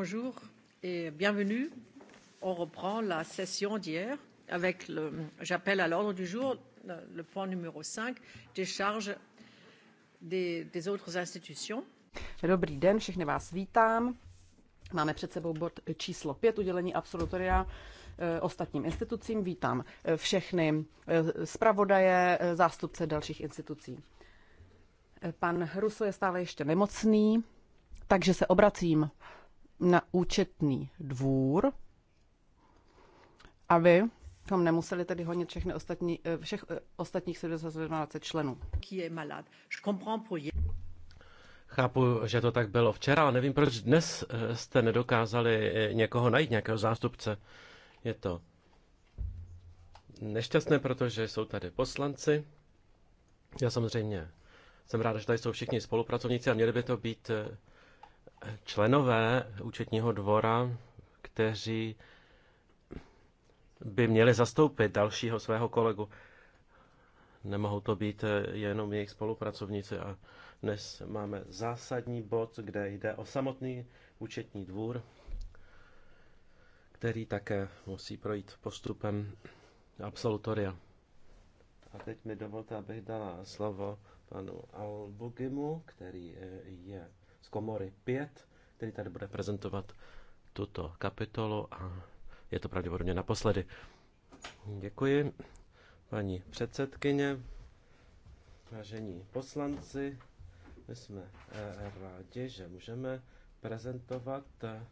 Bonjour et bienvenue. On reprend la session d'hier avec le, j'appelle à l'ordre du jour le point numéro 5, des charges des, des autres institutions. Dobrý den, všechny vás vítám. Máme před sebou bod číslo 5, udělení absolutoria eh, ostatním institucím. Vítám eh, všechny eh, zpravodaje, zástupce dalších institucí. Pan Ruso je stále ještě nemocný, takže se obracím na účetní dvůr, aby tam nemuseli tedy honit všechny ostatní, eh, všech eh, ostatních 712 členů. Chápu, že to tak bylo včera, ale nevím, proč dnes eh, jste nedokázali někoho najít, nějakého zástupce. Je to nešťastné, protože jsou tady poslanci. Já samozřejmě jsem rád, že tady jsou všichni spolupracovníci a měli by to být členové účetního dvora, kteří by měli zastoupit dalšího svého kolegu. Nemohou to být jenom jejich spolupracovníci a dnes máme zásadní bod, kde jde o samotný účetní dvůr, který také musí projít postupem absolutoria. A teď mi dovolte, abych dala slovo panu Albugimu, který je z komory 5, který tady bude prezentovat tuto kapitolu a je to pravděpodobně naposledy. Děkuji, paní předsedkyně, vážení poslanci. My jsme eh, rádi, že můžeme prezentovat eh,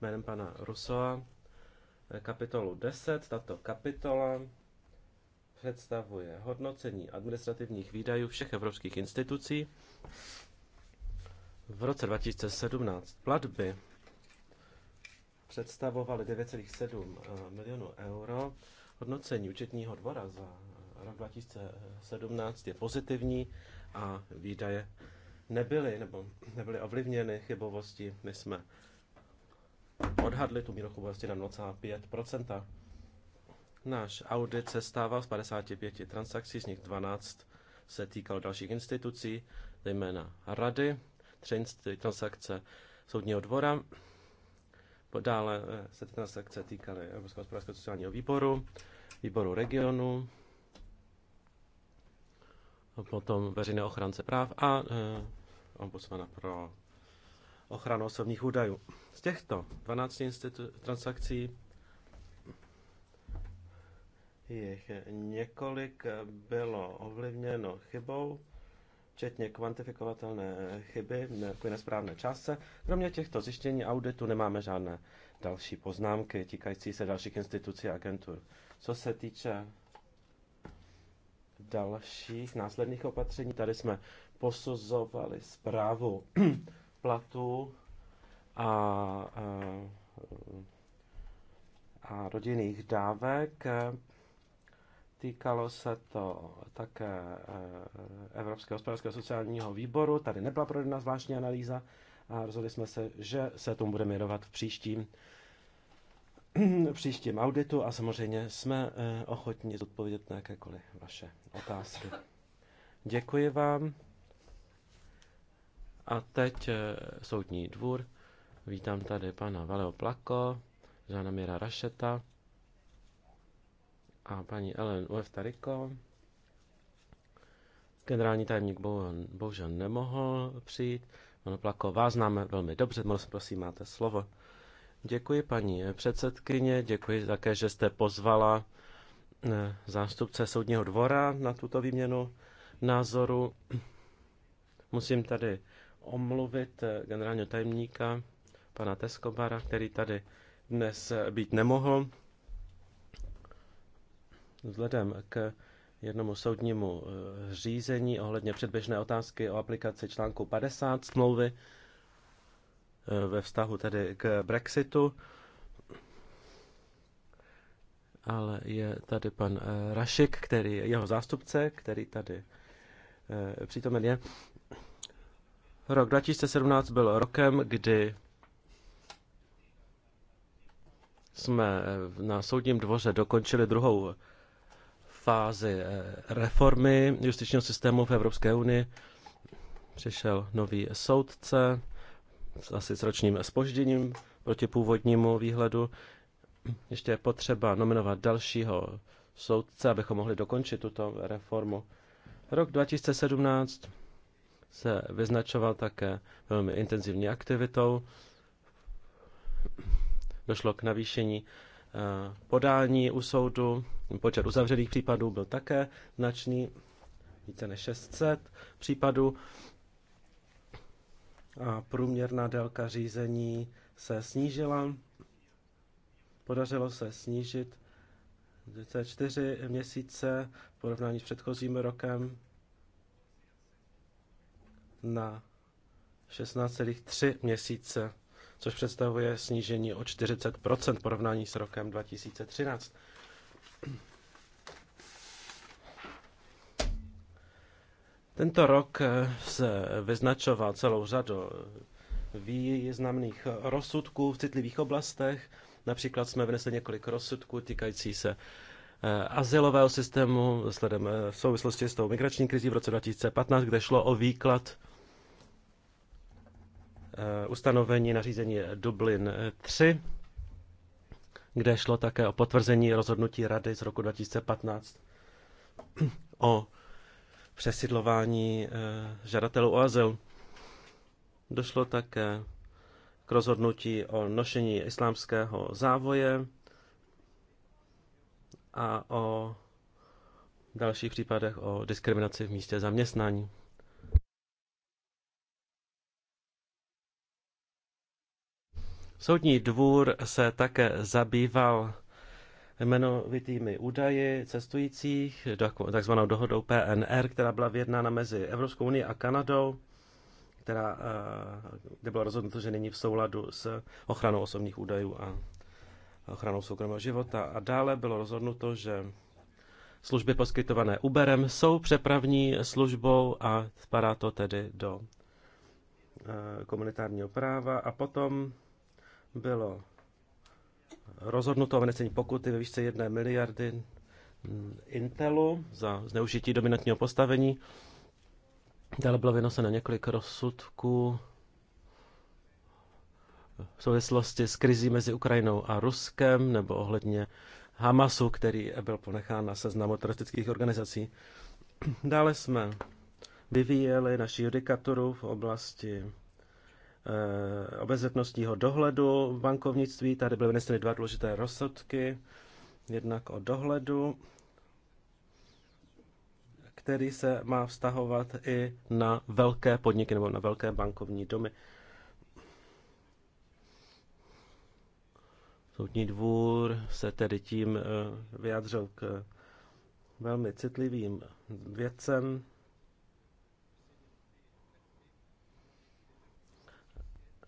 jménem pana Rusova eh, kapitolu 10. Tato kapitola představuje hodnocení administrativních výdajů všech evropských institucí v roce 2017 platby představovaly 9,7 milionů euro. Hodnocení účetního dvora za rok 2017 je pozitivní a výdaje nebyly nebo nebyly ovlivněny chybovosti. My jsme odhadli tu míru chybovosti na 0,5 Náš audit se stával z 55 transakcí, z nich 12 se týkal dalších institucí, zejména rady transakce soudního dvora. Dále eh, se ty transakce týkaly Evropského hospodářského sociálního výboru, výboru regionu, potom veřejné ochránce práv a eh, ombudsmana pro ochranu osobních údajů. Z těchto 12 transakcí jich eh, několik bylo ovlivněno chybou včetně kvantifikovatelné chyby k nesprávné částce. Kromě těchto zjištění auditu nemáme žádné další poznámky týkající se dalších institucí a agentur. Co se týče dalších následných opatření, tady jsme posuzovali zprávu platů a, a, a rodinných dávek. Týkalo se to také eh, Evropského hospodářského sociálního výboru. Tady nebyla provedena zvláštní analýza a rozhodli jsme se, že se tomu budeme věnovat v příštím, v příštím auditu a samozřejmě jsme eh, ochotni odpovědět na jakékoliv vaše otázky. Děkuji vám. A teď eh, soudní dvůr. Vítám tady pana Valeo Plako, Žána Mira Rašeta a paní Ellen Ueftariko. Generální tajemník bohužel nemohl přijít. Ono Plako, vás známe velmi dobře, moc prosím, máte slovo. Děkuji, paní předsedkyně, děkuji také, že jste pozvala eh, zástupce soudního dvora na tuto výměnu názoru. Musím tady omluvit eh, generálního tajemníka, pana Teskobara, který tady dnes eh, být nemohl. Vzhledem k jednomu soudnímu eh, řízení ohledně předběžné otázky o aplikaci článku 50 smlouvy eh, ve vztahu tedy k Brexitu. Ale je tady pan eh, Rašik, který je jeho zástupce, který tady přítomen je. Rok 2017 byl rokem, kdy jsme na soudním dvoře dokončili druhou fázi eh, reformy justičního systému v Evropské unii. Přišel nový soudce asi s ročním spožděním proti původnímu výhledu. Ještě je potřeba nominovat dalšího soudce, abychom mohli dokončit tuto reformu. Rok 2017 se vyznačoval také velmi intenzivní aktivitou. Došlo k navýšení podání u soudu. Počet uzavřených případů byl také značný, více než 600 případů. A průměrná délka řízení se snížila. Podařilo se snížit čtyři měsíce v porovnání s předchozím rokem na 16,3 měsíce což představuje snížení o 40 v porovnání s rokem 2013. Tento rok eh, se vyznačoval celou řadu eh, významných rozsudků v citlivých oblastech. Například jsme vynesli několik rozsudků týkající se eh, asilového systému vzhledem v souvislosti s tou migrační krizí v roce 2015, kde šlo o výklad Eh, ustanovení nařízení Dublin 3, kde šlo také o potvrzení rozhodnutí Rady z roku 2015 o přesidlování eh, žadatelů o azyl. Došlo také k rozhodnutí o nošení islámského závoje a o dalších případech o diskriminaci v místě zaměstnání. Soudní dvůr se také zabýval jmenovitými údaji cestujících, takzvanou dohodou PNR, která byla vyjednána mezi Evropskou unii a Kanadou, která, eh, kde bylo rozhodnuto, že není v souladu s ochranou osobních údajů a ochranou soukromého života. A dále bylo rozhodnuto, že služby poskytované Uberem jsou přepravní službou a spadá to tedy do eh, komunitárního práva. A potom bylo rozhodnuto o vynecení pokuty ve výšce jedné miliardy Intelu za zneužití dominantního postavení. Dále bylo vynoseno několik rozsudků v souvislosti s krizí mezi Ukrajinou a Ruskem nebo ohledně Hamasu, který byl ponechán na seznamu teroristických organizací. Dále jsme vyvíjeli naši judikaturu v oblasti Eh, obezřetnostního dohledu v bankovnictví. Tady byly vyneseny dva důležité rozsudky. Jednak o dohledu, který se má vztahovat i na velké podniky nebo na velké bankovní domy. Soudní dvůr se tedy tím eh, vyjádřil k velmi citlivým věcem.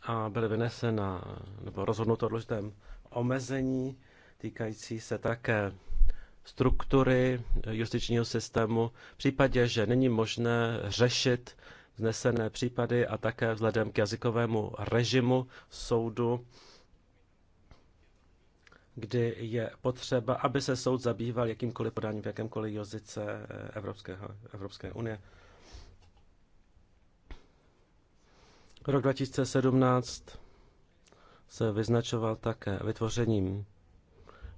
a byly vynesena nebo rozhodnuto odložitém omezení týkající se také struktury justičního systému v případě, že není možné řešit vznesené případy a také vzhledem k jazykovému režimu soudu, kdy je potřeba, aby se soud zabýval jakýmkoliv podáním v jakémkoliv jazyce Evropského, Evropské unie. Rok 2017 se vyznačoval také vytvořením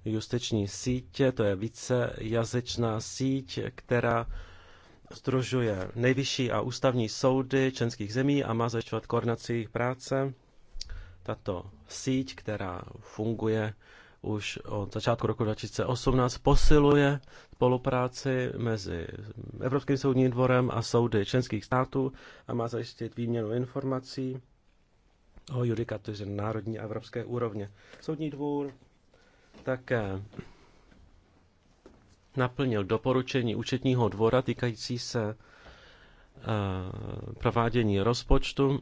justiční sítě, to je vícejazyčná síť, která združuje nejvyšší a ústavní soudy členských zemí a má zajišťovat koordinaci jejich práce. Tato síť, která funguje už od začátku roku 2018 posiluje spolupráci mezi Evropským soudním dvorem a soudy členských států a má zajistit výměnu informací o judikatuře národní a evropské úrovně. Soudní dvůr také naplnil doporučení účetního dvora týkající se eh, provádění rozpočtu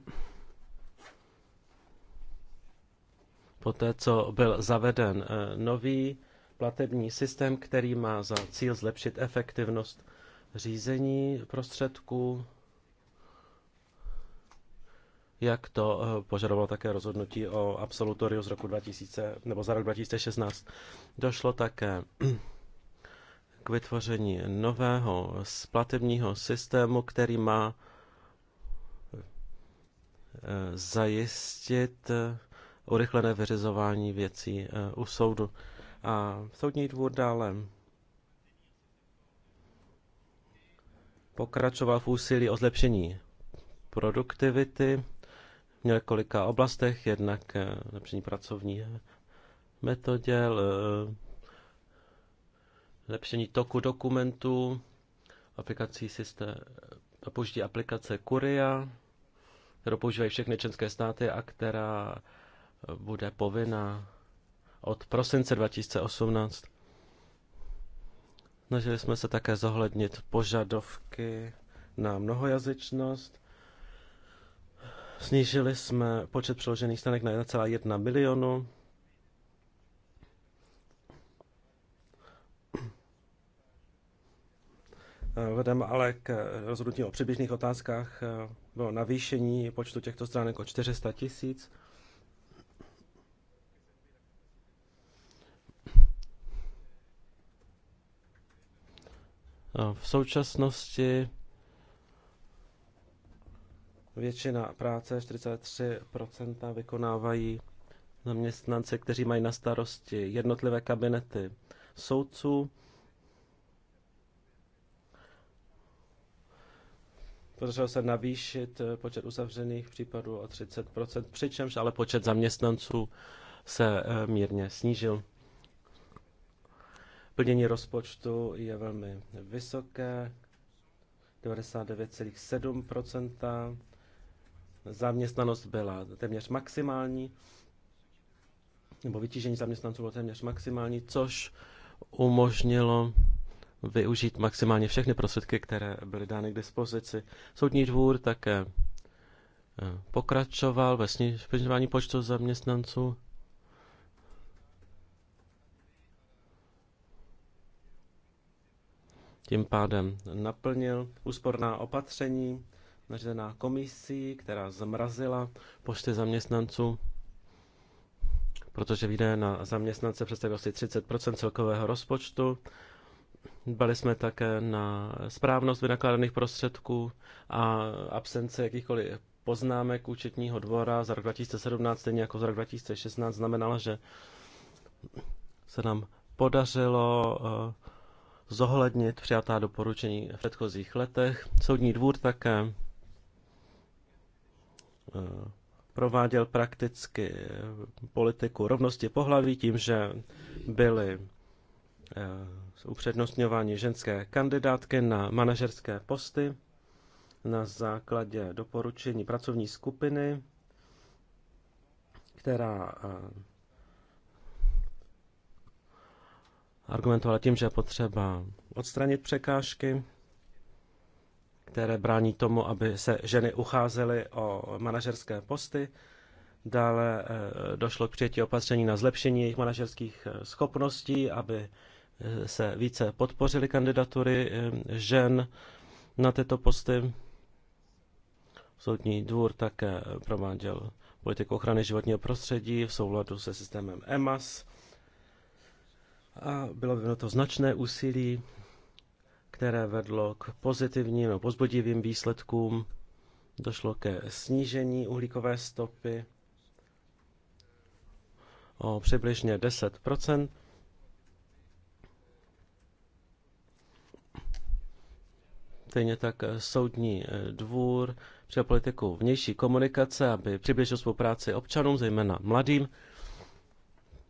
poté co byl zaveden eh, nový platební systém, který má za cíl zlepšit efektivnost řízení prostředků, jak to eh, požadovalo také rozhodnutí o absolutoriu z roku 2000, nebo za rok 2016. Došlo také k vytvoření nového platebního systému, který má eh, zajistit urychlené vyřizování věcí eh, u soudu. A soudní dvůr dále pokračoval v úsilí o zlepšení produktivity v několika oblastech, jednak eh, zlepšení pracovní metodě, eh, zlepšení toku dokumentů, aplikací systém, použití aplikace Kuria, kterou používají všechny členské státy a která bude povinná od prosince 2018. Snažili jsme se také zohlednit požadovky na mnohojazyčnost. Snížili jsme počet přeložených stanek na 1,1 milionu. Vedem ale k rozhodnutí o přibližných otázkách eh, bylo navýšení počtu těchto stránek o 400 tisíc. V současnosti většina práce, 43%, vykonávají zaměstnance, kteří mají na starosti jednotlivé kabinety soudců. Podařilo se navýšit počet uzavřených případů o 30%, přičemž ale počet zaměstnanců se eh, mírně snížil. Plnění rozpočtu je velmi vysoké, 99,7%. Zaměstnanost byla téměř maximální, nebo vytížení zaměstnanců bylo téměř maximální, což umožnilo využít maximálně všechny prostředky, které byly dány k dispozici. Soudní dvůr také eh, pokračoval ve snižování počtu zaměstnanců tím pádem naplnil úsporná opatření nařízená komisí, která zmrazila počty zaměstnanců, protože výdaje na zaměstnance představují asi 30 celkového rozpočtu. Dbali jsme také na správnost vynakládaných prostředků a absence jakýchkoliv poznámek účetního dvora za rok 2017, stejně jako za rok 2016, znamenala, že se nám podařilo eh, zohlednit přijatá doporučení v předchozích letech. Soudní dvůr také eh, prováděl prakticky eh, politiku rovnosti pohlaví tím, že byly eh, upřednostňovány ženské kandidátky na manažerské posty na základě doporučení pracovní skupiny, která argumentovala tím, že je potřeba odstranit překážky, které brání tomu, aby se ženy ucházely o manažerské posty. Dále eh, došlo k přijetí opatření na zlepšení jejich manažerských eh, schopností, aby eh, se více podpořily kandidatury žen na tyto posty. Soudní dvůr také prováděl politiku ochrany životního prostředí v souladu se systémem EMAS. A bylo to značné úsilí, které vedlo k pozitivním a pozbudivým výsledkům. Došlo ke snížení uhlíkové stopy o přibližně 10 Stejně tak soudní dvůr při politiku vnější komunikace, aby přiblížil spolupráci občanům, zejména mladým,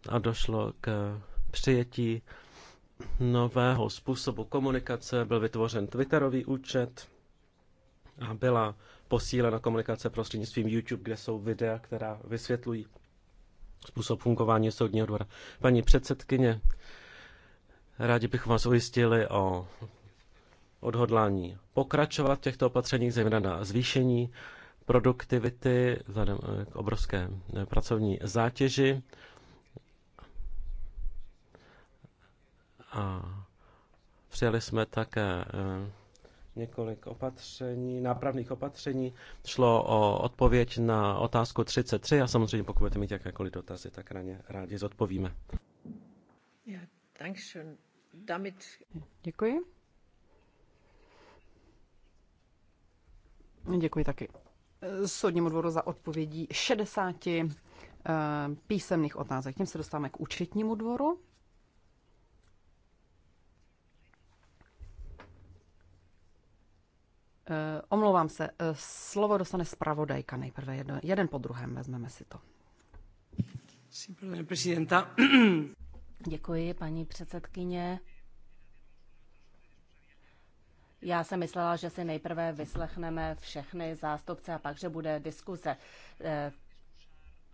a došlo k přijetí nového způsobu komunikace. Byl vytvořen Twitterový účet a byla posílena komunikace prostřednictvím YouTube, kde jsou videa, která vysvětlují způsob fungování soudního dvora. Paní předsedkyně, rádi bych vás ujistili o odhodlání pokračovat v těchto opatřeních, zejména na zvýšení produktivity vzhledem k obrovské pracovní zátěži. A přijali jsme také eh, několik opatření, nápravných opatření. Šlo o odpověď na otázku 33 a samozřejmě pokud budete mít jakékoliv dotazy, tak na ně rádi zodpovíme. Ja, Damit... Děkuji. Děkuji taky eh, soudnímu dvoru za odpovědí 60 eh, písemných otázek. Tím se dostáváme k účetnímu dvoru. Eh, omlouvám se, eh, slovo dostane zpravodajka nejprve, jedno, jeden po druhém, vezmeme si to. Děkuji, paní předsedkyně. Já jsem myslela, že si nejprve vyslechneme všechny zástupce a pak, že bude diskuze. Eh,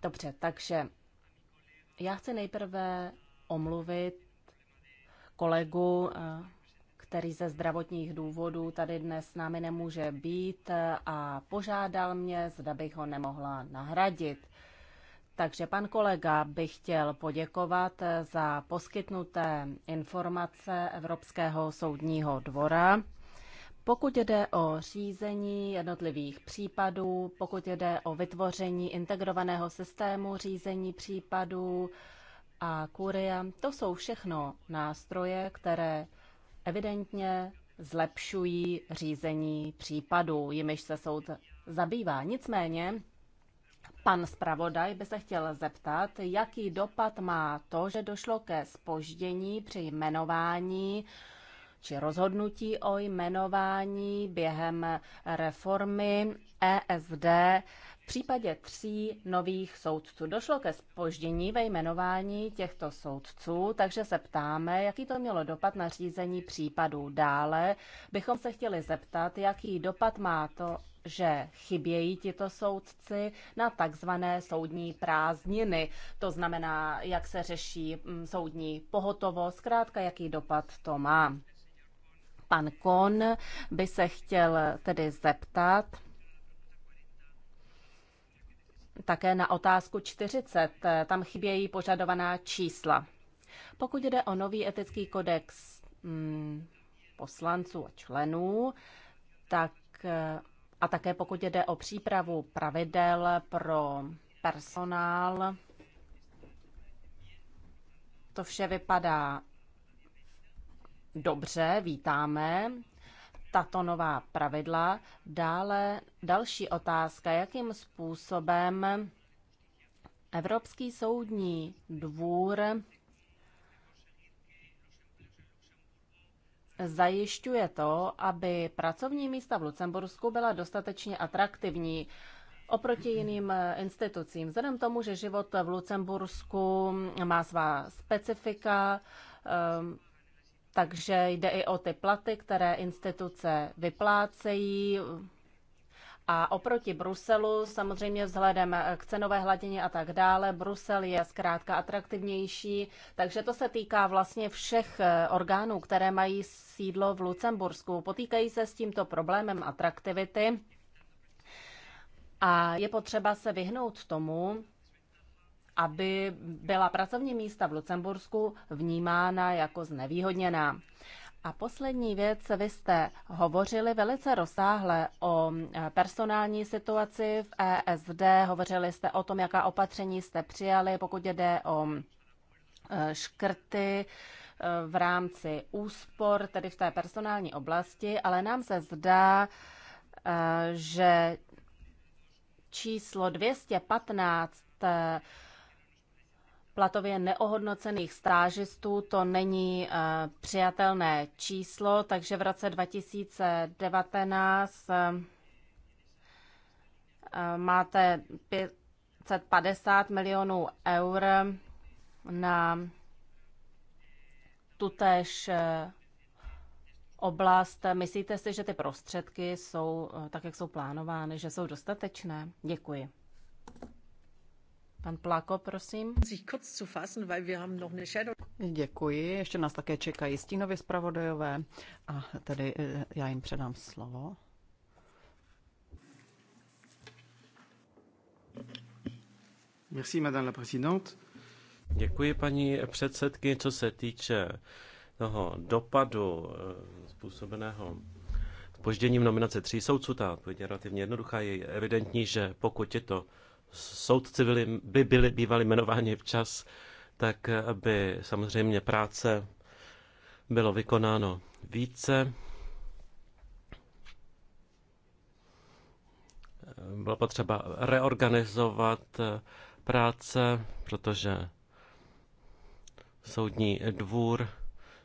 dobře, takže já chci nejprve omluvit kolegu který ze zdravotních důvodů tady dnes s námi nemůže být a požádal mě, zda bych ho nemohla nahradit. Takže pan kolega by chtěl poděkovat za poskytnuté informace Evropského soudního dvora. Pokud jde o řízení jednotlivých případů, pokud jde o vytvoření integrovaného systému řízení případů a kuria, to jsou všechno nástroje, které evidentně zlepšují řízení případů, jimiž se soud zabývá. Nicméně Pan zpravodaj by se chtěl zeptat, jaký dopad má to, že došlo ke spoždění při jmenování či rozhodnutí o jmenování během reformy ESD případě tří nových soudců. Došlo ke spoždění ve jmenování těchto soudců, takže se ptáme, jaký to mělo dopad na řízení případů. Dále bychom se chtěli zeptat, jaký dopad má to, že chybějí tito soudci na takzvané soudní prázdniny. To znamená, jak se řeší mm, soudní pohotovost, zkrátka jaký dopad to má. Pan Kon by se chtěl tedy zeptat, také na otázku 40. Tam chybějí požadovaná čísla. Pokud jde o nový etický kodex hmm, poslanců a členů, tak a také pokud jde o přípravu pravidel pro personál, to vše vypadá dobře, vítáme tato nová pravidla. Dále další otázka, jakým způsobem Evropský soudní dvůr zajišťuje to, aby pracovní místa v Lucembursku byla dostatečně atraktivní oproti jiným institucím. Vzhledem tomu, že život v Lucembursku má svá specifika, takže jde i o ty platy, které instituce vyplácejí. A oproti Bruselu, samozřejmě vzhledem k cenové hladině a tak dále, Brusel je zkrátka atraktivnější, takže to se týká vlastně všech orgánů, které mají sídlo v Lucembursku. Potýkají se s tímto problémem atraktivity a je potřeba se vyhnout tomu, aby byla pracovní místa v Lucembursku vnímána jako znevýhodněná. A poslední věc, vy jste hovořili velice rozsáhle o personální situaci v ESD, hovořili jste o tom, jaká opatření jste přijali, pokud jde o e, škrty e, v rámci úspor, tedy v té personální oblasti, ale nám se zdá, e, že číslo 215 platově neohodnocených stážistů. To není eh, přijatelné číslo, takže v roce 2019 eh, máte 550 milionů eur na tutéž eh, oblast. Myslíte si, že ty prostředky jsou tak, jak jsou plánovány, že jsou dostatečné? Děkuji. Pan Plako, prosím. Děkuji, ještě nás také čekají stínově zpravodajové a tady eh, já jim předám slovo. Merci, madame la présidente. Děkuji, paní předsedky. Co se týče toho dopadu eh, způsobeného spožděním nominace tří soudců, ta odpověď je relativně jednoduchá. Je evidentní, že pokud je to soudci byli, by byli bývali jmenováni včas, tak aby samozřejmě práce bylo vykonáno více. Bylo potřeba reorganizovat eh, práce, protože soudní dvůr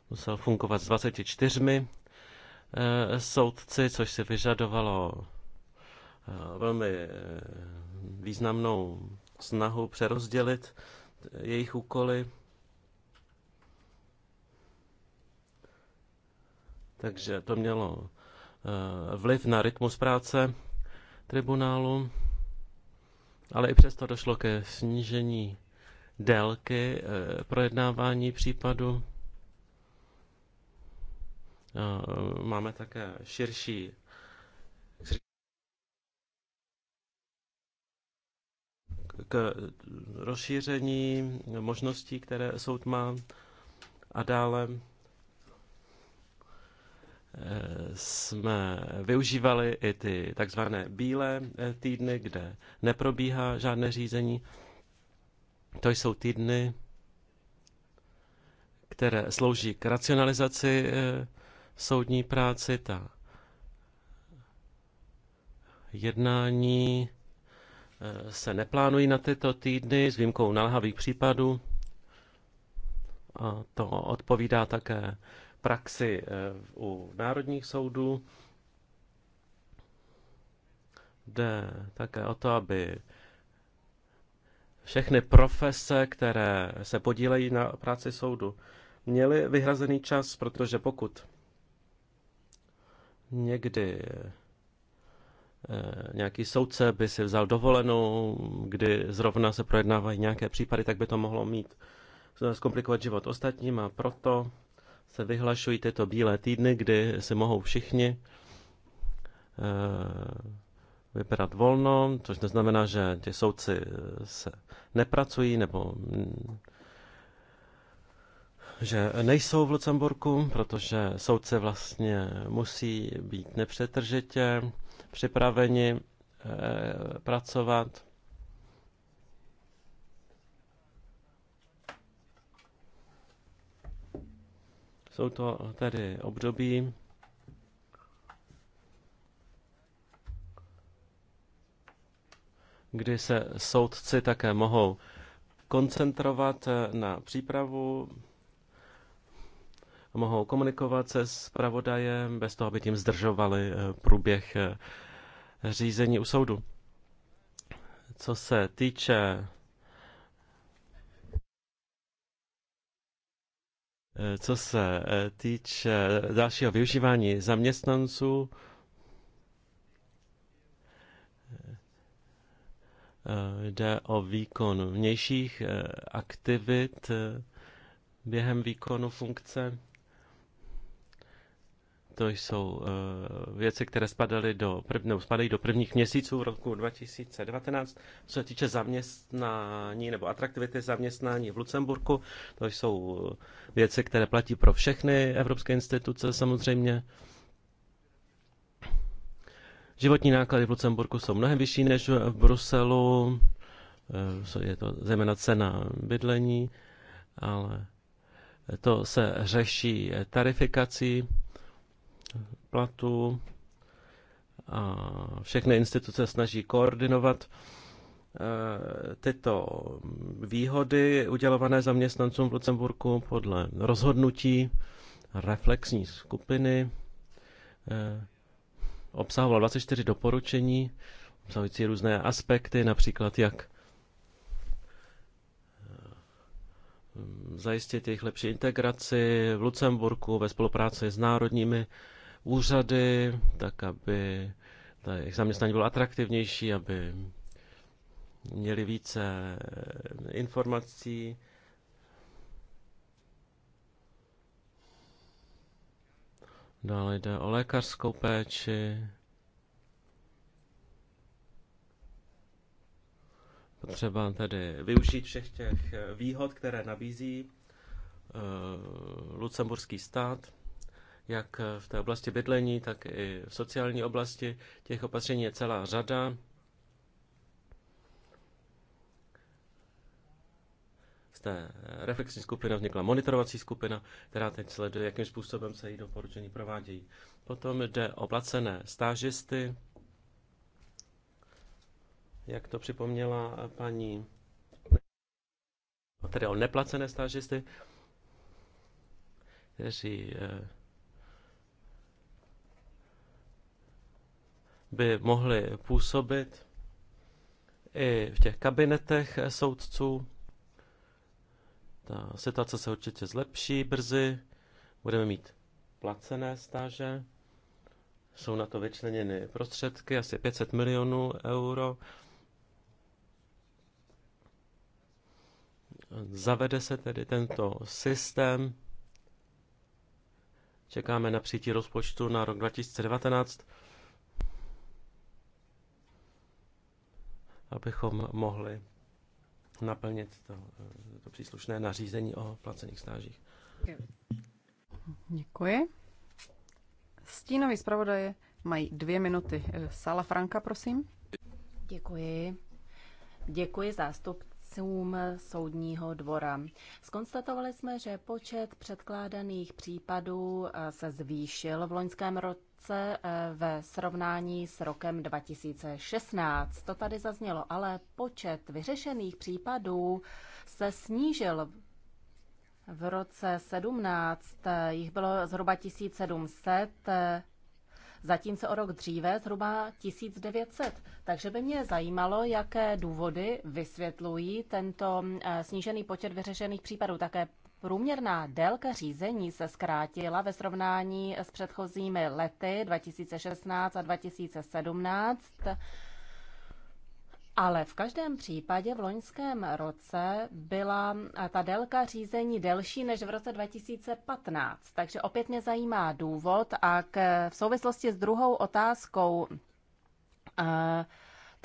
musel fungovat s 24 eh, soudci, což si vyžadovalo Eh, velmi eh, významnou snahu přerozdělit eh, jejich úkoly. Takže to mělo vliv na rytmus práce tribunálu, ale i přesto došlo ke snížení délky projednávání případu. Máme také širší k rozšíření možností, které soud má a dále eh, jsme využívali i ty takzvané bílé eh, týdny, kde neprobíhá žádné řízení. To jsou týdny, které slouží k racionalizaci eh, soudní práci, ta jednání Eh, se neplánují na tyto týdny s výjimkou nalhavých případů. A to odpovídá také praxi eh, u národních soudů. Jde také o to, aby všechny profese, které se podílejí na práci soudu, měly vyhrazený čas, protože pokud někdy Eh, nějaký soudce by si vzal dovolenou, kdy zrovna se projednávají nějaké případy, tak by to mohlo mít eh, zkomplikovat život ostatním a proto se vyhlašují tyto bílé týdny, kdy si mohou všichni eh, vybrat volno, což neznamená, že ti soudci se nepracují nebo mm, že nejsou v Lucemburku, protože soudce vlastně musí být nepřetržitě připraveni eh, pracovat. Jsou to tedy období, kdy se soudci také mohou koncentrovat eh, na přípravu, mohou komunikovat se s pravodajem bez toho, aby tím zdržovali eh, průběh řízení u soudu. Co se týče Co se eh, týče dalšího využívání zaměstnanců, eh, jde o výkon vnějších eh, aktivit během výkonu funkce. To jsou eh, věci, které spadaly do, nebo spadají do prvních měsíců v roku 2019. Co se týče zaměstnání nebo atraktivity zaměstnání v Lucemburku, to jsou věci, které platí pro všechny evropské instituce samozřejmě. Životní náklady v Lucemburku jsou mnohem vyšší než v Bruselu. Eh, je to zejména cena bydlení, ale to se řeší tarifikací platů a všechny instituce snaží koordinovat eh, tyto výhody udělované zaměstnancům v Lucemburku podle rozhodnutí reflexní skupiny. Eh, obsahovalo 24 doporučení, obsahující různé aspekty, například jak eh, zajistit jejich lepší integraci v Lucemburku ve spolupráci s národními úřady, tak aby ta jejich zaměstnání bylo atraktivnější, aby měli více informací. Dále jde o lékařskou péči. Potřeba tedy využít všech těch výhod, které nabízí uh, lucemburský stát jak v té oblasti bydlení, tak i v sociální oblasti. Těch opatření je celá řada. Z té reflexní skupiny vznikla monitorovací skupina, která teď sleduje, jakým způsobem se jí doporučení provádějí. Potom jde o placené stážisty, jak to připomněla paní, tedy o neplacené stážisty, kteří eh, by mohli působit i v těch kabinetech soudců. Ta situace se určitě zlepší brzy, budeme mít placené stáže, jsou na to vyčleněny prostředky, asi 500 milionů euro. Zavede se tedy tento systém. Čekáme na přijetí rozpočtu na rok 2019. abychom mohli naplnit to, eh, to příslušné nařízení o placených stážích. Děkuji. Stínový zpravodaje mají dvě minuty. Eh, Sala Franka, prosím. Děkuji. Děkuji zástupcům soudního dvora. Skonstatovali jsme, že počet předkládaných případů eh, se zvýšil v loňském roce krátce eh, ve srovnání s rokem 2016. To tady zaznělo, ale počet vyřešených případů se snížil. V roce 17 eh, jich bylo zhruba 1700, eh, zatímco o rok dříve zhruba 1900. Takže by mě zajímalo, jaké důvody vysvětlují tento snížený počet vyřešených případů. Také Průměrná délka řízení se zkrátila ve srovnání s předchozími lety 2016 a 2017, ale v každém případě v loňském roce byla ta délka řízení delší než v roce 2015. Takže opět mě zajímá důvod a k, v souvislosti s druhou otázkou. Uh,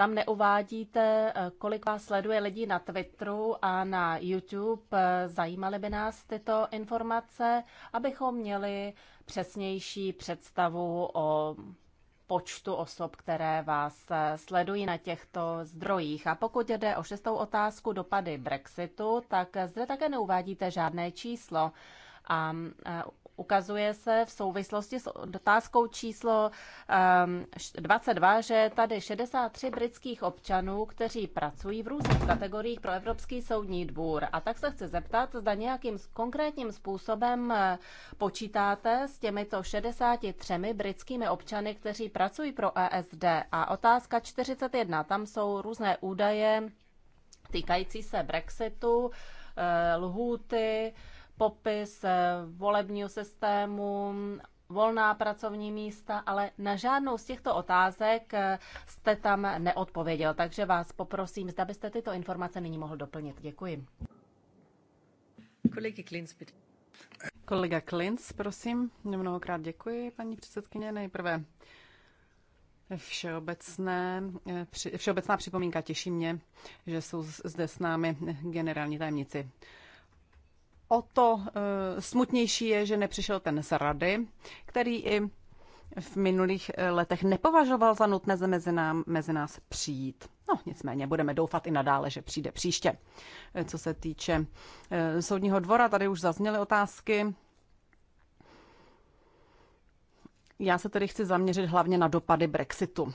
tam neuvádíte, eh, kolik vás sleduje lidí na Twitteru a na YouTube. Eh, zajímaly by nás tyto informace, abychom měli přesnější představu o počtu osob, které vás eh, sledují na těchto zdrojích. A pokud jde o šestou otázku dopady Brexitu, tak zde také neuvádíte žádné číslo. A ukazuje se v souvislosti s otázkou číslo 22, ehm, že tady 63 britských občanů, kteří pracují v různých kategoriích pro Evropský soudní dvůr. A tak se chci zeptat, zda nějakým konkrétním způsobem eh, počítáte s těmito 63 britskými občany, kteří pracují pro ESD. A otázka 41, tam jsou různé údaje týkající se Brexitu, eh, lhůty, popis eh, volebního systému, volná pracovní místa, ale na žádnou z těchto otázek eh, jste tam neodpověděl, takže vás poprosím, zda byste tyto informace nyní mohl doplnit. Děkuji. Kolegy Klins, bitte. Kolega Klins, prosím. Mnohokrát děkuji, paní předsedkyně. Nejprve Všeobecné, eh, všeobecná připomínka těší mě, že jsou zde s námi generální tajemnici o to eh, smutnější je, že nepřišel ten z rady, který i v minulých eh, letech nepovažoval za nutné mezi, nám, mezi nás přijít. No, nicméně budeme doufat i nadále, že přijde příště. Eh, co se týče soudního dvora, tady už zazněly otázky. Já se tedy chci zaměřit hlavně na dopady Brexitu.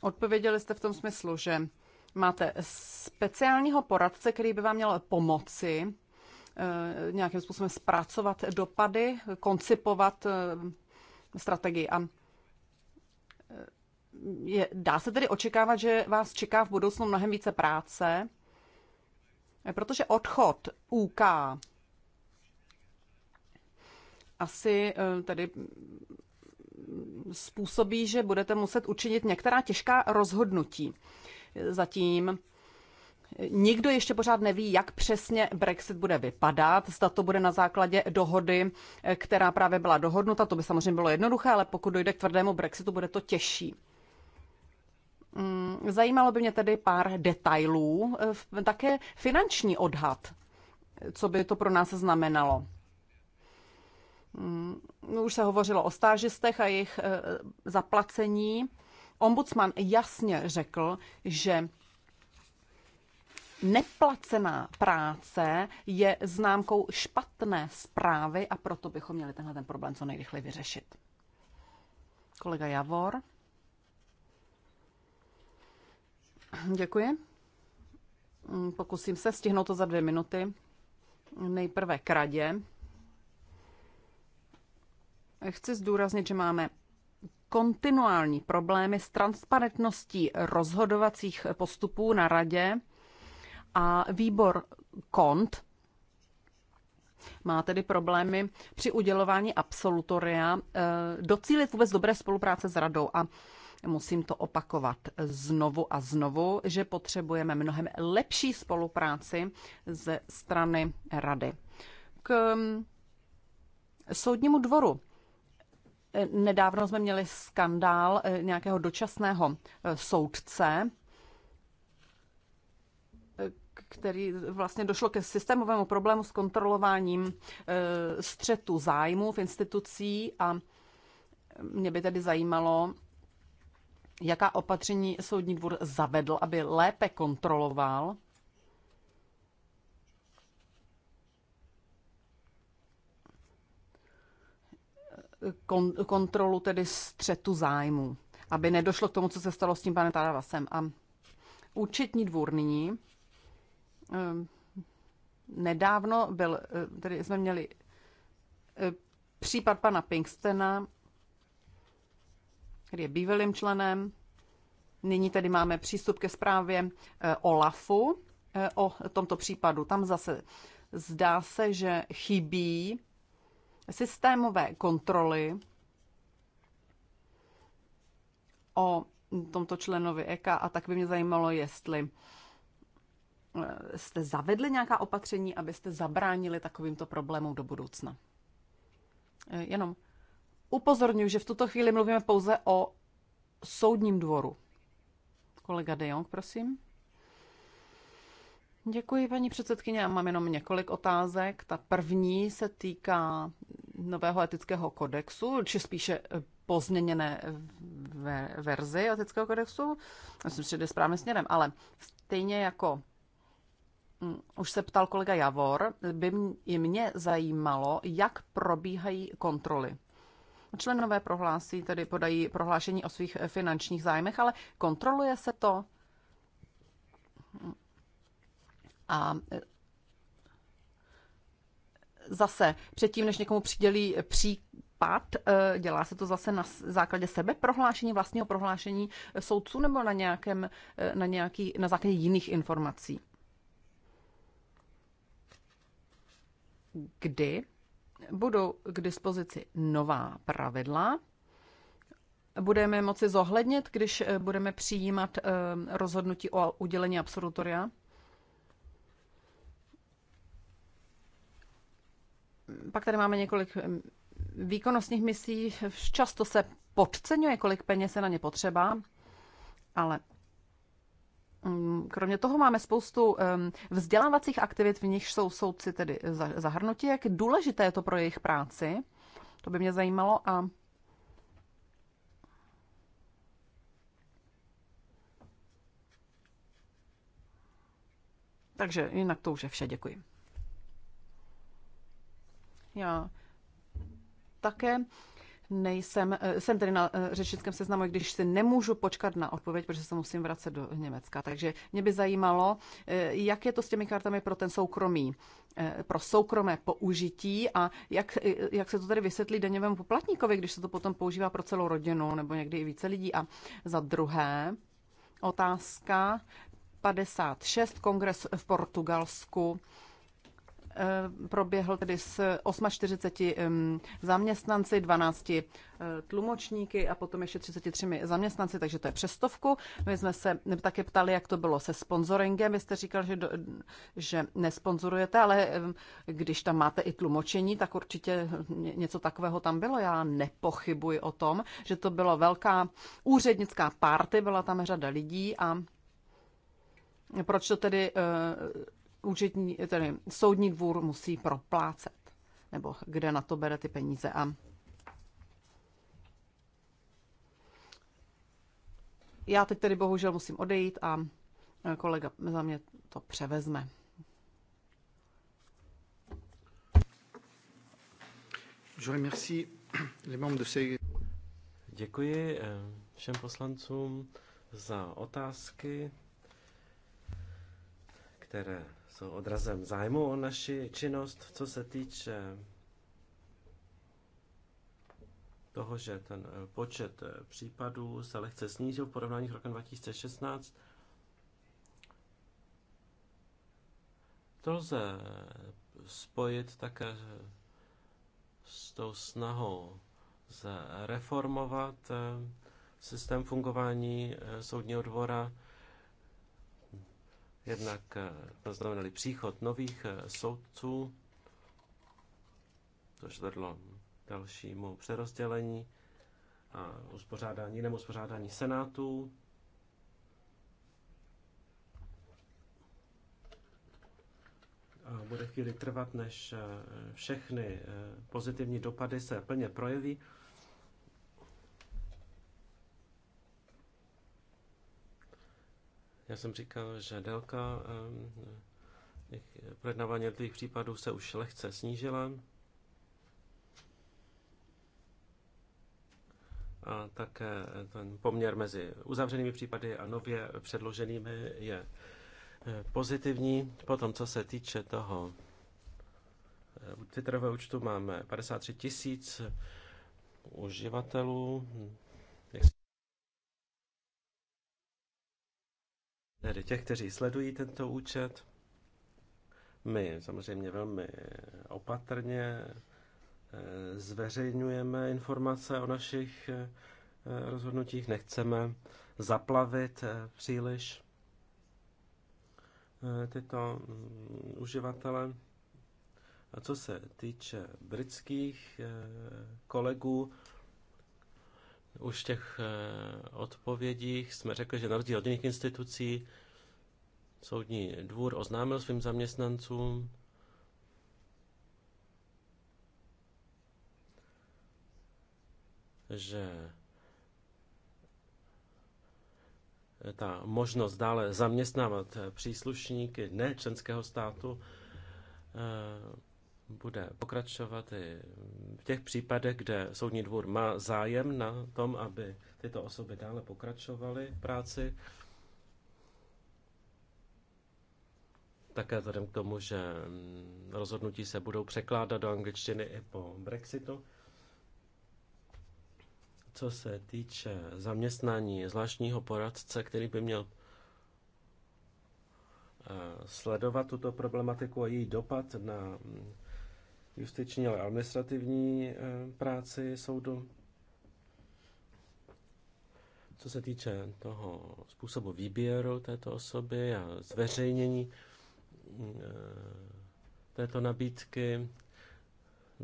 Odpověděli jste v tom smyslu, že máte speciálního poradce, který by vám měl pomoci eh, nějakým způsobem zpracovat dopady, koncipovat eh, strategii. A eh, je, dá se tedy očekávat, že vás čeká v budoucnu mnohem více práce, protože odchod UK asi tedy mm, způsobí, že budete muset učinit některá těžká rozhodnutí zatím Nikdo ještě pořád neví, jak přesně Brexit bude vypadat. Zda to bude na základě dohody, která právě byla dohodnuta, to by samozřejmě bylo jednoduché, ale pokud dojde k tvrdému Brexitu, bude to těžší. Mm, zajímalo by mě tedy pár detailů, eh, také finanční odhad, co by to pro nás znamenalo. Mm, už se hovořilo o stážistech a jejich eh, zaplacení. Ombudsman jasně řekl, že neplacená práce je známkou špatné zprávy a proto bychom měli tenhle ten problém co nejrychleji vyřešit. Kolega Javor. Děkuji. Pokusím se stihnout to za dvě minuty. Nejprve kradě. Chci zdůraznit, že máme kontinuální problémy s transparentností rozhodovacích postupů na radě a výbor KONT má tedy problémy při udělování absolutoria eh, docílit vůbec dobré spolupráce s radou a musím to opakovat znovu a znovu, že potřebujeme mnohem lepší spolupráci ze strany rady. K mm, soudnímu dvoru Nedávno jsme měli skandál eh, nějakého dočasného eh, soudce, eh, který vlastně došlo ke systémovému problému s kontrolováním střetu zájmu v institucí a mě by tedy zajímalo, jaká opatření soudní dvůr zavedl, aby lépe kontroloval kon, kontrolu tedy střetu zájmu, aby nedošlo k tomu, co se stalo s tím panem Taravasem. A účetní dvůr nyní ehm, nedávno byl, eh, tedy jsme měli eh, případ pana Pinkstena, který je bývalým členem. Nyní tedy máme přístup ke zprávě eh, OLAFu o tomto případu. Tam zase zdá se, že chybí systémové kontroly o tomto členovi EKA a tak by mě zajímalo, jestli eh, jste zavedli nějaká opatření, abyste zabránili takovýmto problémům do budoucna. Eh, jenom upozorňuji, že v tuto chvíli mluvíme pouze o soudním dvoru. Kolega De Jong, prosím. Děkuji, paní předsedkyně. Já mám jenom několik otázek. Ta první se týká nového etického kodexu, či spíše pozměněné verzi etického kodexu. Myslím, že jde správným směrem, ale stejně jako mm, už se ptal kolega Javor, by i mě zajímalo, jak probíhají kontroly. Členové prohlásí, tedy podají prohlášení o svých finančních zájmech, ale kontroluje se to a e, zase předtím, než někomu přidělí případ, e, dělá se to zase na základě sebe prohlášení, vlastního prohlášení soudců nebo na, nějakém, e, na, nějaký, na základě jiných informací. Kdy budou k dispozici nová pravidla, budeme moci zohlednit, když budeme přijímat rozhodnutí o udělení absolutoria? Pak tady máme několik výkonnostních misí. Často se podceňuje, kolik peněz se na ně potřeba, ale mm, Kromě toho máme spoustu vzdělávacích aktivit, v nichž jsou soudci tedy zahrnuti. Jak důležité je to pro jejich práci? To by mě zajímalo. A Takže jinak to už je vše. Děkuji. Já také nejsem, eh, jsem tedy na eh, řečnickém seznamu, když si nemůžu počkat na odpověď, protože se musím vracet do Německa. Takže mě by zajímalo, eh, jak je to s těmi kartami pro ten soukromý, pro soukromé použití a jak, jak se to tedy vysvětlí daňovému poplatníkovi, když se to potom používá pro celou rodinu nebo někdy i více lidí. A za druhé, otázka 56, kongres v Portugalsku Eh, proběhl tedy s 48 zaměstnanci, 12 eh, tlumočníky a potom ještě 33 zaměstnanci, takže to je přestovku. My jsme se také ptali, jak to bylo se sponsoringem. Vy jste říkal, že, do, že nesponzorujete, ale když tam máte i tlumočení, tak určitě něco takového tam bylo. Já nepochybuji o tom, že to byla velká úřednická party, byla tam řada lidí a proč to tedy eh, účetní, tedy soudní dvůr musí proplácet, nebo kde na to bere ty peníze a Já teď tedy bohužel musím odejít a kolega za mě to převezme. Děkuji eh, všem poslancům za otázky, které jsou odrazem zájmu o naši činnost, co se týče toho, že ten eh, počet eh, případů se lehce snížil v porovnání s rokem 2016. To lze eh, spojit také s tou snahou zreformovat systém fungování soudního dvora Jednak zaznamenali eh, příchod nových eh, soudců, což vedlo dalšímu přerozdělení a uspořádání, jinému uspořádání senátů. A bude chvíli trvat, než eh, všechny pozitivní dopady se plně projeví. Já jsem říkal, že délka projednávání jednotlivých případů se už lehce snížila. A také ten poměr mezi uzavřenými případy a nově předloženými je eh, pozitivní. Potom, co se týče toho eh, Twitterového účtu, máme 53 tisíc uživatelů, tedy těch, kteří sledují tento účet. My samozřejmě velmi opatrně eh, zveřejňujeme informace o našich eh, rozhodnutích, nechceme zaplavit eh, příliš tyto mm, uživatele. A co se týče britských kolegů, už v těch eh, odpovědích jsme řekli, že na rozdíl od jiných institucí soudní dvůr oznámil svým zaměstnancům, že ta možnost dále zaměstnávat příslušníky nečlenského státu eh, bude pokračovat i v těch případech, kde soudní dvůr má zájem na tom, aby tyto osoby dále pokračovaly v práci. Také vzhledem k tomu, že mm, rozhodnutí se budou překládat do angličtiny i po Brexitu. Co se týče zaměstnání zvláštního poradce, který by měl eh, sledovat tuto problematiku a její dopad na mm, justiční, ale administrativní eh, práci soudu. Co se týče toho způsobu výběru této osoby a zveřejnění mm, eh, této nabídky,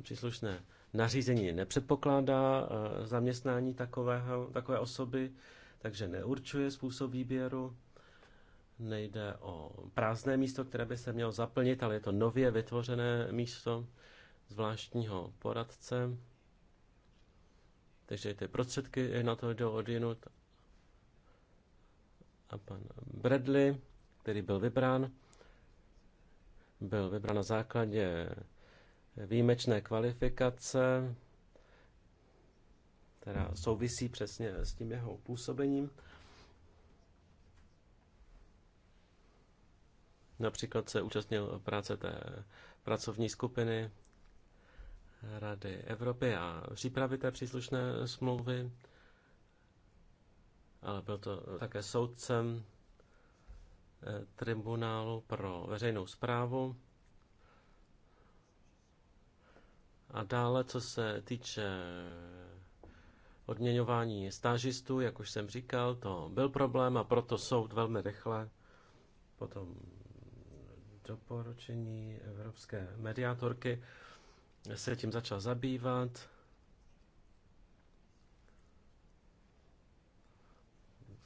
příslušné nařízení nepředpokládá eh, zaměstnání takového, takové osoby, takže neurčuje způsob výběru. Nejde o prázdné místo, které by se mělo zaplnit, ale je to nově vytvořené místo, zvláštního poradce, takže ty prostředky na to jdou odjinut. A pan Bradley, který byl vybrán, byl vybrán na základě výjimečné kvalifikace, která souvisí přesně s tím jeho působením. Například se účastnil práce té pracovní skupiny Rady Evropy a přípravy té příslušné smlouvy, ale byl to také soudcem eh, tribunálu pro veřejnou zprávu. A dále, co se týče odměňování stážistů, jak už jsem říkal, to byl problém a proto soud velmi rychle potom doporučení evropské mediátorky se tím začal zabývat.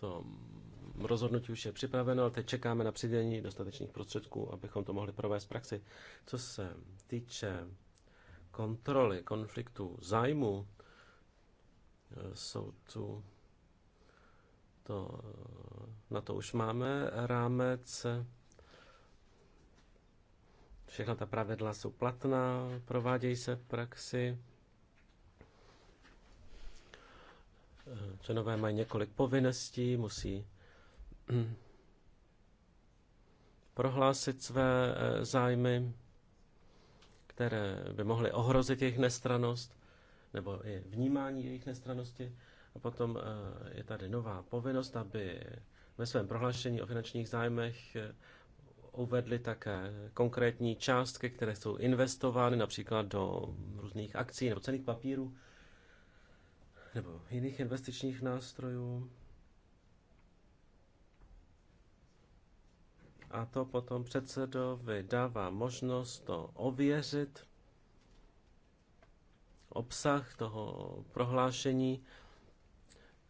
To rozhodnutí už je připraveno, ale teď čekáme na přidělení dostatečných prostředků, abychom to mohli provést v praxi. Co se týče kontroly konfliktu zájmu tu to, na to už máme rámec Všechna ta pravidla jsou platná, provádějí se v praxi. Členové mají několik povinností, musí hm, prohlásit své eh, zájmy, které by mohly ohrozit jejich nestranost nebo i vnímání jejich nestranosti. A potom eh, je tady nová povinnost, aby ve svém prohlášení o finančních zájmech eh, uvedli také konkrétní částky, které jsou investovány například do různých akcí nebo cených papírů nebo jiných investičních nástrojů. A to potom předsedovi dává možnost to ověřit, obsah toho prohlášení,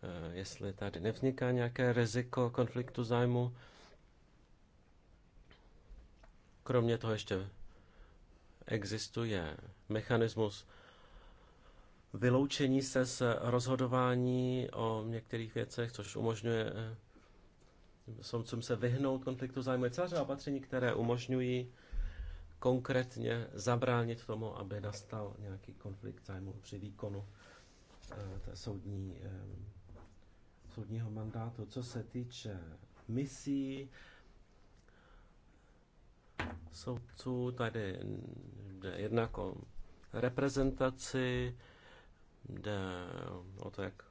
eh, jestli tady nevzniká nějaké riziko konfliktu zájmu. Kromě toho ještě existuje mechanismus vyloučení se z rozhodování o některých věcech, což umožňuje eh, soudcům se vyhnout konfliktu zájmu. Je celá opatření, které umožňují konkrétně zabránit tomu, aby nastal nějaký konflikt zájmu při výkonu eh, té soudní, eh, soudního mandátu. Co se týče misí, soudců. Tady jde jednak o reprezentaci, jde o to, jak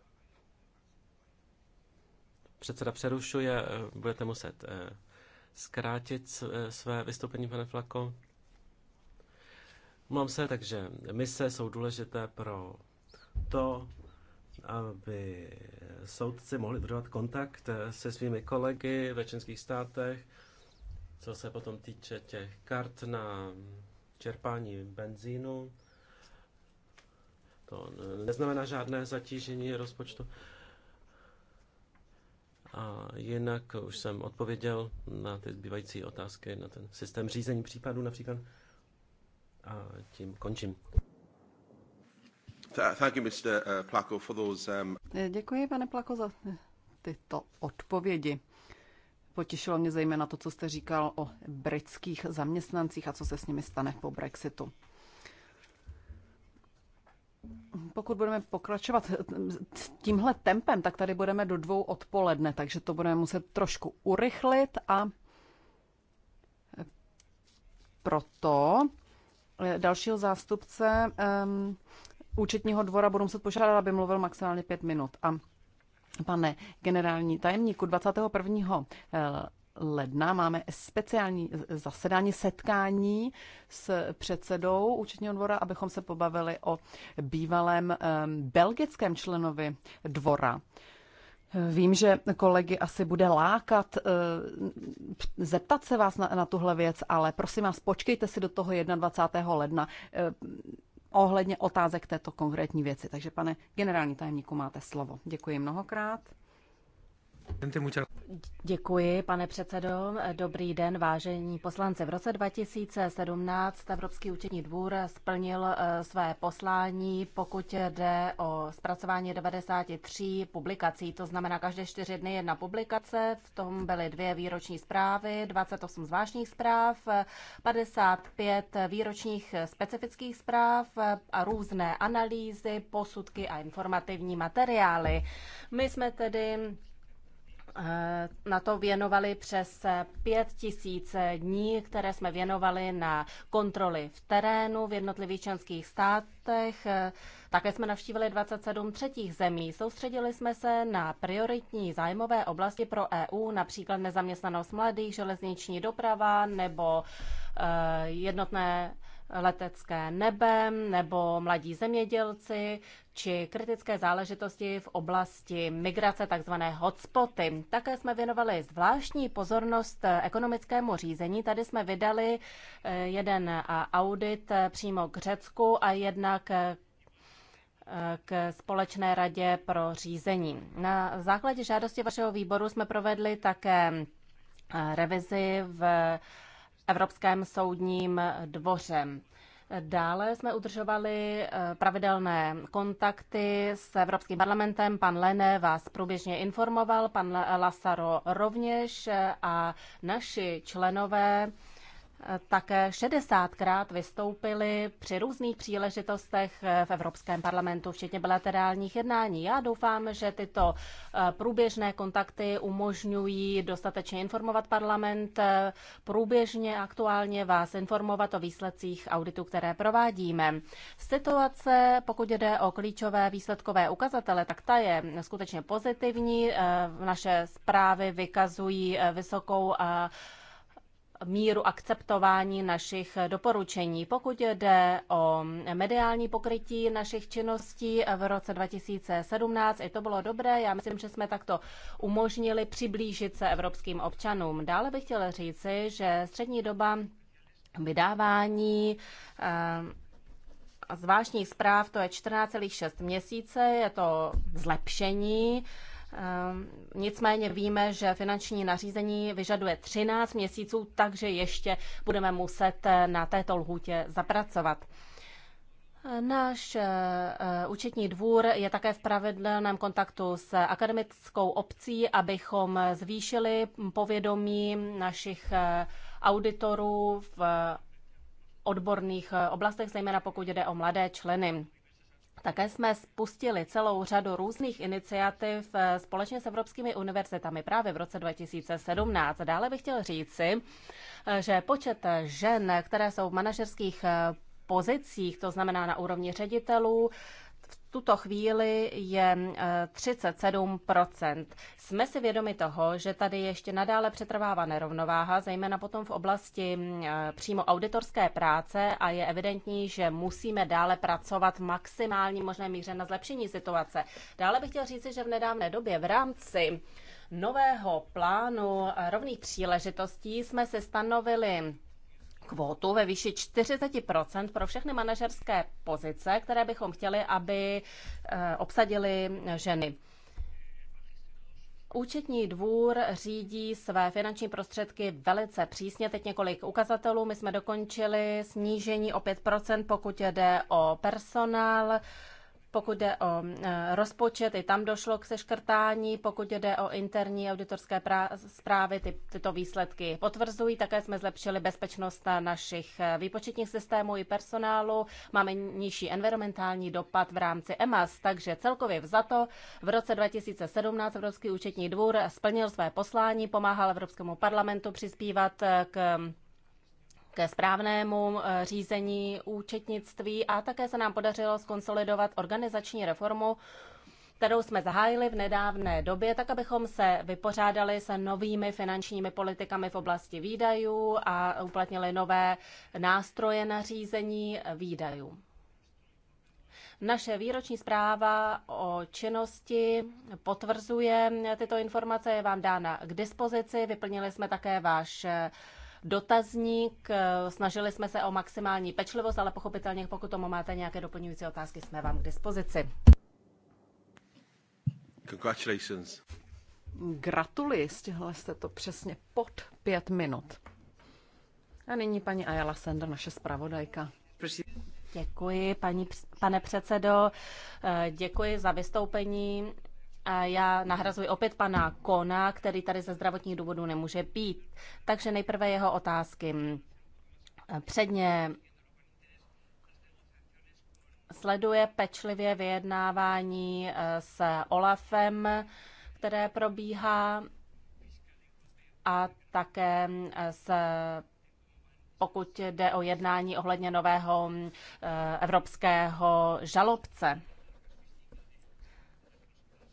předseda přerušuje, eh, budete muset eh, zkrátit eh, své vystoupení, pane Flako. Mám se, takže mise jsou důležité pro to, aby soudci mohli budovat kontakt se svými kolegy ve členských státech, co se potom týče těch kart na čerpání benzínu, to neznamená žádné zatížení rozpočtu. A jinak už jsem odpověděl na ty zbývající otázky, na ten systém řízení případů například. A tím končím. Uh, um, Děkuji, pane Plako, za tyto odpovědi. Potěšilo mě zejména to, co jste říkal o britských zaměstnancích a co se s nimi stane po Brexitu. Pokud budeme pokračovat tímhle tempem, tak tady budeme do dvou odpoledne, takže to budeme muset trošku urychlit a proto dalšího zástupce um, účetního dvora budu muset požádat, aby mluvil maximálně pět minut. A Pane generální tajemníku, 21. Eh, ledna máme speciální eh, zasedání, setkání s předsedou účetního dvora, abychom se pobavili o bývalém eh, belgickém členovi dvora. Vím, že kolegy asi bude lákat zeptat se vás na, na tuhle věc, ale prosím vás, počkejte si do toho 21. ledna ohledně otázek této konkrétní věci. Takže pane generální tajemníku, máte slovo. Děkuji mnohokrát. Děkuji, pane předsedo. Dobrý den, vážení poslanci. V roce 2017 Evropský účetní dvůr splnil eh, své poslání, pokud jde o zpracování 93 publikací. To znamená, každé čtyři dny jedna publikace, v tom byly dvě výroční zprávy, 28 zvláštních zpráv, 55 výročních specifických zpráv a různé analýzy, posudky a informativní materiály. My jsme tedy Eh, na to věnovali přes pět tisíc dní, které jsme věnovali na kontroly v terénu v jednotlivých členských státech. Eh, také jsme navštívili 27 třetích zemí. Soustředili jsme se na prioritní zájmové oblasti pro EU, například nezaměstnanost mladých, železniční doprava nebo eh, jednotné letecké nebe nebo mladí zemědělci či kritické záležitosti v oblasti migrace, takzvané hotspoty. Také jsme věnovali zvláštní pozornost ekonomickému řízení. Tady jsme vydali eh, jeden eh, audit eh, přímo k Řecku a jednak k Společné radě pro řízení. Na základě žádosti vašeho výboru jsme provedli také revizi v Evropském soudním dvořem. Dále jsme udržovali eh, pravidelné kontakty s Evropským parlamentem. Pan Lene vás průběžně informoval, pan Lasaro rovněž eh, a naši členové také 60krát vystoupili při různých příležitostech v Evropském parlamentu, včetně bilaterálních jednání. Já doufám, že tyto eh, průběžné kontakty umožňují dostatečně informovat parlament, eh, průběžně aktuálně vás informovat o výsledcích auditu, které provádíme. Situace, pokud jde o klíčové výsledkové ukazatele, tak ta je skutečně pozitivní. Eh, naše zprávy vykazují vysokou míru akceptování našich doporučení. Pokud jde o mediální pokrytí našich činností v roce 2017, i to bylo dobré. Já myslím, že jsme takto umožnili přiblížit se evropským občanům. Dále bych chtěla říci, že střední doba vydávání eh, zvláštních zpráv to je 14,6 měsíce, je to zlepšení. Ehm, nicméně víme, že finanční nařízení vyžaduje 13 měsíců, takže ještě budeme muset eh, na této lhůtě zapracovat. Náš eh, eh, účetní dvůr je také v pravidelném kontaktu s akademickou obcí, abychom zvýšili povědomí našich auditorů v odborných oblastech, zejména pokud jde o mladé členy. Také jsme spustili celou řadu různých iniciativ eh, společně s evropskými univerzitami právě v roce 2017. Dále bych chtěl říci, eh, že počet žen, které jsou v manažerských eh, pozicích, to znamená na úrovni ředitelů, tuto chvíli je 37 eh, Jsme si vědomi toho, že tady ještě nadále přetrvává nerovnováha, zejména potom v oblasti mm, eh, přímo auditorské práce a je evidentní, že musíme dále pracovat v maximální možné míře na zlepšení situace. Dále bych chtěl říci, že v nedávné době v rámci nového plánu rovných příležitostí jsme se stanovili kvotu ve výši 40% pro všechny manažerské pozice, které bychom chtěli, aby eh, obsadili ženy. Účetní dvůr řídí své finanční prostředky velice přísně. Teď několik ukazatelů. My jsme dokončili snížení o 5%, pokud jde o personál. Pokud jde o e, rozpočet, i tam došlo k seškrtání. Pokud jde o interní auditorské zprávy, ty, tyto výsledky potvrzují. Také jsme zlepšili bezpečnost na našich e, výpočetních systémů i personálu. Máme nižší environmentální dopad v rámci EMAS, takže celkově vzato v roce 2017 Evropský účetní dvůr splnil své poslání, pomáhal Evropskému parlamentu přispívat e, k ke správnému eh, řízení účetnictví a také se nám podařilo skonsolidovat organizační reformu, kterou jsme zahájili v nedávné době, tak abychom se vypořádali se novými finančními politikami v oblasti výdajů a uplatnili nové nástroje na řízení eh, výdajů. Naše výroční zpráva o činnosti potvrzuje tyto informace, je vám dána k dispozici. Vyplnili jsme také váš eh, dotazník. Snažili jsme se o maximální pečlivost, ale pochopitelně, pokud tomu máte nějaké doplňující otázky, jsme vám k dispozici. Congratulations. Gratuluji, stihla jste to přesně pod pět minut. A nyní paní Ayala Sender, naše zpravodajka. Děkuji, paní, pane předsedo. Děkuji za vystoupení já nahrazuji opět pana Kona, který tady ze zdravotních důvodů nemůže být. Takže nejprve jeho otázky. Předně sleduje pečlivě vyjednávání eh, s Olafem, které probíhá a také eh, s pokud jde o jednání ohledně nového eh, evropského žalobce.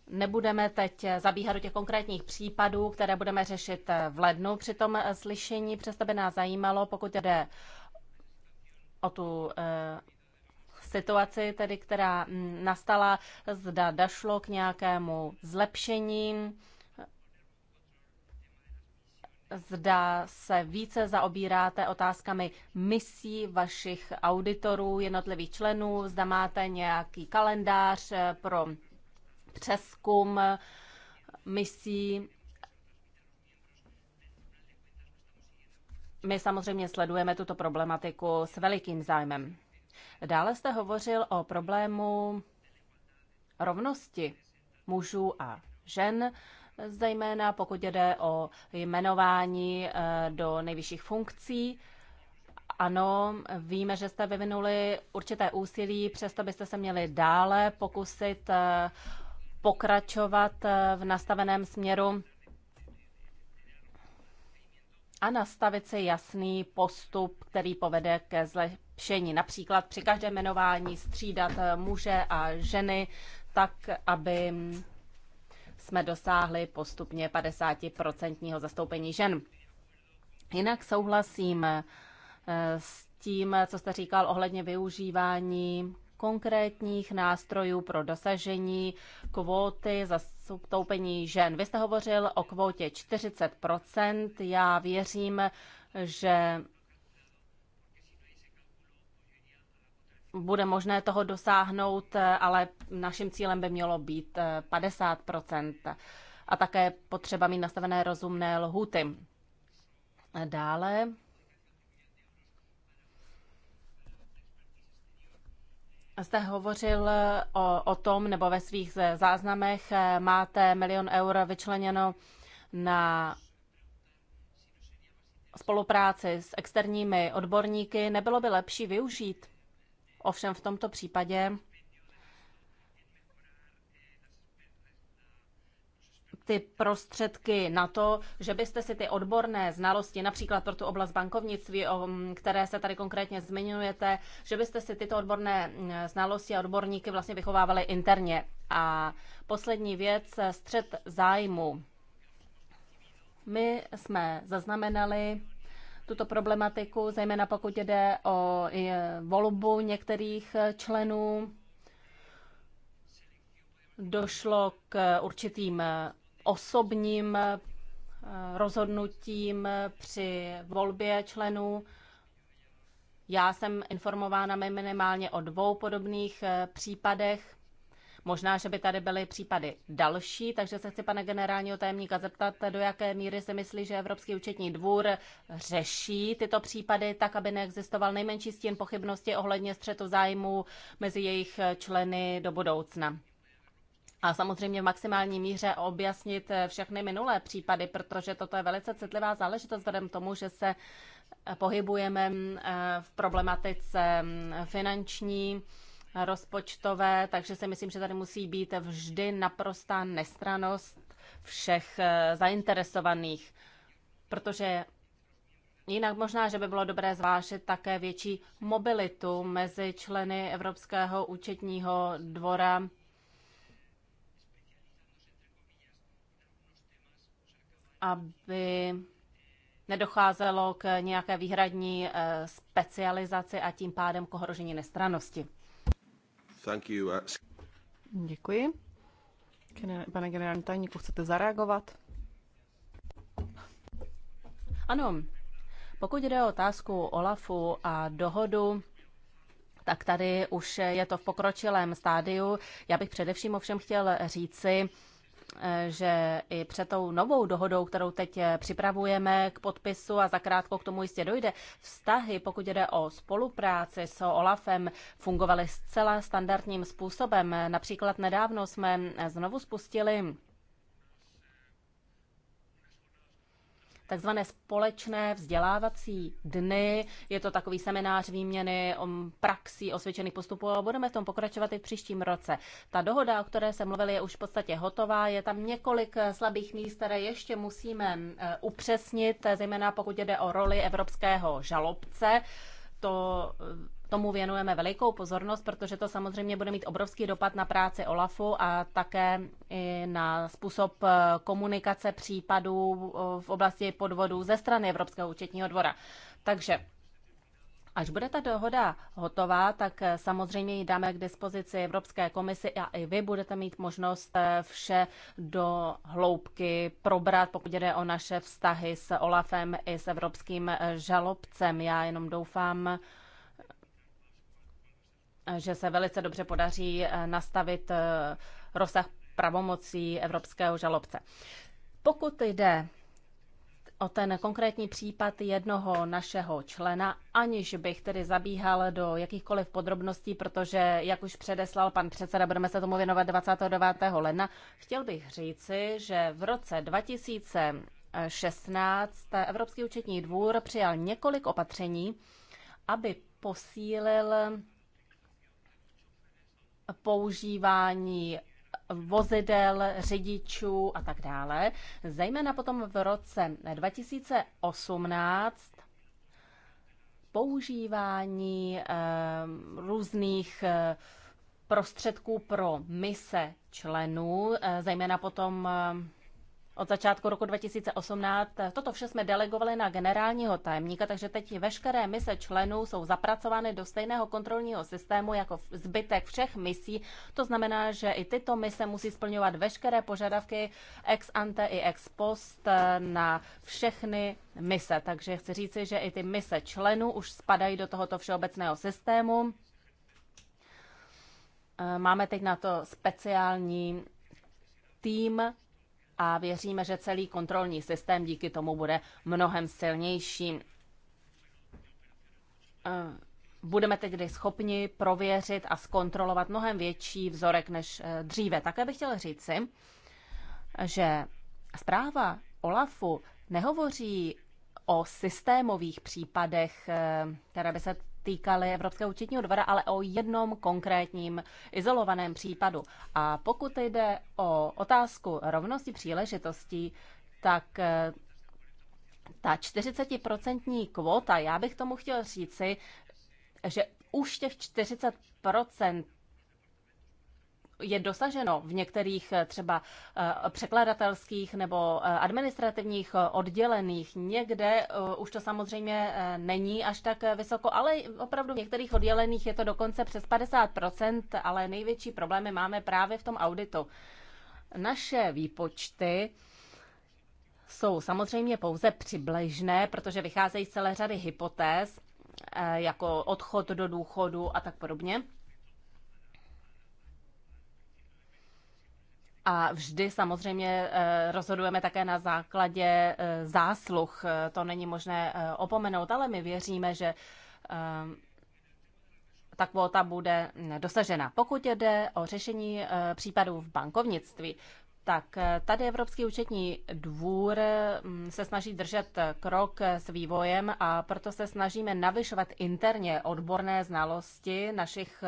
Nebudeme teď zabíhat do těch konkrétních případů, které budeme řešit v lednu při tom slyšení. Přesto by nás zajímalo, pokud jde o tu eh, situaci, tedy která nastala, zda došlo k nějakému zlepšení, zda se více zaobíráte otázkami misí vašich auditorů, jednotlivých členů, zda máte nějaký kalendář eh, pro přeskum misí. My samozřejmě sledujeme tuto problematiku s velikým zájmem. Dále jste hovořil o problému rovnosti mužů a žen, zejména pokud jde o jmenování eh, do nejvyšších funkcí. Ano, víme, že jste vyvinuli určité úsilí, přesto byste se měli dále pokusit eh, pokračovat eh, v nastaveném směru a nastavit si jasný postup, který povede ke zlepšení. Například při každém jmenování střídat eh, muže a ženy tak, aby jsme dosáhli postupně 50% zastoupení žen. Jinak souhlasím eh, s tím, co jste říkal ohledně využívání konkrétních nástrojů pro dosažení kvóty stoupení žen. Vy jste hovořil o kvótě 40 Já věřím, že bude možné toho dosáhnout, ale naším cílem by mělo být 50 eh, a také potřeba mít nastavené rozumné lhuty. Dále Zde hovořil eh, o, o tom, nebo ve svých eh, záznamech eh, máte milion eur vyčleněno na spolupráci s externími odborníky. Nebylo by lepší využít? Ovšem v tomto případě ty prostředky na to, že byste si ty odborné znalosti, například pro tu oblast bankovnictví, o které se tady konkrétně zmiňujete, že byste si tyto odborné znalosti a odborníky vlastně vychovávali interně. A poslední věc, střed zájmu. My jsme zaznamenali tuto problematiku, zejména pokud jde o volbu některých členů. Došlo k určitým osobním eh, rozhodnutím při volbě členů. Já jsem informována minimálně o dvou podobných eh, případech. Možná, že by tady byly případy další, takže se chci pana generálního tajemníka zeptat, do jaké míry si myslí, že Evropský účetní dvůr řeší tyto případy tak, aby neexistoval nejmenší stín pochybnosti ohledně střetu zájmů mezi jejich eh, členy do budoucna a samozřejmě v maximální míře objasnit eh, všechny minulé případy, protože toto je velice citlivá záležitost vzhledem tomu, že se eh, pohybujeme mm, eh, v problematice mm, finanční, rozpočtové, takže si myslím, že tady musí být vždy naprostá nestranost všech zainteresovaných, protože Jinak možná, že by bylo dobré zvážit také větší mobilitu mezi členy Evropského účetního dvora aby nedocházelo k nějaké výhradní eh, specializaci a tím pádem k ohrožení nestranosti. Thank you. Uh, Děkuji. Pane generální tajníku, chcete zareagovat? Ano, pokud jde o otázku OLAFu a dohodu, tak tady už je to v pokročilém stádiu. Já bych především ovšem chtěl říci, Eh, že i před tou novou dohodou, kterou teď eh, připravujeme k podpisu a zakrátko k tomu jistě dojde, vztahy, pokud jde o spolupráci s OLAFem, fungovaly zcela standardním způsobem. Například nedávno jsme eh, znovu spustili takzvané společné vzdělávací dny. Je to takový seminář výměny o um, praxí osvědčených postupů a budeme v tom pokračovat i v příštím roce. Ta dohoda, o které jsem mluvili, je už v podstatě hotová. Je tam několik eh, slabých míst, které ještě musíme eh, upřesnit, eh, zejména pokud jde o roli evropského žalobce. To tomu věnujeme velikou pozornost, protože to samozřejmě bude mít obrovský dopad na práci OLAFu a také i na způsob eh, komunikace případů eh, v oblasti podvodů ze strany Evropského účetního dvora. Takže Až bude ta dohoda hotová, tak eh, samozřejmě ji dáme k dispozici Evropské komisi a i vy budete mít možnost vše do hloubky probrat, pokud jde o naše vztahy s Olafem i s Evropským žalobcem. Já jenom doufám, že se velice dobře podaří eh, nastavit eh, rozsah pravomocí evropského žalobce. Pokud jde o ten konkrétní případ jednoho našeho člena, aniž bych tedy zabíhal do jakýchkoliv podrobností, protože, jak už předeslal pan předseda, budeme se tomu věnovat 29. ledna, chtěl bych říci, že v roce 2016 Evropský účetní dvůr přijal několik opatření, aby posílil používání vozidel, řidičů a tak dále. Zejména potom v roce 2018 používání eh, různých eh, prostředků pro mise členů, eh, zejména potom od začátku roku 2018. Toto vše jsme delegovali na generálního tajemníka, takže teď veškeré mise členů jsou zapracovány do stejného kontrolního systému jako zbytek všech misí. To znamená, že i tyto mise musí splňovat veškeré požadavky ex ante i ex post eh, na všechny mise. Takže chci říci, že i ty mise členů už spadají do tohoto všeobecného systému. Eh, máme teď na to speciální tým a věříme, že celý kontrolní systém díky tomu bude mnohem silnější. Eh, budeme tedy schopni prověřit a zkontrolovat mnohem větší vzorek než eh, dříve. Také bych chtěl říci, že zpráva OLAFu nehovoří o systémových případech, eh, které by se týkaly Evropského účetního dvora, ale o jednom konkrétním izolovaném případu. A pokud jde o otázku rovnosti příležitostí, tak eh, ta 40% kvota, já bych tomu chtěl říci, že už těch 40% je dosaženo v některých eh, třeba eh, překladatelských nebo eh, administrativních oddělených. Někde už to samozřejmě není až tak vysoko, ale opravdu v některých oddělených je to dokonce přes 50%, ale největší problémy máme právě v tom auditu. Naše výpočty jsou samozřejmě pouze přibližné, protože vycházejí z celé řady hypotéz, jako odchod do důchodu a tak podobně. A vždy samozřejmě eh, rozhodujeme také na základě eh, zásluh. Eh, to není možné opomenout, ale my věříme, že ta kvota bude mm, dosažena. Pokud jde o řešení případů v bankovnictví, tak tady Evropský účetní dvůr mm, se snaží držet krok s vývojem a proto se snažíme navyšovat interně odborné znalosti našich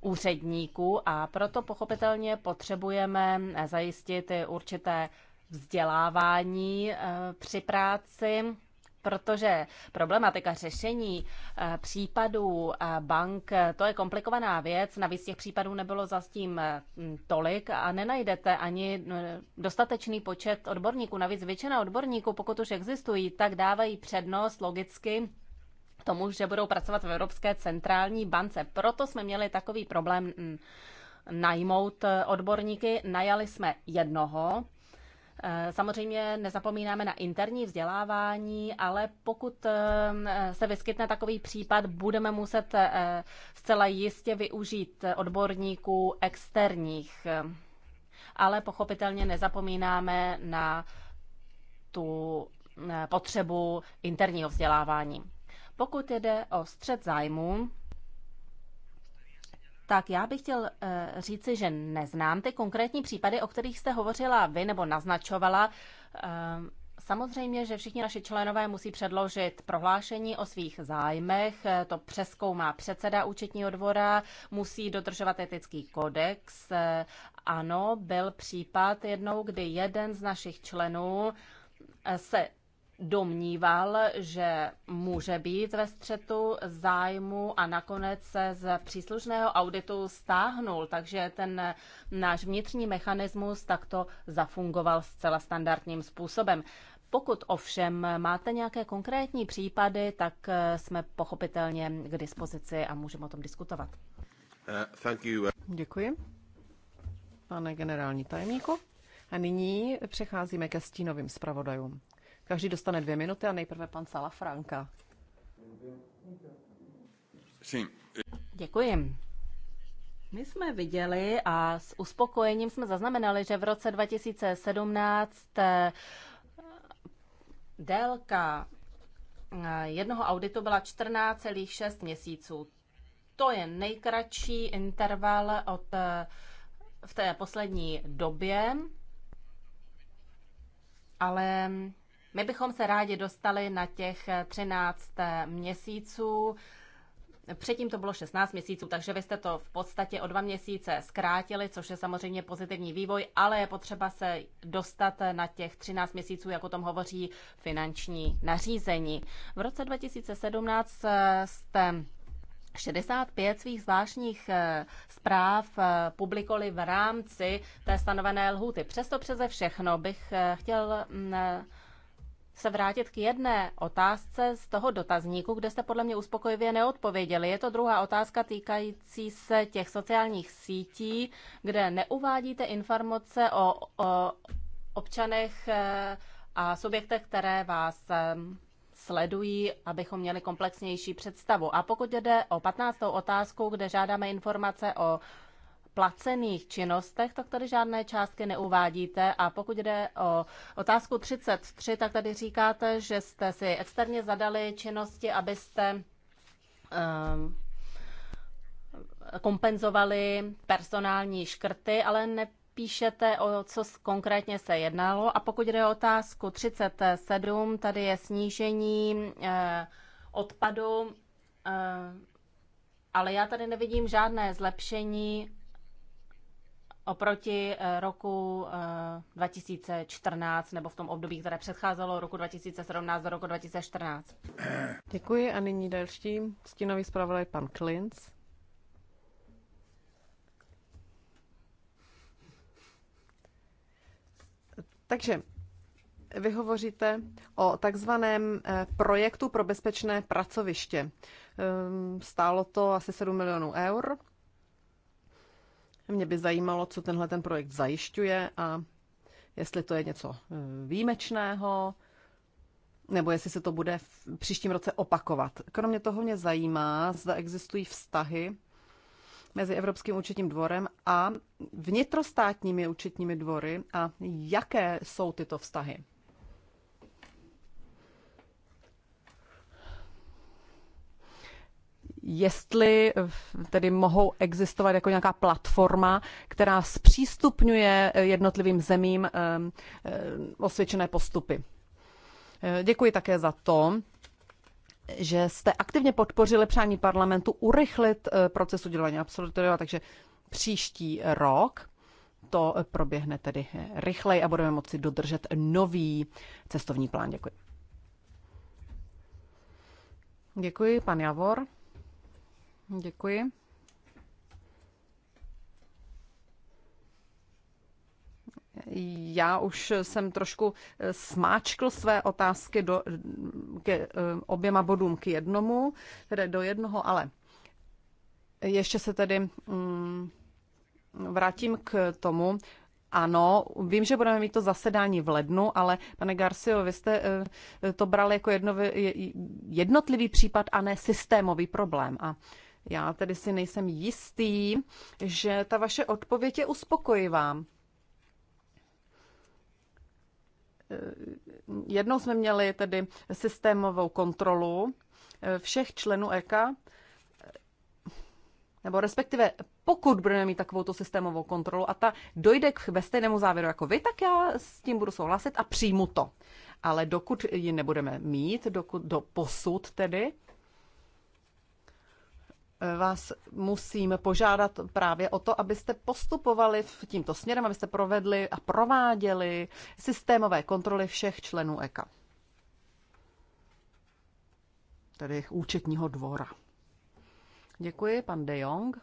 úředníků a proto pochopitelně potřebujeme zajistit určité vzdělávání eh, při práci, protože problematika řešení eh, případů eh, bank, to je komplikovaná věc, navíc těch případů nebylo zatím tolik a nenajdete ani dostatečný počet odborníků. Navíc většina odborníků, pokud už existují, tak dávají přednost logicky tomu, že budou pracovat v Evropské centrální bance. Proto jsme měli takový problém mm, najmout eh, odborníky. Najali jsme jednoho, eh, Samozřejmě nezapomínáme na interní vzdělávání, ale pokud eh, se vyskytne takový případ, budeme muset zcela jistě využít odborníků externích. Ale pochopitelně nezapomínáme na tu potřebu interního vzdělávání. Pokud jde o střed zájmů, tak já bych chtěl eh, říci, že neznám ty konkrétní případy, o kterých jste hovořila vy nebo naznačovala. Eh, samozřejmě, že všichni naši členové musí předložit prohlášení o svých zájmech, eh, to přeskoumá předseda účetního dvora, musí dodržovat etický kodex. Ano, byl případ jednou, kdy jeden z našich členů se domníval, že může být ve střetu zájmu a nakonec se z příslušného auditu stáhnul, takže ten náš vnitřní mechanismus takto zafungoval zcela standardním způsobem. Pokud ovšem máte nějaké konkrétní případy, tak eh, jsme pochopitelně k dispozici a můžeme o tom diskutovat. Uh, thank you. Uh. Děkuji, pane generální tajemníku. A nyní přecházíme ke stínovým zpravodajům. Každý dostane dvě minuty a nejprve pan Sala Franka. Děkuji. My jsme viděli a s uspokojením jsme zaznamenali, že v roce 2017 eh, délka eh, jednoho auditu byla 14,6 měsíců. To je nejkratší interval od, eh, v té poslední době, ale my bychom se rádi dostali na těch 13 eh, měsíců. Předtím to bylo 16 měsíců, takže vy jste to v podstatě o dva měsíce zkrátili, což je samozřejmě pozitivní vývoj, ale je potřeba se dostat na těch 13 měsíců, jak o tom hovoří finanční nařízení. V roce 2017 eh, jste 65 svých zvláštních eh, zpráv publikovali v rámci té stanovené lhuty. Přesto přeze všechno bych chtěl mm, se vrátit k jedné otázce z toho dotazníku, kde jste podle mě uspokojivě neodpověděli. Je to druhá otázka týkající se těch sociálních sítí, kde neuvádíte informace o, o občanech eh, a subjektech, které vás eh, sledují, abychom měli komplexnější představu. A pokud jde o 15. otázku, kde žádáme informace o placených činnostech, tak tady žádné částky neuvádíte. A pokud jde o otázku 33, tak tady říkáte, že jste si externě zadali činnosti, abyste um, kompenzovali personální škrty, ale ne píšete, o co konkrétně se jednalo. A pokud jde o otázku 37, tady je snížení eh, odpadu, eh, ale já tady nevidím žádné zlepšení oproti eh, roku 2014 eh, nebo v tom období, které předcházelo roku 2017 do roku 2014. Děkuji a nyní další stínový zpravodaj pan Klinc. Takže vy hovoříte o takzvaném eh, projektu pro bezpečné pracoviště. Ehm, stálo to asi 7 milionů eur mě by zajímalo, co tenhle ten projekt zajišťuje a jestli to je něco eh, výjimečného, nebo jestli se to bude v příštím roce opakovat. Kromě toho mě zajímá, zda existují vztahy mezi Evropským účetním dvorem a vnitrostátními účetními dvory a jaké jsou tyto vztahy. jestli eh, tedy mohou existovat jako nějaká platforma, která zpřístupňuje eh, jednotlivým zemím eh, osvědčené postupy. Děkuji také za to, že jste aktivně podpořili přání parlamentu urychlit proces udělování absolutoria, takže příští rok to proběhne tedy rychleji a budeme moci dodržet nový cestovní plán. Děkuji. Děkuji, pan Javor. Děkuji. Já už jsem trošku eh, smáčkl své otázky do, ke eh, oběma bodům k jednomu, tedy do jednoho, ale ještě se tedy mm, vrátím k tomu. Ano, vím, že budeme mít to zasedání v lednu, ale pane Garcio, vy jste eh, to brali jako jednotlivý případ a ne systémový problém. A já tedy si nejsem jistý, že ta vaše odpověď je uspokojivá. Eh, jednou jsme měli tedy systémovou kontrolu eh, všech členů EKA, eh, nebo respektive pokud budeme mít takovou tu systémovou kontrolu a ta dojde k ve stejnému závěru jako vy, tak já s tím budu souhlasit a přijmu to. Ale dokud ji nebudeme mít, dokud, do posud tedy, vás musím požádat právě o to, abyste postupovali v tímto směrem, abyste provedli a prováděli systémové kontroly všech členů EKA, tedy účetního dvora. Děkuji, pan De Jong.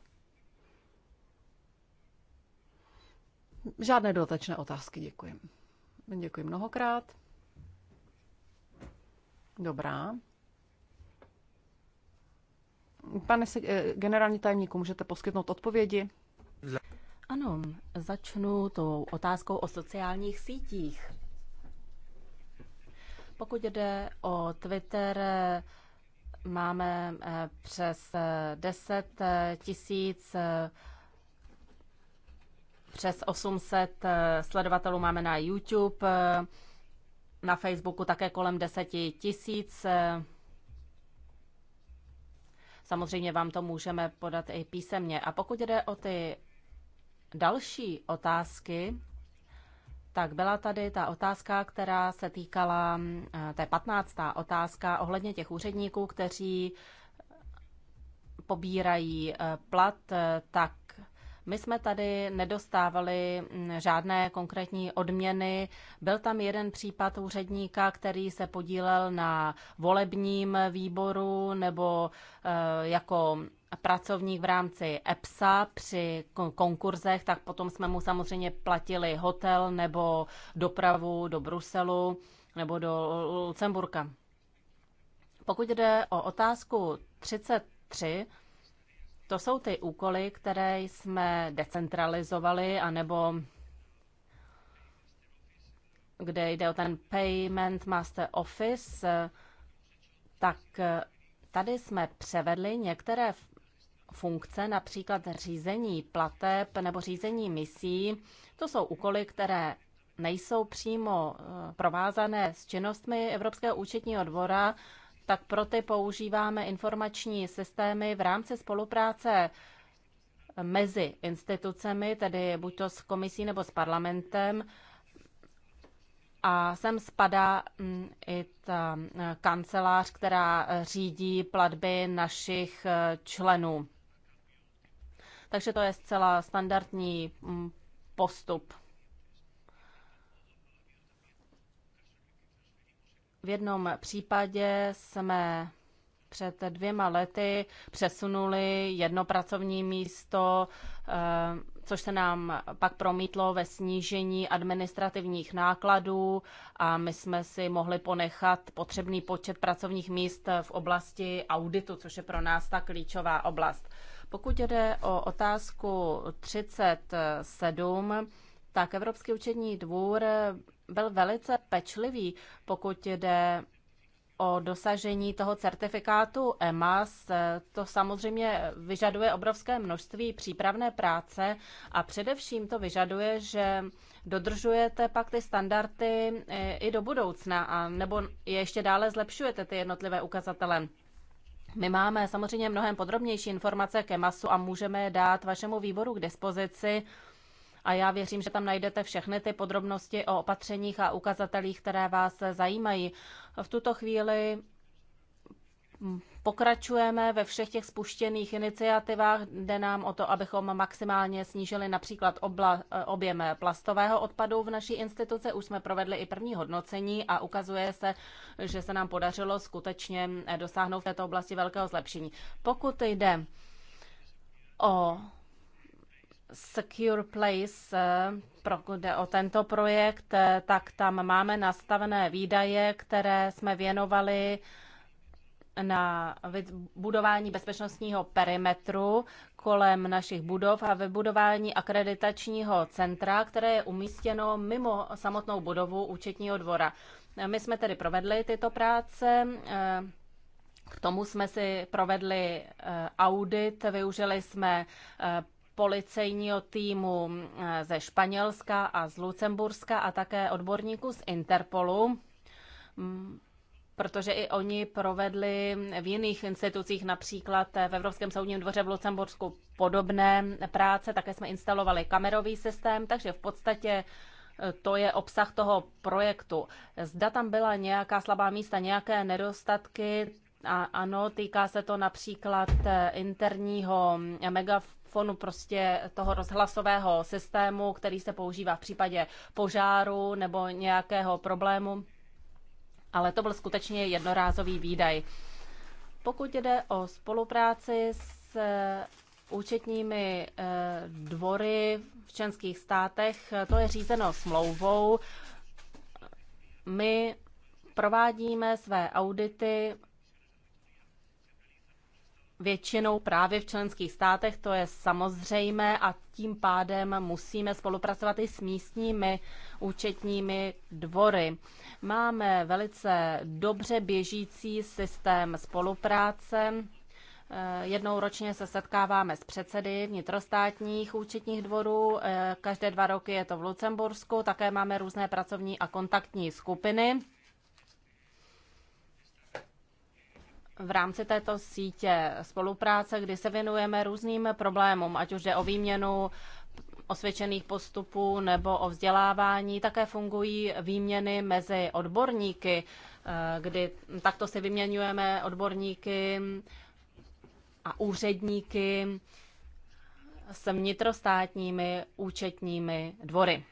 Žádné dotačné otázky, děkuji. Děkuji mnohokrát. Dobrá, Pane eh, generální tajemníku, můžete poskytnout odpovědi? Ano, začnu tou otázkou o sociálních sítích. Pokud jde o Twitter, máme eh, přes 10 eh, tisíc přes 800 sledovatelů máme na YouTube, na Facebooku také kolem 10 tisíc. Samozřejmě vám to můžeme podat i písemně. A pokud jde o ty další otázky, tak byla tady ta otázka, která se týkala, eh, to je patnáctá otázka ohledně těch úředníků, kteří pobírají eh, plat, eh, tak my jsme tady nedostávali mm, žádné konkrétní odměny. Byl tam jeden případ úředníka, který se podílel na volebním výboru nebo eh, jako pracovník v rámci EPSA při konkurzech, tak potom jsme mu samozřejmě platili hotel nebo dopravu do Bruselu nebo do Lucemburka. Pokud jde o otázku 33, to jsou ty úkoly, které jsme decentralizovali, anebo kde jde o ten Payment Master Office, tak tady jsme převedli některé funkce, například řízení plateb nebo řízení misí. To jsou úkoly, které nejsou přímo eh, provázané s činnostmi Evropského účetního dvora, tak pro ty používáme informační systémy v rámci spolupráce mezi institucemi, tedy buď to s komisí nebo s parlamentem. A sem spadá mm, i ta eh, kancelář, která eh, řídí platby našich eh, členů. Takže to je zcela standardní mm, postup. V jednom případě jsme před dvěma lety přesunuli jedno pracovní místo, eh, což se nám pak promítlo ve snížení administrativních nákladů a my jsme si mohli ponechat potřebný počet pracovních míst v oblasti auditu, což je pro nás ta klíčová oblast. Pokud jde o otázku 37, tak Evropský účetní dvůr byl velice pečlivý, pokud jde o dosažení toho certifikátu EMAS. To samozřejmě vyžaduje obrovské množství přípravné práce a především to vyžaduje, že dodržujete pak ty standardy e, i do budoucna a nebo je ještě dále zlepšujete ty jednotlivé ukazatele. My máme samozřejmě mnohem podrobnější informace ke EMASu a můžeme je dát vašemu výboru k dispozici a já věřím, že tam najdete všechny ty podrobnosti o opatřeních a ukazatelích, které vás zajímají. V tuto chvíli pokračujeme ve všech těch spuštěných iniciativách. Jde nám o to, abychom maximálně snížili například obla, objem plastového odpadu v naší instituce. Už jsme provedli i první hodnocení a ukazuje se, že se nám podařilo skutečně dosáhnout v této oblasti velkého zlepšení. Pokud jde o Secure Place, eh, pokud jde o tento projekt, eh, tak tam máme nastavené výdaje, které jsme věnovali na budování bezpečnostního perimetru kolem našich budov a vybudování akreditačního centra, které je umístěno mimo samotnou budovu účetního dvora. My jsme tedy provedli tyto práce. Eh, k tomu jsme si provedli audit, využili jsme policejního týmu eh, ze Španělska a z Lucemburska a také odborníků z Interpolu, mm, protože i oni provedli v jiných institucích, například eh, v Evropském soudním dvoře v Lucembursku, podobné práce. Také jsme instalovali kamerový systém, takže v podstatě eh, to je obsah toho projektu. Zda tam byla nějaká slabá místa, nějaké nedostatky, a ano, týká se to například interního megafonu, mikrofonu prostě toho rozhlasového systému, který se používá v případě požáru nebo nějakého problému. Ale to byl skutečně jednorázový výdaj. Pokud jde o spolupráci s eh, účetními eh, dvory v členských státech, to je řízeno smlouvou. My provádíme své audity většinou právě v členských státech, to je samozřejmé a tím pádem musíme spolupracovat i s místními účetními dvory. Máme velice dobře běžící systém spolupráce. Eh, jednou ročně se setkáváme s předsedy vnitrostátních účetních dvorů, eh, každé dva roky je to v Lucembursku, také máme různé pracovní a kontaktní skupiny. v rámci této sítě spolupráce, kdy se věnujeme různým problémům, ať už jde o výměnu osvědčených postupů nebo o vzdělávání. Také fungují výměny mezi odborníky, eh, kdy takto si vyměňujeme odborníky a úředníky s vnitrostátními účetními dvory.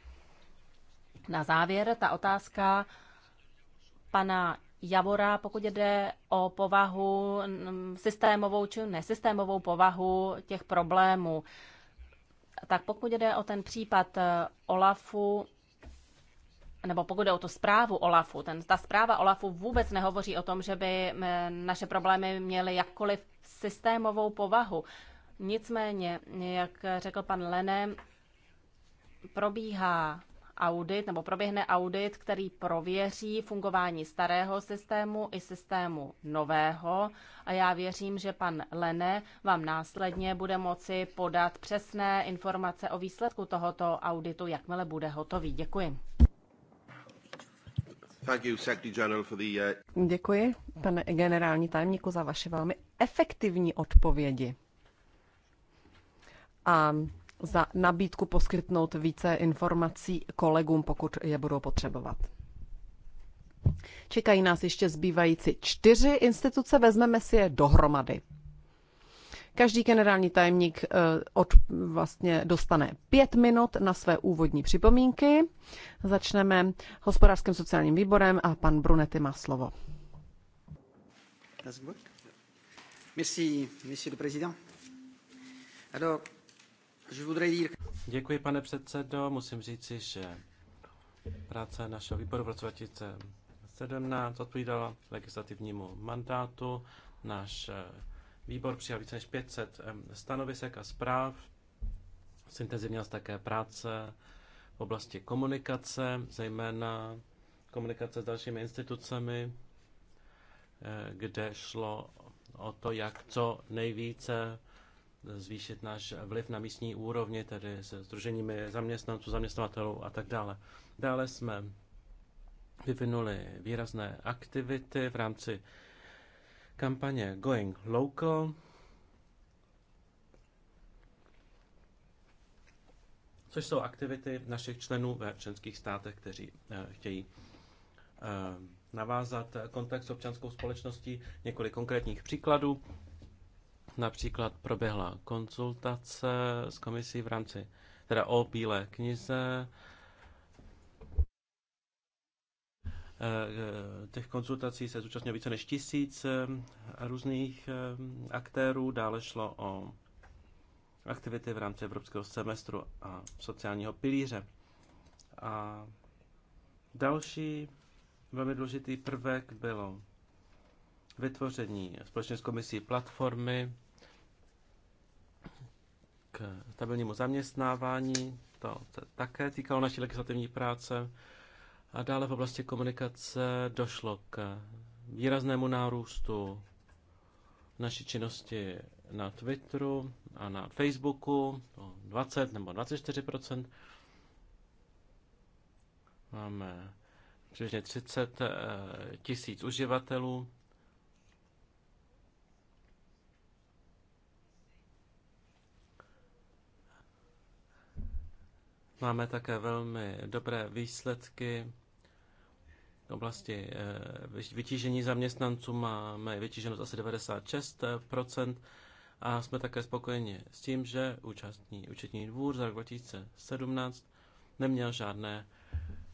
Na závěr ta otázka pana Javora, pokud jde o povahu mm, systémovou či nesystémovou povahu těch problémů. Tak pokud jde o ten případ eh, Olafu, nebo pokud jde o tu zprávu Olafu, ten, ta zpráva Olafu vůbec nehovoří o tom, že by eh, naše problémy měly jakkoliv systémovou povahu. Nicméně, jak řekl pan Lenem, probíhá audit nebo proběhne audit, který prověří fungování starého systému i systému nového. A já věřím, že pan Lene vám následně bude moci podat přesné informace o výsledku tohoto auditu, jakmile bude hotový. Děkuji. Uh, Děkuji, pane generální tajemníku, za vaše velmi efektivní odpovědi. A za nabídku poskytnout více informací kolegům, pokud je budou potřebovat. Čekají nás ještě zbývající čtyři instituce, vezmeme si je dohromady. Každý generální tajemník eh, od, vlastně dostane pět minut na své úvodní připomínky. Začneme hospodářským sociálním výborem a pan Brunety má slovo. Merci, monsieur le président. Alors, Děkuji, pane předsedo. Musím říci, že práce našeho výboru v roce 2017 odpovídala legislativnímu mandátu. Náš eh, výbor přijal více než 500 stanovisek a zpráv. Syntezivněla se také práce v oblasti komunikace, zejména komunikace s dalšími institucemi, eh, kde šlo o to, jak co nejvíce zvýšit náš vliv na místní úrovni, tedy se združeními zaměstnanců, zaměstnavatelů a tak dále. Dále jsme vyvinuli výrazné aktivity v rámci kampaně Going Local, což jsou aktivity našich členů ve členských státech, kteří eh, chtějí eh, navázat kontakt s občanskou společností. Několik konkrétních příkladů. Například proběhla konzultace s komisí v rámci teda o bílé knize. Eh, těch konzultací se zúčastnilo více než tisíc eh, různých eh, aktérů. Dále šlo o aktivity v rámci evropského semestru a sociálního pilíře. A další velmi důležitý prvek bylo vytvoření společně s komisí platformy k stabilnímu zaměstnávání, to se také týkalo naší legislativní práce. A dále v oblasti komunikace došlo k výraznému nárůstu naší činnosti na Twitteru a na Facebooku o 20 nebo 24 Máme přibližně 30 eh, tisíc uživatelů Máme také velmi dobré výsledky v oblasti eh, vytížení zaměstnanců. Máme vytíženost asi 96 a jsme také spokojeni s tím, že účastní účetní dvůr za rok 2017 neměl žádné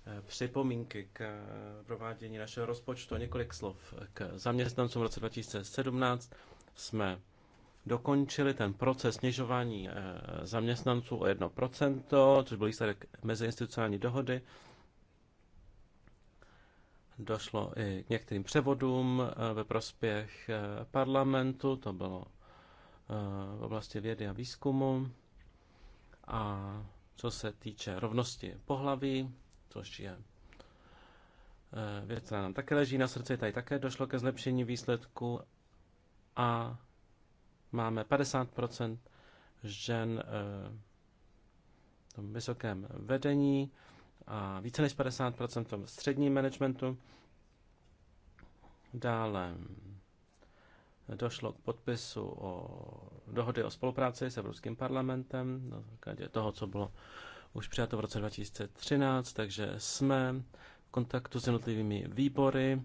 eh, připomínky k eh, provádění našeho rozpočtu. Několik slov k zaměstnancům v roce 2017 jsme dokončili ten proces snižování eh, zaměstnanců o 1%, což byl výsledek meziinstitucionální dohody. Došlo i k některým převodům eh, ve prospěch eh, parlamentu, to bylo v oblasti vědy a výzkumu. A co se týče rovnosti pohlaví, což je věc, která nám také leží na srdci, tady také došlo ke zlepšení výsledku a máme 50% žen eh, v tom vysokém vedení a více než 50% v tom středním managementu. Dále došlo k podpisu o dohody o spolupráci s Evropským parlamentem, na základě toho, co bylo už přijato v roce 2013, takže jsme v kontaktu s jednotlivými výbory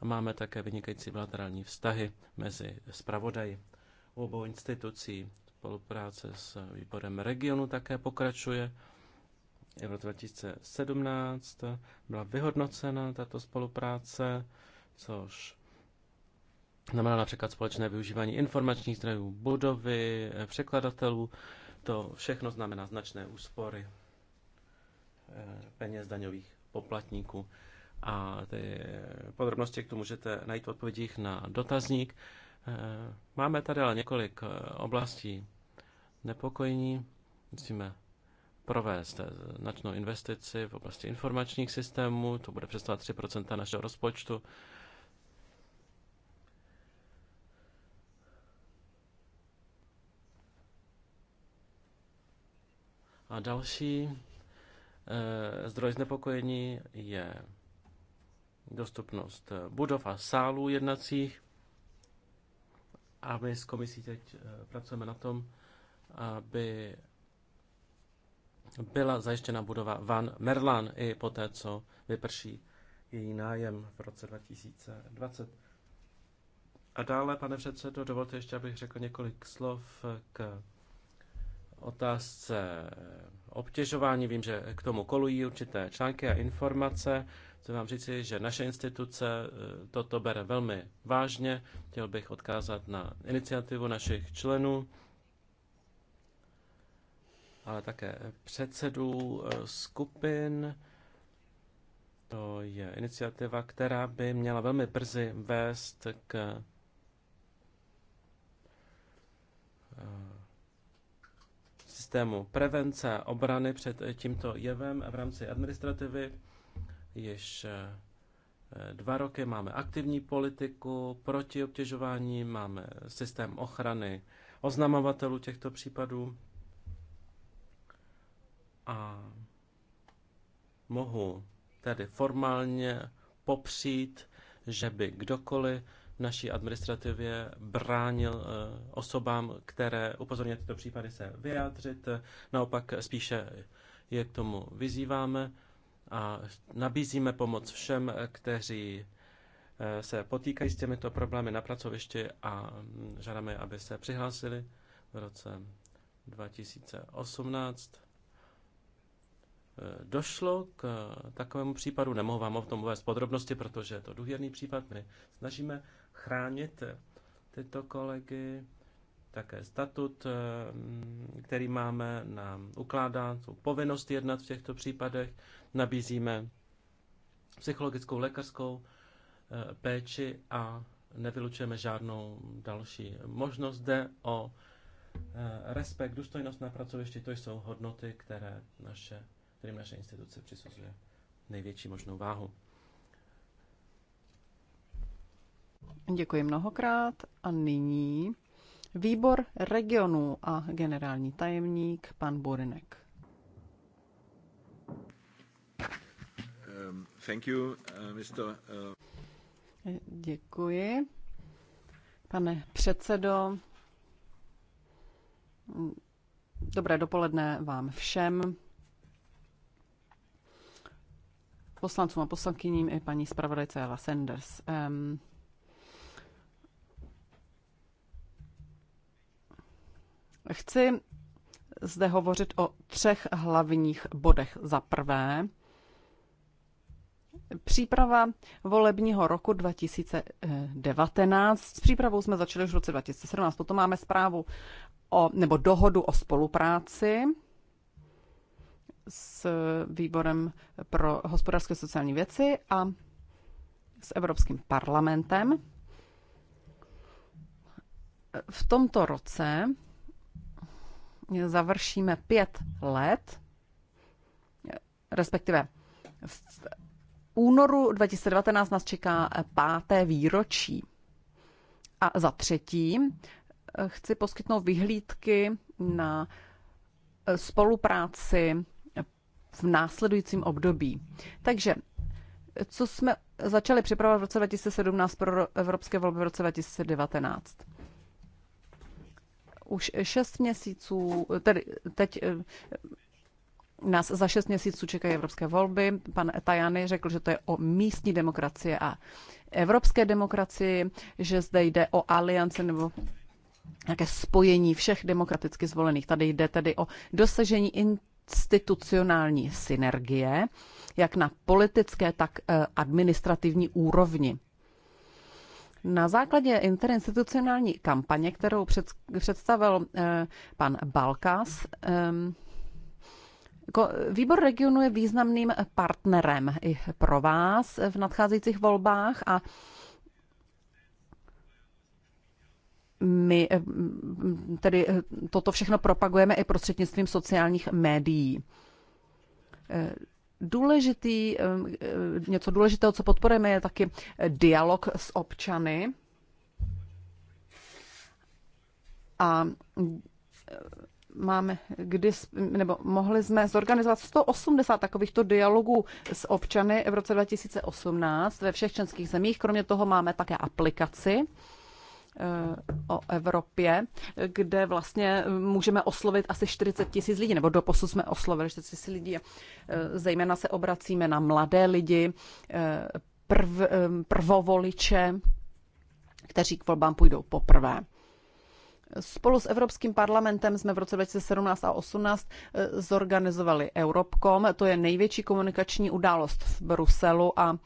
a máme také vynikající bilaterální vztahy mezi zpravodaji u obou institucí. Spolupráce s výborem regionu také pokračuje. I v roce 2017 byla vyhodnocena tato spolupráce, což znamená například společné využívání informačních zdrojů, budovy, překladatelů. To všechno znamená značné úspory eh, peněz daňových poplatníků. A ty podrobnosti k tomu můžete najít v odpovědích na dotazník. Eh, máme tady ale několik eh, oblastí nepokojní. Musíme provést eh, značnou investici v oblasti informačních systémů, to bude představovat 3 našeho rozpočtu. A další eh, zdroj znepokojení je dostupnost budov a sálů jednacích. A my s komisí teď eh, pracujeme na tom, aby byla zajištěna budova Van Merlan i poté, co vyprší její nájem v roce 2020. A dále, pane předsedo, dovolte ještě, abych řekl několik slov k otázce obtěžování. Vím, že k tomu kolují určité články a informace. Chci vám říci, že naše instituce e, toto bere velmi vážně. Chtěl bych odkázat na iniciativu našich členů, ale také předsedů e, skupin. To je iniciativa, která by měla velmi brzy vést k e, systému prevence obrany před tímto jevem v rámci administrativy. Již eh, dva roky máme aktivní politiku proti obtěžování, máme systém ochrany oznamovatelů těchto případů a mohu tedy formálně popřít, že by kdokoliv v naší administrativě bránil eh, osobám, které upozorňují tyto případy, se vyjádřit. Naopak spíše je k tomu vyzýváme a nabízíme pomoc všem, kteří eh, se potýkají s těmito problémy na pracovišti a mm, žádáme, aby se přihlásili v roce 2018. Eh, došlo k eh, takovému případu, nemohu vám o tom uvést podrobnosti, protože je to důvěrný případ. My snažíme chránit tyto kolegy, také statut, mm, který máme, nám ukládá tu povinnost jednat v těchto případech. Nabízíme psychologickou, lékařskou eh, péči a nevylučujeme žádnou další možnost. Jde o eh, respekt, důstojnost na pracovišti, to jsou hodnoty, které naše, kterým naše instituce přisuzuje největší možnou váhu. Děkuji mnohokrát a nyní výbor regionů a generální tajemník pan Borinek. Thank you, uh, Mr. Uh, Děkuji. Pane předsedo, dobré dopoledne vám všem, poslancům a poslankyním i paní zpravodajce Eva Sanders. Um, chci zde hovořit o třech hlavních bodech. Za prvé, Příprava volebního roku 2019. S přípravou jsme začali už v roce 2017. Potom máme zprávu o, nebo dohodu o spolupráci s výborem pro hospodářské sociální věci a s Evropským parlamentem. V tomto roce završíme pět let, respektive únoru 2019 nás čeká eh, páté výročí. A za třetí eh, chci poskytnout vyhlídky na eh, spolupráci v následujícím období. Takže co jsme začali připravovat v roce 2017 pro evropské volby v roce 2019? Už šest měsíců, tedy teď Nás za šest měsíců čekají evropské volby. Pan Tajany řekl, že to je o místní demokracie a evropské demokracii, že zde jde o aliance nebo nějaké spojení všech demokraticky zvolených. Tady jde tedy o dosažení institucionální synergie, jak na politické, tak eh, administrativní úrovni. Na základě interinstitucionální kampaně, kterou představil eh, pan Balkas, ehm, jako, výbor regionu je významným partnerem i pro vás v nadcházejících volbách a my eh, tedy eh, toto všechno propagujeme i prostřednictvím sociálních médií. Eh, důležitý, něco důležitého, co podporujeme, je taky dialog s občany. A máme kdy, nebo mohli jsme zorganizovat 180 takovýchto dialogů s občany v roce 2018 ve všech členských zemích. Kromě toho máme také aplikaci eh, o Evropě, kde vlastně můžeme oslovit asi 40 tisíc lidí, nebo doposud jsme oslovili 40 tisíc lidí. Eh, zejména se obracíme na mladé lidi, eh, prv, prvovoliče, kteří k volbám půjdou poprvé. Spolu s Evropským parlamentem jsme v roce 2017 a 2018 eh, zorganizovali Europcom. To je největší komunikační událost v Bruselu a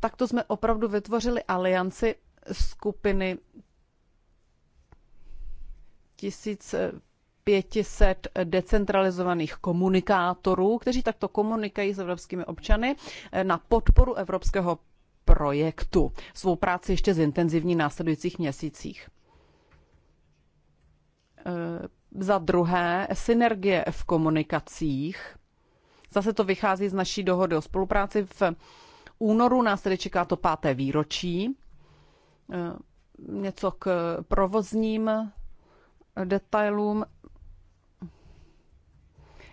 takto jsme opravdu vytvořili alianci skupiny 1500 decentralizovaných komunikátorů, kteří takto komunikují s evropskými občany eh, na podporu evropského projektu. Svou práci ještě zintenzivní v následujících měsících. E, za druhé, synergie v komunikacích. Zase to vychází z naší dohody o spolupráci. V únoru nás tedy čeká to páté výročí. E, něco k provozním detailům.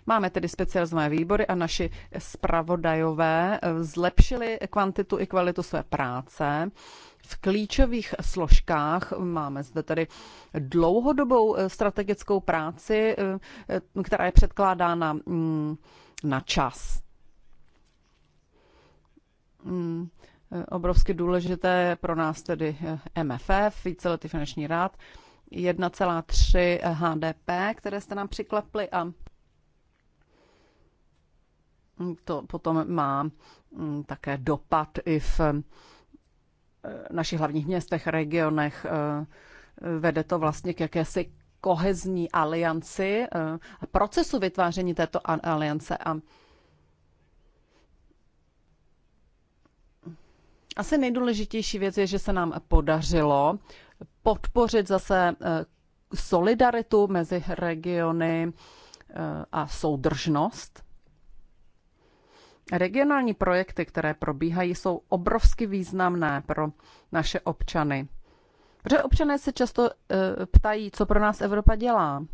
Máme tedy specializované výbory a naši spravodajové eh, zlepšili kvantitu i kvalitu své práce. V klíčových složkách máme zde tedy dlouhodobou eh, strategickou práci, eh, která je předkládána mm, na čas. Mm, obrovsky důležité pro nás tedy MFF, víceletý finanční rád, 1,3 HDP, které jste nám přiklepli a Mm, to potom má mm, také dopad i v eh, našich hlavních městech, regionech. Eh, vede to vlastně k jakési kohezní alianci, eh, procesu vytváření této aliance a Asi nejdůležitější věc je, že se nám podařilo podpořit zase solidaritu mezi regiony a soudržnost. Regionální projekty, které probíhají, jsou obrovsky významné pro naše občany. Protože občané se často e, ptají, co pro nás Evropa dělá.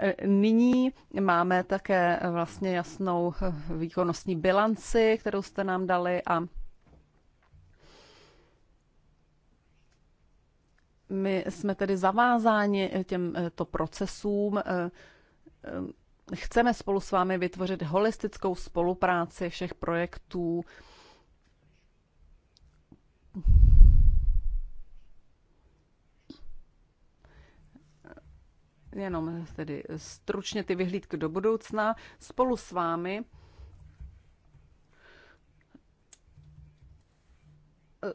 E, nyní máme také vlastně jasnou výkonnostní bilanci, kterou jste nám dali a my jsme tedy zavázáni těmto e, procesům, chceme spolu s vámi vytvořit holistickou spolupráci všech projektů. Jenom tedy stručně ty vyhlídky do budoucna spolu s vámi. Eh,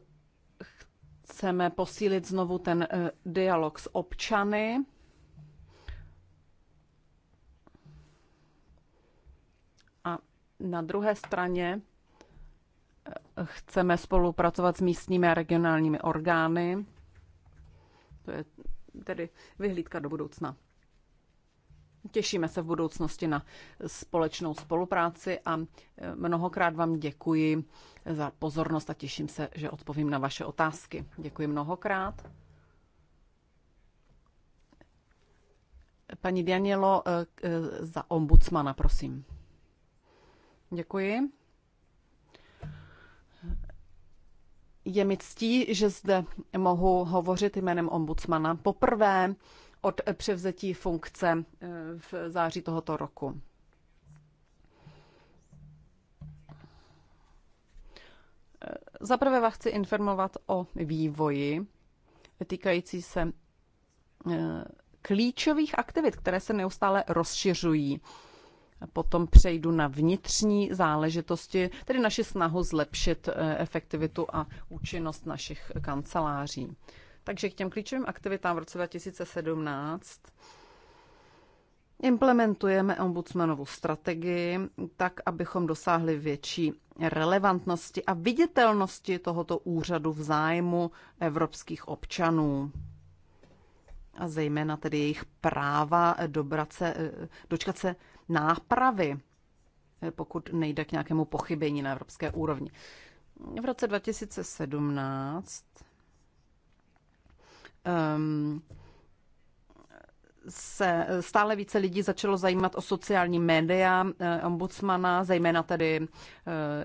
chceme posílit znovu ten eh, dialog s občany Na druhé straně eh, chceme spolupracovat s místními a regionálními orgány. To je tedy vyhlídka do budoucna. Těšíme se v budoucnosti na společnou spolupráci a eh, mnohokrát vám děkuji za pozornost a těším se, že odpovím na vaše otázky. Děkuji mnohokrát. Paní Danielo eh, za ombudsmana, prosím. Děkuji. Je mi ctí, že zde mohu hovořit jménem ombudsmana poprvé od převzetí funkce eh, v září tohoto roku. Eh, zaprvé vás chci informovat o vývoji týkající se eh, klíčových aktivit, které se neustále rozšiřují Potom přejdu na vnitřní záležitosti, tedy naši snahu zlepšit eh, efektivitu a účinnost našich kanceláří. Takže k těm klíčovým aktivitám v roce 2017 Implementujeme ombudsmanovou strategii tak, abychom dosáhli větší relevantnosti a viditelnosti tohoto úřadu v zájmu evropských občanů a zejména tedy jejich práva eh, dobrat se, eh, dočkat se nápravy, eh, pokud nejde k nějakému pochybení na evropské úrovni. V roce 2017 um, ehm, se eh, stále více lidí začalo zajímat o sociální média eh, ombudsmana, zejména tedy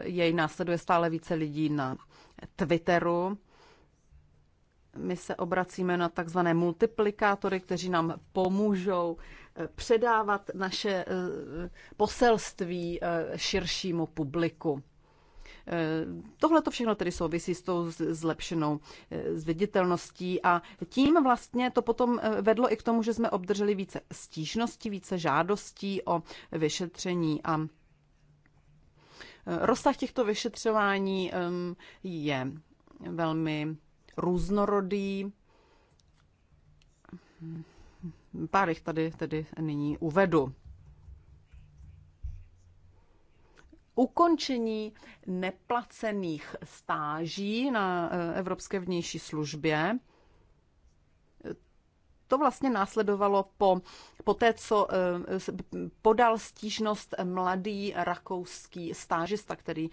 jej následuje stále více lidí na Twitteru. My se obracíme na takzvané multiplikátory, kteří nám pomůžou eh, předávat naše eh, poselství eh, širšímu publiku. Tohle to všechno tedy souvisí s tou zlepšenou zviditelností a tím vlastně to potom vedlo i k tomu, že jsme obdrželi více stížností, více žádostí o vyšetření a rozsah těchto vyšetřování ehm, je velmi různorodý. Pár jich tady tedy nyní uvedu. Ukončení neplacených stáží na eh, Evropské vnější službě to vlastně následovalo po, po té, co eh, podal stížnost mladý rakouský stážista, který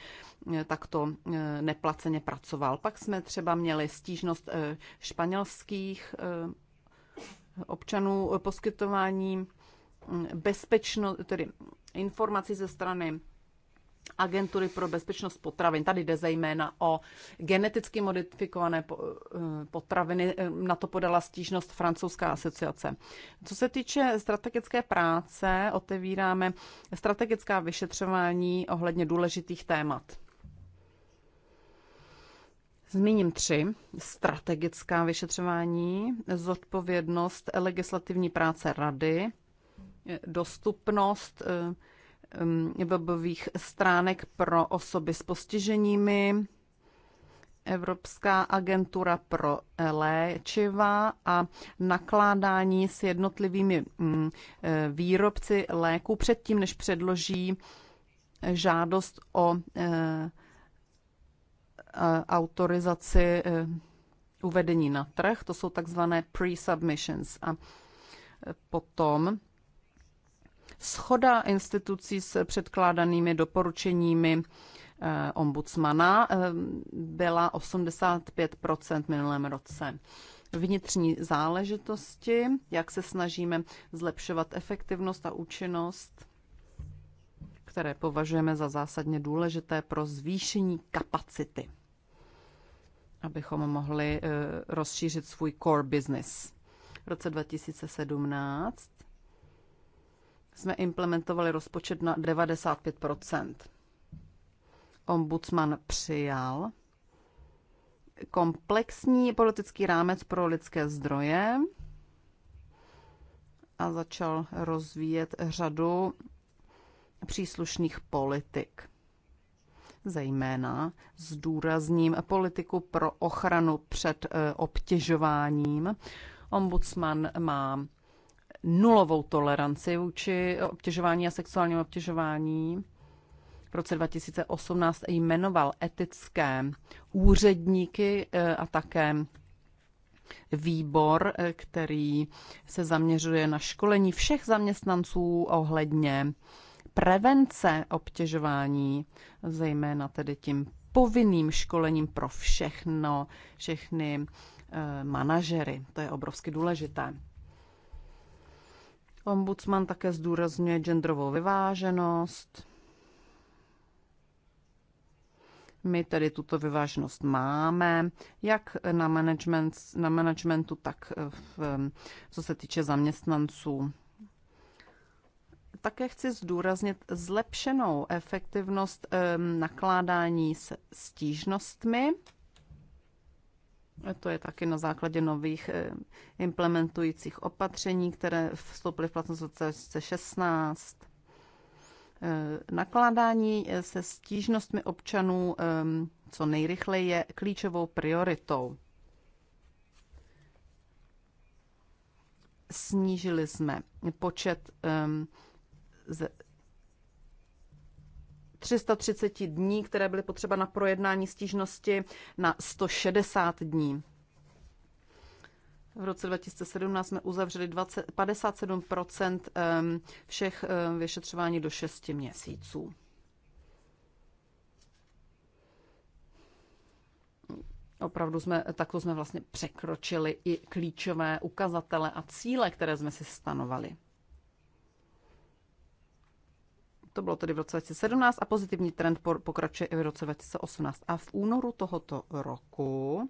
eh, takto eh, neplaceně pracoval. Pak jsme třeba měli stížnost španělských občanů poskytování mm, bezpečno, tedy informací ze strany agentury pro bezpečnost potravin. Tady jde zejména o geneticky modifikované eh, potraviny. Eh, na to podala stížnost francouzská asociace. Co se týče strategické práce, otevíráme strategická vyšetřování ohledně důležitých témat. Zmíním tři. Strategická vyšetřování, zodpovědnost legislativní práce rady, eh, dostupnost Um, webových stránek pro osoby s postiženími, Evropská agentura pro léčiva a nakládání s jednotlivými mm, eh, výrobci léku předtím, než předloží žádost o eh, autorizaci eh, uvedení na trh. To jsou takzvané pre-submissions. A potom schoda institucí s předkládanými doporučeními eh, ombudsmana eh, byla 85 v minulém roce. Vnitřní záležitosti, jak se snažíme zlepšovat efektivnost a účinnost, které považujeme za zásadně důležité pro zvýšení kapacity, abychom mohli eh, rozšířit svůj core business. V roce 2017 jsme implementovali rozpočet na 95 Ombudsman přijal komplexní politický rámec pro lidské zdroje a začal rozvíjet řadu příslušných politik. Zejména důrazním politiku pro ochranu před eh, obtěžováním. Ombudsman má nulovou toleranci vůči obtěžování a sexuálnímu obtěžování. V roce 2018 jmenoval etické úředníky e, a také výbor, e, který se zaměřuje na školení všech zaměstnanců ohledně prevence obtěžování, zejména tedy tím povinným školením pro všechno, všechny e, manažery. To je obrovsky důležité. Ombudsman také zdůrazňuje genderovou vyváženost. My tedy tuto vyváženost máme, jak na, management, na managementu, tak eh, v, co se týče zaměstnanců. Také chci zdůraznit zlepšenou efektivnost eh, nakládání s stížnostmi. To je taky na základě nových eh, implementujících opatření, které vstoupily v platnost v roce 2016. Eh, nakládání eh, se stížnostmi občanů ehm, co nejrychleji je klíčovou prioritou. Snížili jsme počet ehm, 330 dní, které byly potřeba na projednání stížnosti, na 160 dní. V roce 2017 jsme uzavřeli 20, 57 ehm, všech ehm, vyšetřování do 6 měsíců. Opravdu jsme, takto jsme vlastně překročili i klíčové ukazatele a cíle, které jsme si stanovali. To bylo tedy v roce 2017 a pozitivní trend pokračuje i v roce 2018. A v únoru tohoto roku,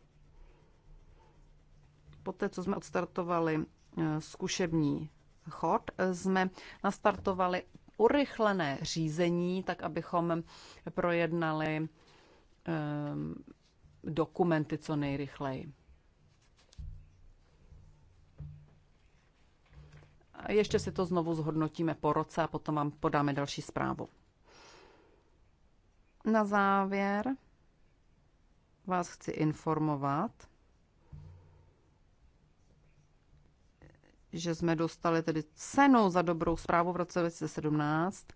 poté co jsme odstartovali eh, zkušební chod, eh, jsme nastartovali urychlené řízení, tak abychom projednali ehm, dokumenty co nejrychleji. Ještě si to znovu zhodnotíme po roce a potom vám podáme další zprávu. Na závěr vás chci informovat, že jsme dostali tedy cenu za dobrou zprávu v roce 2017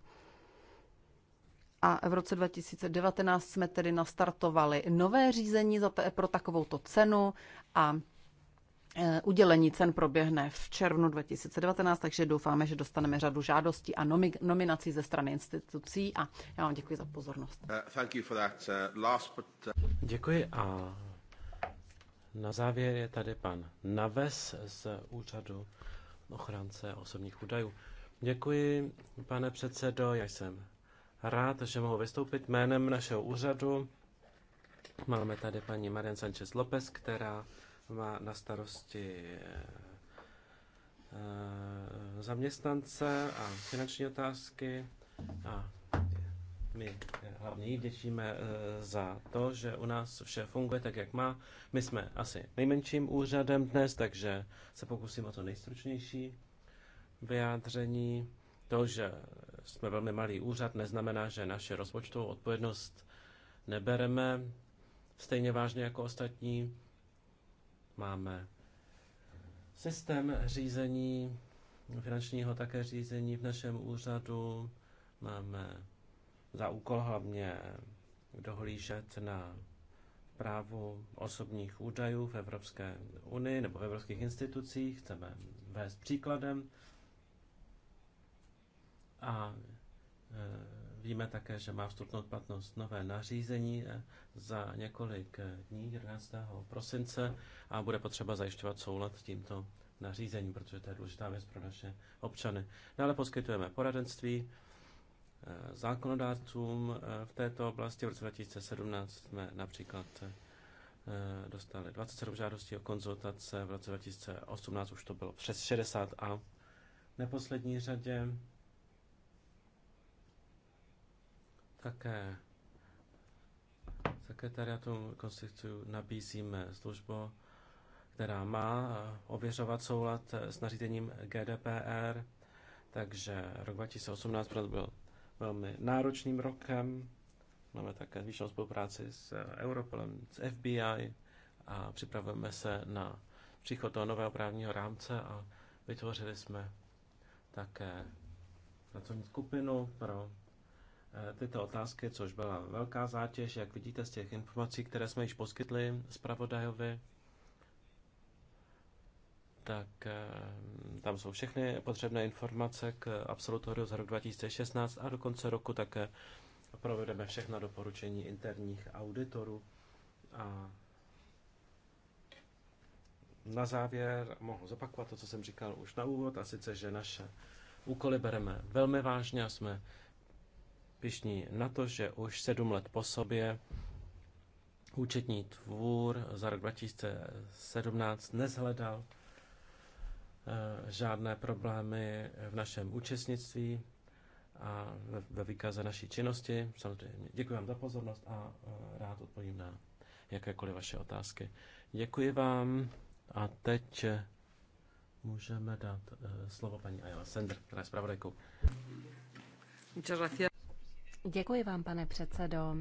a v roce 2019 jsme tedy nastartovali nové řízení za te, pro takovouto cenu a Eh, udělení cen proběhne v červnu 2019, takže doufáme, že dostaneme řadu žádostí a nominací ze strany institucí. A já vám děkuji za pozornost. Eh, eh, děkuji a na závěr je tady pan Naves z úřadu ochránce osobních údajů. Děkuji, pane předsedo, já jsem rád, že mohu vystoupit jménem našeho úřadu. Máme tady paní Marian Sanchez Lopez, která má na starosti eh, zaměstnance a finanční otázky a my hlavně jí vděčíme eh, za to, že u nás vše funguje tak, jak má. My jsme asi nejmenším úřadem dnes, takže se pokusím o to nejstručnější vyjádření. To, že jsme velmi malý úřad, neznamená, že naše rozpočtovou odpovědnost nebereme stejně vážně jako ostatní máme systém řízení, finančního také řízení v našem úřadu, máme za úkol hlavně dohlížet na právu osobních údajů v Evropské unii nebo v evropských institucích, chceme vést příkladem a e, Víme také, že má vstupnout platnost nové nařízení eh, za několik eh, dní, 11. prosince, a bude potřeba zajišťovat soulad s tímto nařízením, protože to je důležitá věc pro naše občany. Dále poskytujeme poradenství eh, zákonodárcům v této oblasti. V roce 2017 jsme například dostali 27 žádostí o konzultace, v roce 2018 už to bylo přes 60 a v neposlední řadě Také sekretariatu konstituci nabízíme službu, která má eh, ověřovat soulad eh, s nařízením GDPR, takže rok 2018 byl velmi náročným rokem. Máme také zvýšenou spolupráci s eh, Europolem, s FBI a připravujeme se na příchod toho nového právního rámce a vytvořili jsme také pracovní skupinu pro Eh, tyto otázky, což byla velká zátěž, jak vidíte z těch informací, které jsme již poskytli zpravodajovi, tak eh, tam jsou všechny potřebné informace k absolutoriu za rok 2016 a do konce roku také provedeme všechna doporučení interních auditorů. A na závěr mohu zopakovat to, co jsem říkal už na úvod, a sice, že naše úkoly bereme velmi vážně a jsme pišní na to, že už sedm let po sobě účetní tvůr za rok 2017 nezhledal eh, žádné problémy v našem účastnictví a ve výkaze naší činnosti. Samozřejmě děkuji vám za pozornost a eh, rád odpovím na jakékoliv vaše otázky. Děkuji vám a teď můžeme dát eh, slovo paní Ayala Sender, která je zpravodajkou. Děkuji vám, pane předsedo.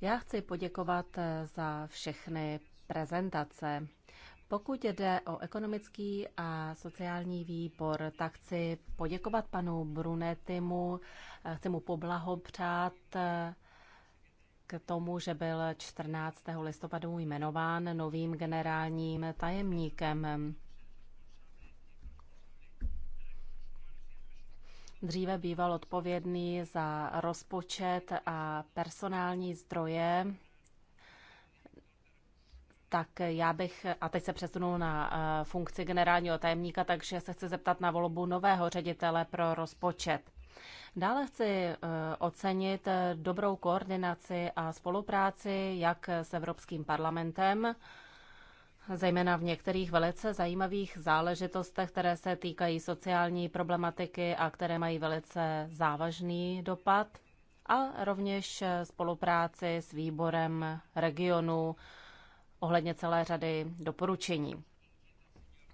Já chci poděkovat za všechny prezentace. Pokud jde o ekonomický a sociální výbor, tak chci poděkovat panu Brunetimu, chci mu poblahopřát k tomu, že byl 14. listopadu jmenován novým generálním tajemníkem. Dříve býval odpovědný za rozpočet a personální zdroje. Tak já bych, a teď se přesunul na eh, funkci generálního tajemníka, takže se chci zeptat na volbu nového ředitele pro rozpočet. Dále chci eh, ocenit eh, dobrou koordinaci a spolupráci jak s Evropským parlamentem, zejména v některých velice zajímavých záležitostech, které se týkají sociální problematiky a které mají velice závažný dopad, a rovněž spolupráci s výborem regionu ohledně celé řady doporučení.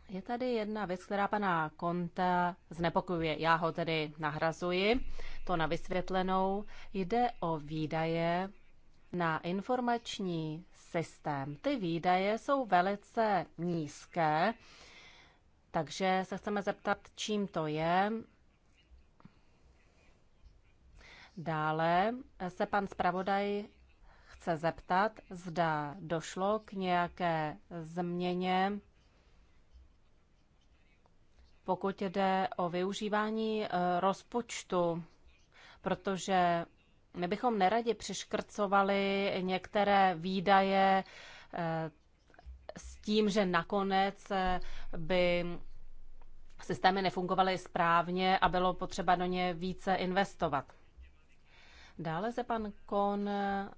Je tady jedna věc, která pana Konta znepokojuje. Já ho tedy nahrazuji, to na vysvětlenou. Jde o výdaje na informační systém. Ty výdaje jsou velice nízké, takže se chceme zeptat, čím to je. Dále se pan zpravodaj chce zeptat, zda došlo k nějaké změně, pokud jde o využívání eh, rozpočtu, protože my bychom neradi přiškrcovali některé výdaje eh, s tím, že nakonec eh, by systémy nefungovaly správně a bylo potřeba do ně více investovat. Dále se pan Kon eh,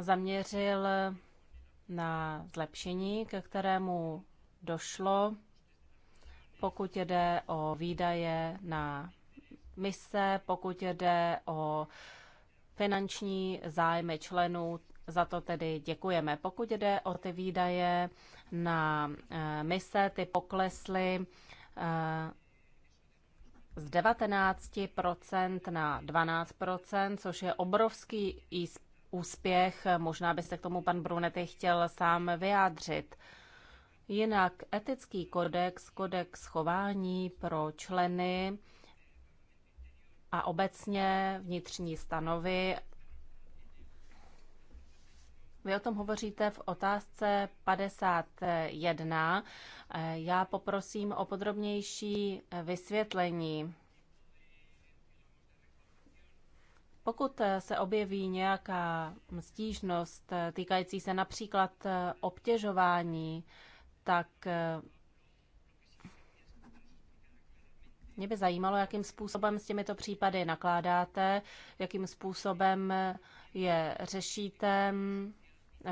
zaměřil na zlepšení, ke kterému došlo, pokud jde o výdaje na mise, pokud jde o finanční zájmy členů, za to tedy děkujeme. Pokud jde o ty výdaje na eh, mise, ty poklesly eh, z 19% na 12%, což je obrovský úspěch. Možná byste k tomu pan Brunety chtěl sám vyjádřit. Jinak etický kodex, kodex chování pro členy a obecně vnitřní stanovy. Vy o tom hovoříte v otázce 51. Já poprosím o podrobnější vysvětlení. Pokud se objeví nějaká stížnost týkající se například obtěžování, tak Mě by zajímalo, jakým způsobem s těmito případy nakládáte, jakým způsobem je řešíte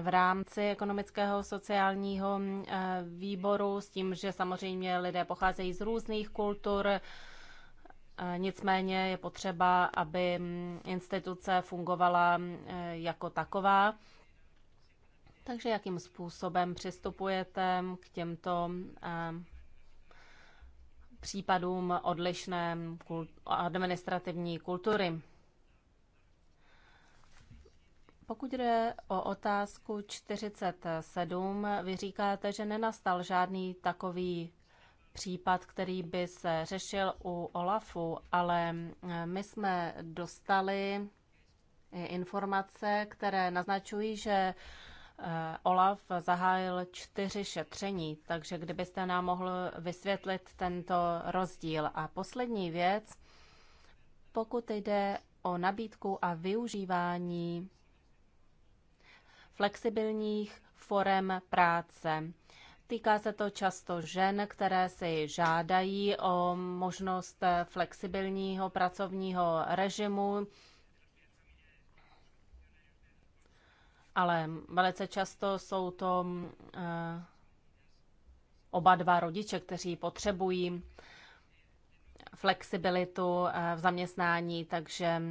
v rámci ekonomického sociálního eh, výboru, s tím, že samozřejmě lidé pocházejí z různých kultur, eh, nicméně je potřeba, aby mm, instituce fungovala eh, jako taková. Takže jakým způsobem přistupujete k těmto případům odlišné administrativní kultury. Pokud jde o otázku 47, vy říkáte, že nenastal žádný takový případ, který by se řešil u OLAFu, ale eh, my jsme dostali informace, které naznačují, že Eh, OLAF zahájil čtyři šetření, takže kdybyste nám mohl vysvětlit tento rozdíl. A poslední věc, pokud jde o nabídku a využívání flexibilních forem práce. Týká se to často žen, které si žádají o možnost flexibilního pracovního režimu, ale velice často jsou to eh, oba dva rodiče, kteří potřebují flexibilitu eh, v zaměstnání, takže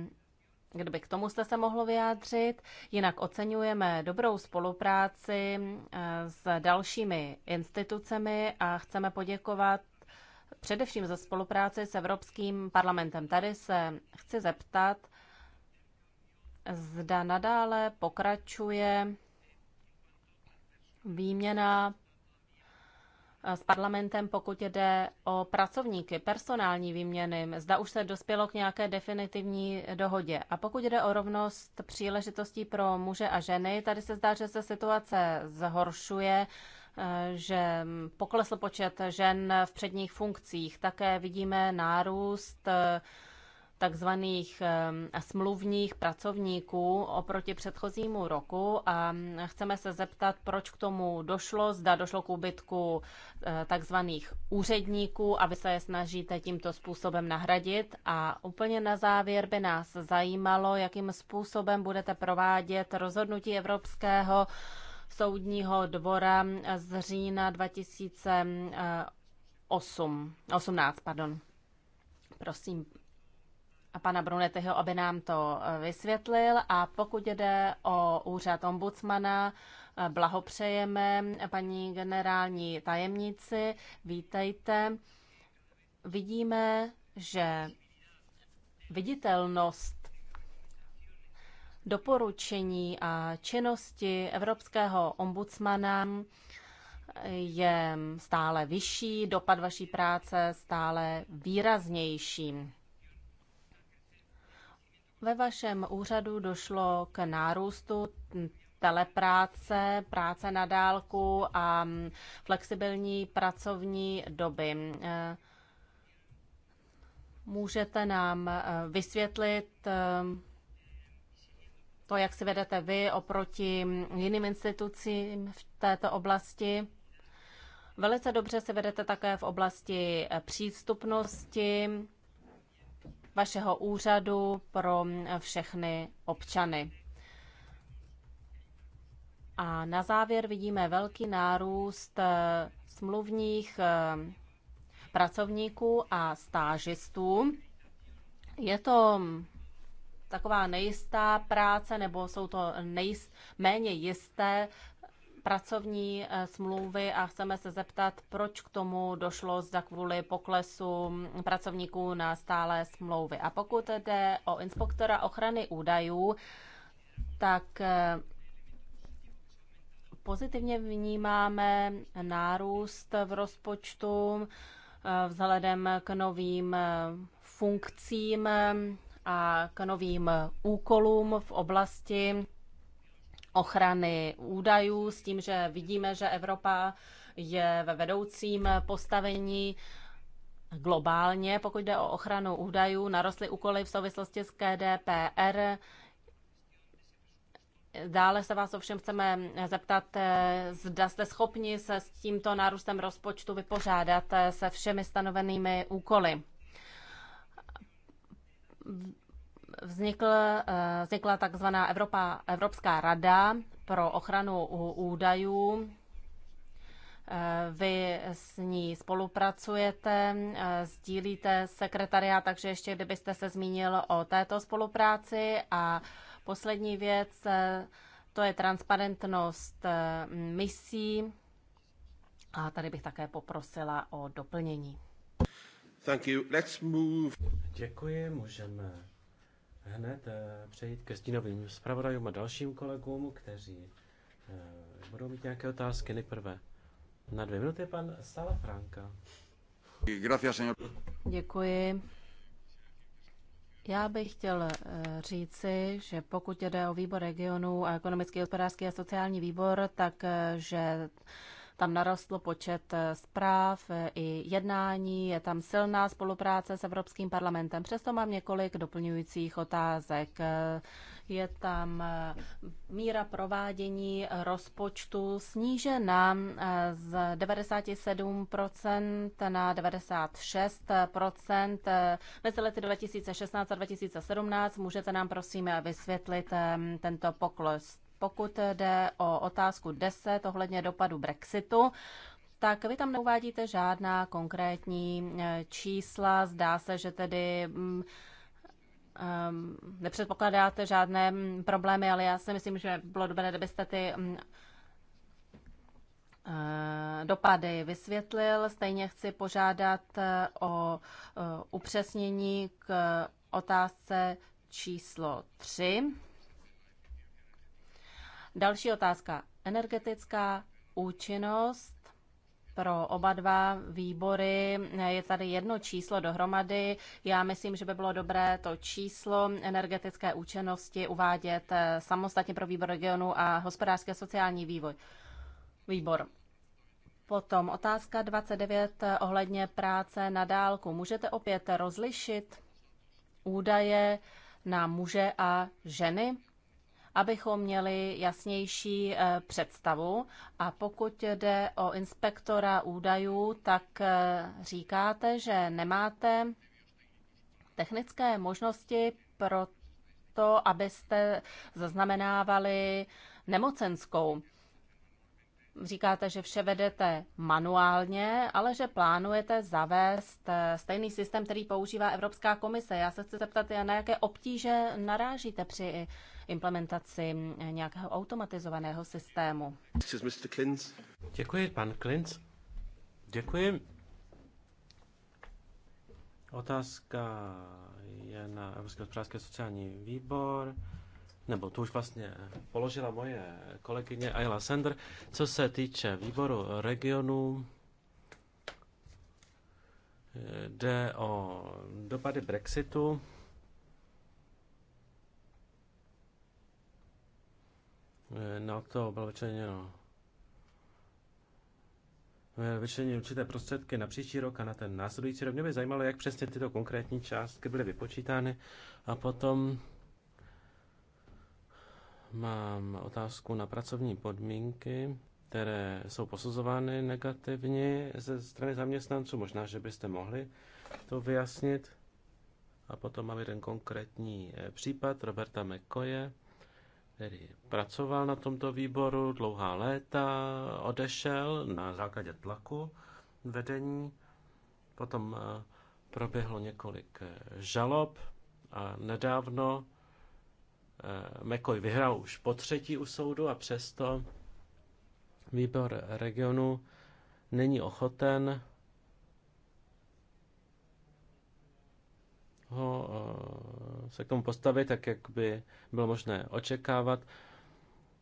kdyby k tomu jste se mohlo vyjádřit. Jinak oceňujeme dobrou spolupráci eh, s dalšími institucemi a chceme poděkovat především za spolupráci s Evropským parlamentem. Tady se chci zeptat, zda nadále pokračuje výměna eh, s parlamentem, pokud jde o pracovníky, personální výměny, zda už se dospělo k nějaké definitivní dohodě. A pokud jde o rovnost příležitostí pro muže a ženy, tady se zdá, že se situace zhoršuje eh, že poklesl počet žen v předních funkcích. Také vidíme nárůst eh, takzvaných smluvních pracovníků oproti předchozímu roku a chceme se zeptat, proč k tomu došlo, zda došlo k úbytku e, takzvaných úředníků a vy se je snažíte tímto způsobem nahradit. A úplně na závěr by nás zajímalo, jakým způsobem budete provádět rozhodnutí Evropského soudního dvora z října 2018. E, pardon. Prosím, pana Brunetyho, aby nám to eh, vysvětlil. A pokud jde o úřad ombudsmana, eh, blahopřejeme paní generální tajemnici. Vítejte. Vidíme, že viditelnost doporučení a činnosti evropského ombudsmana je stále vyšší, dopad vaší práce stále výraznější. Ve vašem úřadu došlo k nárůstu telepráce, práce na dálku a mm, flexibilní pracovní doby. Eh, můžete nám eh, vysvětlit eh, to, jak si vedete vy oproti jiným institucím v této oblasti? Velice dobře si vedete také v oblasti přístupnosti vašeho úřadu pro všechny občany. A na závěr vidíme velký nárůst eh, smluvních eh, pracovníků a stážistů. Je to taková nejistá práce, nebo jsou to nejist, méně jisté pracovní eh, smlouvy a chceme se zeptat, proč k tomu došlo za kvůli poklesu pracovníků na stále smlouvy. A pokud jde o inspektora ochrany údajů, tak eh, pozitivně vnímáme nárůst v rozpočtu eh, vzhledem k novým funkcím a k novým úkolům v oblasti ochrany údajů s tím, že vidíme, že Evropa je ve vedoucím postavení globálně, pokud jde o ochranu údajů, narostly úkoly v souvislosti s GDPR. Dále se vás ovšem chceme zeptat, eh, zda jste schopni se s tímto nárůstem rozpočtu vypořádat eh, se všemi stanovenými úkoly vznikl, eh, vznikla takzvaná Evropa, Evropská rada pro ochranu údajů. Eh, vy s ní spolupracujete, eh, sdílíte sekretariát, takže ještě kdybyste se zmínil o této spolupráci. A poslední věc, to je transparentnost misí. A tady bych také poprosila o doplnění. Thank you. Let's move. Děkuji, můžeme hned eh, přejít ke stínovým zpravodajům a dalším kolegům, kteří eh, budou mít nějaké otázky. Nejprve na dvě minuty pan Sala Franka. Děkuji. Já bych chtěl eh, říci, že pokud jde o výbor regionu a ekonomický, hospodářský a sociální výbor, tak že tam narostl počet eh, zpráv eh, i jednání, je tam silná spolupráce s Evropským parlamentem. Přesto mám několik doplňujících otázek. Eh, je tam míra provádění rozpočtu snížena z 97% na 96% mezi lety 2016 a 2017. Můžete nám prosím vysvětlit tento pokles? Pokud jde o otázku 10 ohledně dopadu Brexitu, tak vy tam neuvádíte žádná konkrétní eh, čísla. Zdá se, že tedy um, nepředpokládáte žádné mm, problémy, ale já si myslím, že bylo dobré, kdybyste ty um, dopady vysvětlil. Stejně chci požádat eh, o upřesnění k otázce číslo 3. Další otázka. Energetická účinnost pro oba dva výbory. Eh, je tady jedno číslo dohromady. Já myslím, že by bylo dobré to číslo energetické účinnosti uvádět eh, samostatně pro výbor regionu a hospodářské sociální vývoj. Výbor. Potom otázka 29 eh, ohledně práce na dálku. Můžete opět rozlišit údaje na muže a ženy? abychom měli jasnější eh, představu. A pokud jde o inspektora údajů, tak eh, říkáte, že nemáte technické možnosti pro to, abyste zaznamenávali nemocenskou. Říkáte, že vše vedete manuálně, ale že plánujete zavést eh, stejný systém, který používá Evropská komise. Já se chci zeptat, na jaké obtíže narážíte při implementaci nějakého automatizovaného systému. Děkuji, pan Klinc. Děkuji. Otázka je na Evropské hospodářské sociální výbor, nebo to už vlastně položila moje kolegyně Ayla Sender. Co se týče výboru regionů, jde o dopady Brexitu. Eh, na to byl vyčleněno eh, vyčlenit určité prostředky na příští rok a na ten následující rok. Mě by zajímalo, jak přesně tyto konkrétní částky byly vypočítány. A potom mám otázku na pracovní podmínky, které jsou posuzovány negativně ze strany zaměstnanců. Možná, že byste mohli to vyjasnit. A potom mám jeden konkrétní eh, případ Roberta McCoye, který pracoval na tomto výboru dlouhá léta, odešel na základě tlaku vedení, potom eh, proběhlo několik eh, žalob a nedávno eh, Mekoj vyhrál už po třetí u soudu a přesto výbor regionu není ochoten ho, eh, se k tomu postavit, tak jak by bylo možné očekávat,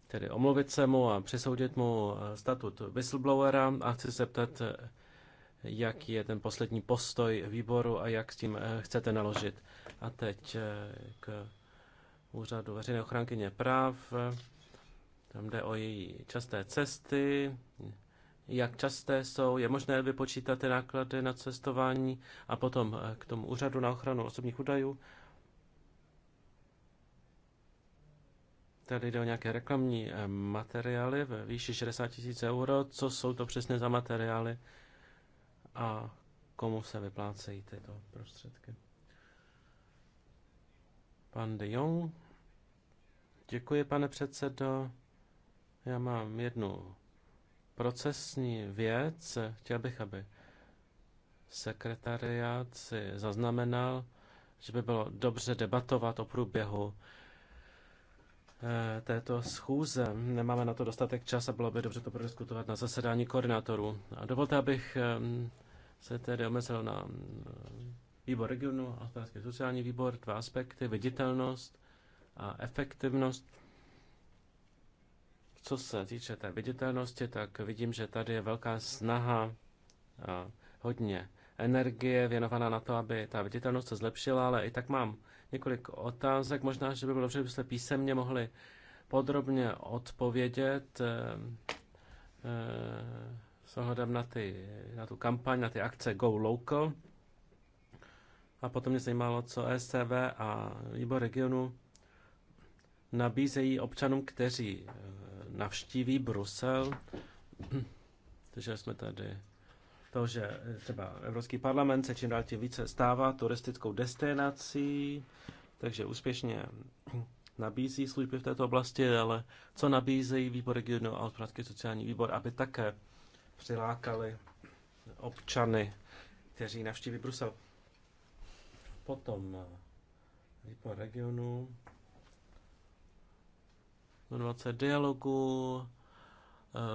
tedy omluvit se mu a přisoudit mu eh, statut whistleblowera a chci se ptat, eh, jaký je ten poslední postoj výboru a jak s tím chcete naložit. A teď k úřadu veřejné ochránkyně práv. Tam jde o její časté cesty, jak časté jsou, je možné vypočítat ty náklady na cestování a potom eh, k tomu úřadu na ochranu osobních údajů. Tady jde o nějaké reklamní eh, materiály ve výši 60 tisíc euro. Co jsou to přesně za materiály a komu se vyplácejí tyto prostředky? Pan de Jong. Děkuji, pane předsedo. Já mám jednu procesní věc. Chtěl bych, aby sekretariát si zaznamenal, že by bylo dobře debatovat o průběhu eh, této schůze. Nemáme na to dostatek času, bylo by dobře to prodiskutovat na zasedání koordinátorů. A dovolte, abych se tedy omezil na mm, výbor regionu, hospodářský sociální výbor, dva aspekty, viditelnost a efektivnost. Co se týče té viditelnosti, tak vidím, že tady je velká snaha a hodně energie věnovaná na to, aby ta viditelnost se zlepšila, ale i tak mám několik otázek. Možná, že by bylo dobře, kdybyste písemně mohli podrobně odpovědět eh, eh, s ohledem na, ty, na tu kampaň, na ty akce Go Local. A potom mě zajímalo, co SCV a výbor regionu nabízejí občanům, kteří eh, navštíví Brusel. že jsme tady to, že eh, třeba Evropský parlament se čím dál tím více stává turistickou destinací, takže úspěšně nabízí služby v této oblasti, ale co nabízejí výbor regionu a hospodářský sociální výbor, aby také přilákali občany, kteří navštíví Brusel. Potom eh, výbor regionu 20 dialogů eh,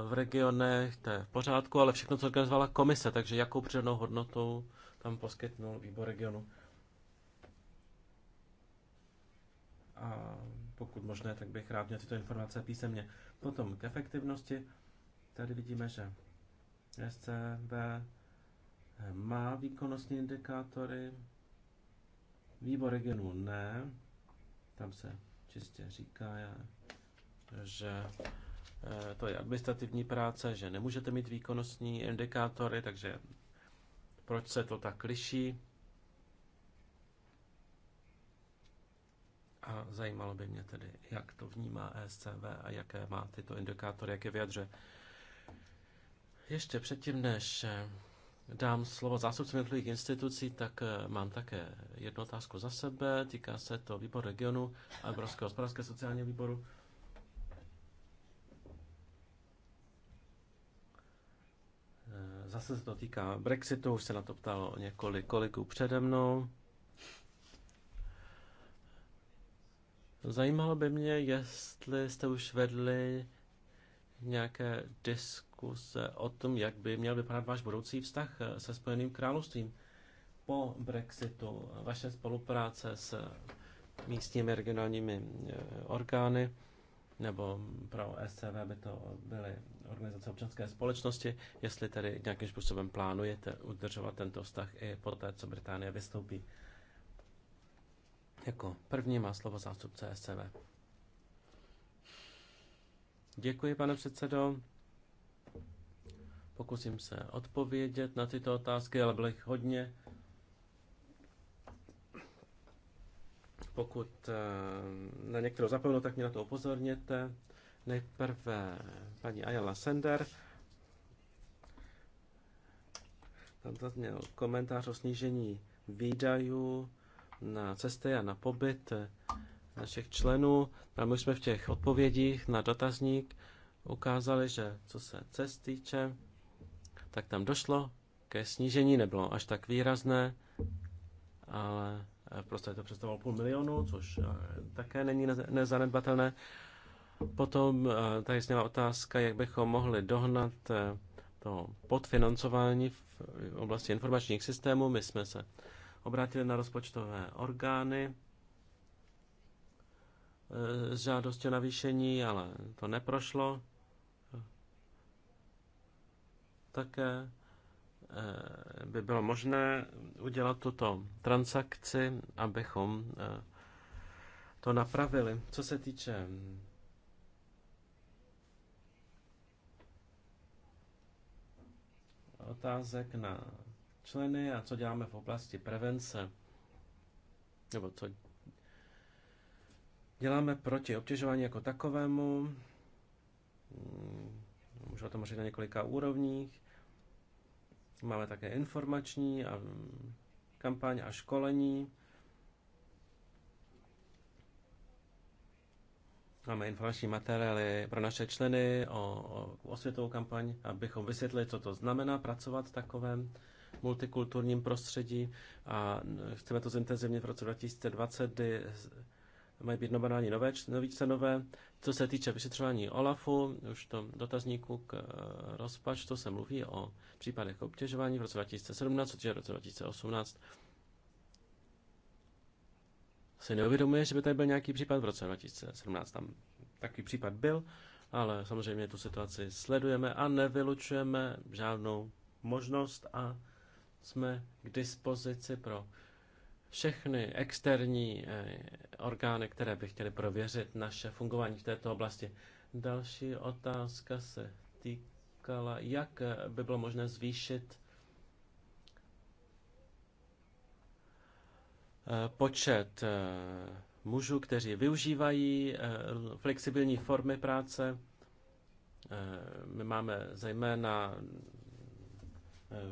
v regionech, to je v pořádku, ale všechno, co organizovala komise, takže jakou přidanou hodnotou tam poskytnul výbor regionu. A pokud možné, tak bych rád měl tyto informace písemně. Potom k efektivnosti. Tady vidíme, že SCB má výkonnostní indikátory, výbor regionu ne, tam se čistě říká, že eh, to je administrativní práce, že nemůžete mít výkonnostní indikátory, takže proč se to tak liší? A zajímalo by mě tedy, jak to vnímá ESCV a jaké má tyto indikátory, jak je vyjadřuje. Ještě předtím, než eh, dám slovo zástupcům jednotlivých institucí, tak eh, mám také jednu otázku za sebe. Týká se to výbor regionu a Evropského hospodářského sociálního výboru. Zase se to týká Brexitu, už se na to ptalo několik kolegů přede mnou. Zajímalo by mě, jestli jste už vedli nějaké diskuse o tom, jak by měl vypadat váš budoucí vztah se Spojeným královstvím po Brexitu, vaše spolupráce s místními regionálními eh, orgány nebo pro SCV by to byly organizace občanské společnosti, jestli tedy nějakým způsobem plánujete udržovat tento vztah i té, co Británie vystoupí. Jako první má slovo zástupce SCV. Děkuji, pane předsedo. Pokusím se odpovědět na tyto otázky, ale byly jich hodně. Pokud eh, na některou zapomenu, tak mě na to upozorněte. Nejprve paní Ayala Sender. Tam měl komentář o snížení výdajů na cesty a na pobyt našich členů. A my jsme v těch odpovědích na dotazník ukázali, že co se cest týče, tak tam došlo ke snížení, nebylo až tak výrazné, ale v eh, prostě to představovalo půl milionu, což eh, také není nezanedbatelné. Potom eh, tady sněla otázka, jak bychom mohli dohnat to podfinancování v oblasti informačních systémů. My jsme se obrátili na rozpočtové orgány s žádostí o navýšení, ale to neprošlo. Také Eh, by bylo možné udělat tuto transakci, abychom eh, to napravili. Co se týče mm, otázek na členy a co děláme v oblasti prevence, nebo co děláme proti obtěžování jako takovému, mm, můžu o tom říct na několika úrovních, Máme také informační a mm, kampaň a školení. Máme informační materiály pro naše členy o, o osvětovou kampaň, abychom vysvětlili, co to znamená pracovat v takovém multikulturním prostředí a mm, chceme to zintenzivnit v roce 2020, kdy mají být nominální nové, členové. Co se týče vyšetřování OLAFu, už v tom dotazníku k eh, rozpačtu se mluví o případech obtěžování v roce 2017, protože v roce 2018 se neuvědomuje, že by tady byl nějaký případ. V roce 2017 tam takový případ byl, ale samozřejmě tu situaci sledujeme a nevylučujeme žádnou možnost a jsme k dispozici pro všechny externí eh, orgány, které by chtěly prověřit naše fungování v této oblasti. Další otázka se týkala, jak eh, by bylo možné zvýšit eh, počet mužů, kteří využívají flexibilní formy práce. My máme zejména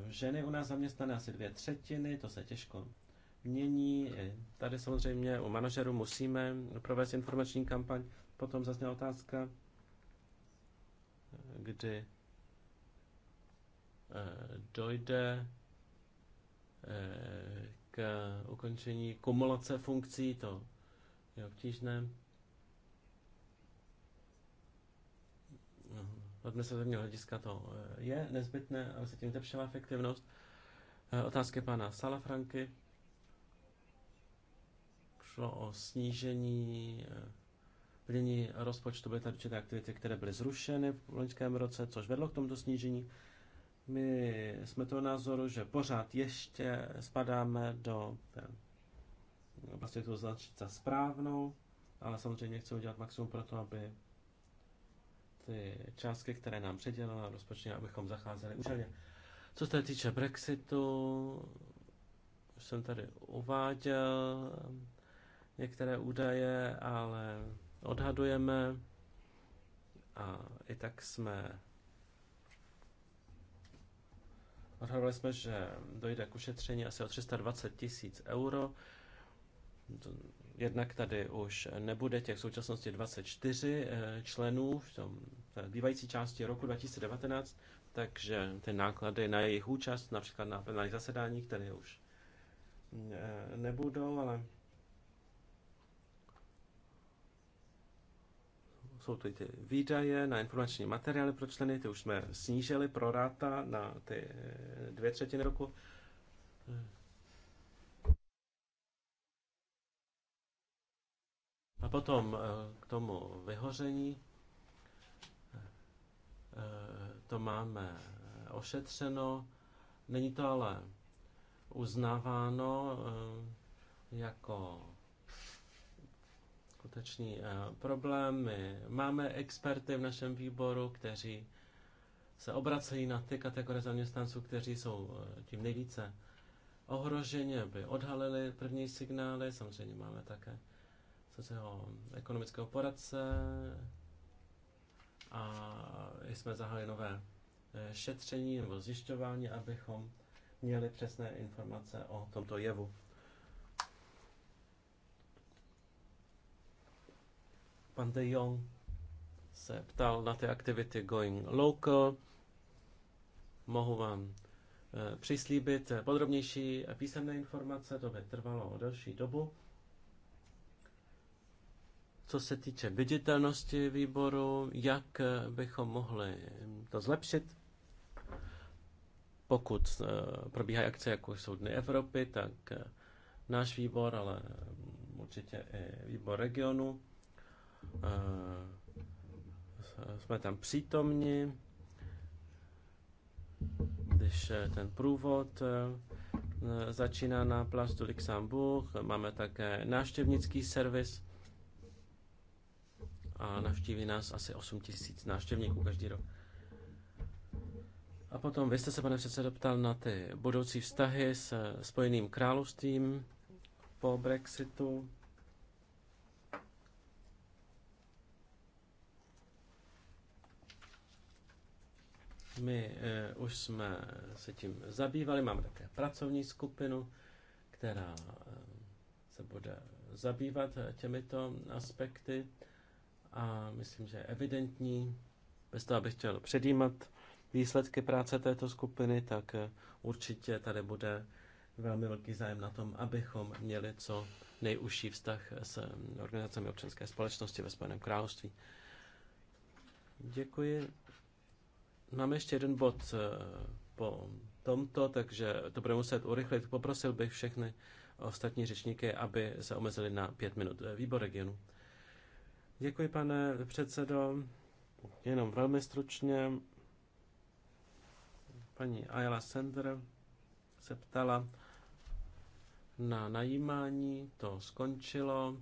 ženy u nás zaměstnané asi dvě třetiny, to se těžko mění. Tady samozřejmě u manažerů musíme provést informační kampaň. Potom zazněla otázka, kdy eh, dojde eh, k ukončení kumulace funkcí, to je obtížné. Eh, Z administrativního hlediska to je nezbytné, aby se tím zlepšila efektivnost. Otázky pana Salafranky šlo o snížení eh, plnění rozpočtu, byly tady určité aktivity, které byly zrušeny v loňském roce, což vedlo k tomuto snížení. My jsme toho názoru, že pořád ještě spadáme do té oblasti to označit za správnou, ale samozřejmě chceme udělat maximum pro to, aby ty částky, které nám předělala rozpočně, abychom zacházeli účelně. Co se týče Brexitu, už jsem tady uváděl některé údaje, ale odhadujeme a i tak jsme odhadovali jsme, že dojde k ušetření asi o 320 tisíc euro. Jednak tady už nebude těch v současnosti 24 eh, členů v tom bývající části roku 2019, takže ty náklady na jejich účast, například na plenárních zasedání, které už eh, nebudou, ale jsou tu ty výdaje na informační materiály pro členy, ty už jsme snížili pro ráta na ty eh, dvě třetiny roku. A potom eh, k tomu vyhoření, eh, to máme ošetřeno, není to ale uznáváno jako skutečný eh, problém. My máme experty v našem výboru, kteří se obracejí na ty kategorie zaměstnanců, kteří jsou eh, tím nejvíce ohroženi, aby odhalili první signály. Samozřejmě máme také sociálního ekonomického poradce a jsme zahájili nové eh, šetření nebo zjišťování, abychom měli přesné informace o tomto jevu. Pan De Jong se ptal na ty aktivity Going Local. Mohu vám eh, přislíbit podrobnější písemné informace, to by trvalo delší dobu. Co se týče viditelnosti výboru, jak eh, bychom mohli to zlepšit, pokud eh, probíhají akce, jako jsou Dny Evropy, tak náš výbor, ale mm, určitě i výbor regionu, Eh, jsme tam přítomni, když eh, ten průvod eh, začíná na Place du Luxembourg, máme také návštěvnický servis a navštíví nás asi 8 tisíc návštěvníků každý rok. A potom vy jste se, pane předsedo, ptal na ty budoucí vztahy s Spojeným královstvím po Brexitu. My eh, už jsme se tím zabývali, máme také pracovní skupinu, která eh, se bude zabývat eh, těmito aspekty a myslím, že je evidentní, bez toho, abych chtěl předjímat výsledky práce této skupiny, tak určitě tady bude velmi velký zájem na tom, abychom měli co nejužší vztah s organizacemi občanské společnosti ve Spojeném království. Děkuji Máme ještě jeden bod eh, po tomto, takže to budeme muset urychlit. Poprosil bych všechny ostatní řečníky, aby se omezili na pět minut. Výbor regionu. Děkuji, pane předsedo. Jenom velmi stručně. Paní Ayala Sender se ptala na najímání, to skončilo.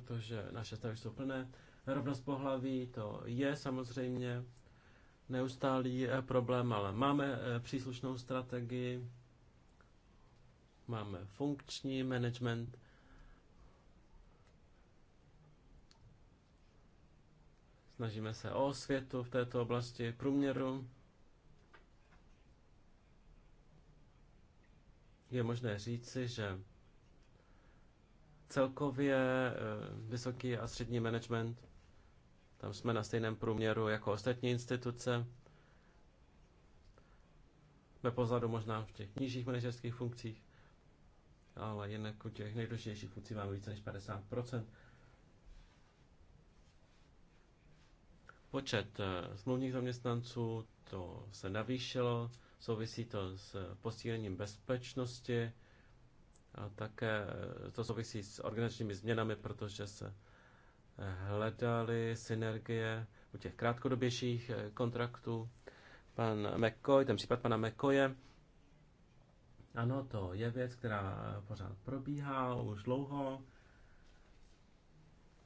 protože naše stavy jsou plné. Rovnost pohlaví to je samozřejmě neustálý eh, problém, ale máme eh, příslušnou strategii, máme funkční management, snažíme se o světu v této oblasti průměru. Je možné říci, že Celkově eh, vysoký a střední management, tam jsme na stejném průměru jako ostatní instituce. Jsme pozadu možná v těch nižších manažerských funkcích, ale jinak u těch nejdůležitějších funkcí máme více než 50%. Počet eh, smluvních zaměstnanců, to se navýšilo, souvisí to s posílením bezpečnosti, také to souvisí s organizačními změnami, protože se hledali synergie u těch krátkodobějších eh, kontraktů. Pan McCoy, ten případ pana McCoye, ano, to je věc, která pořád probíhá už dlouho.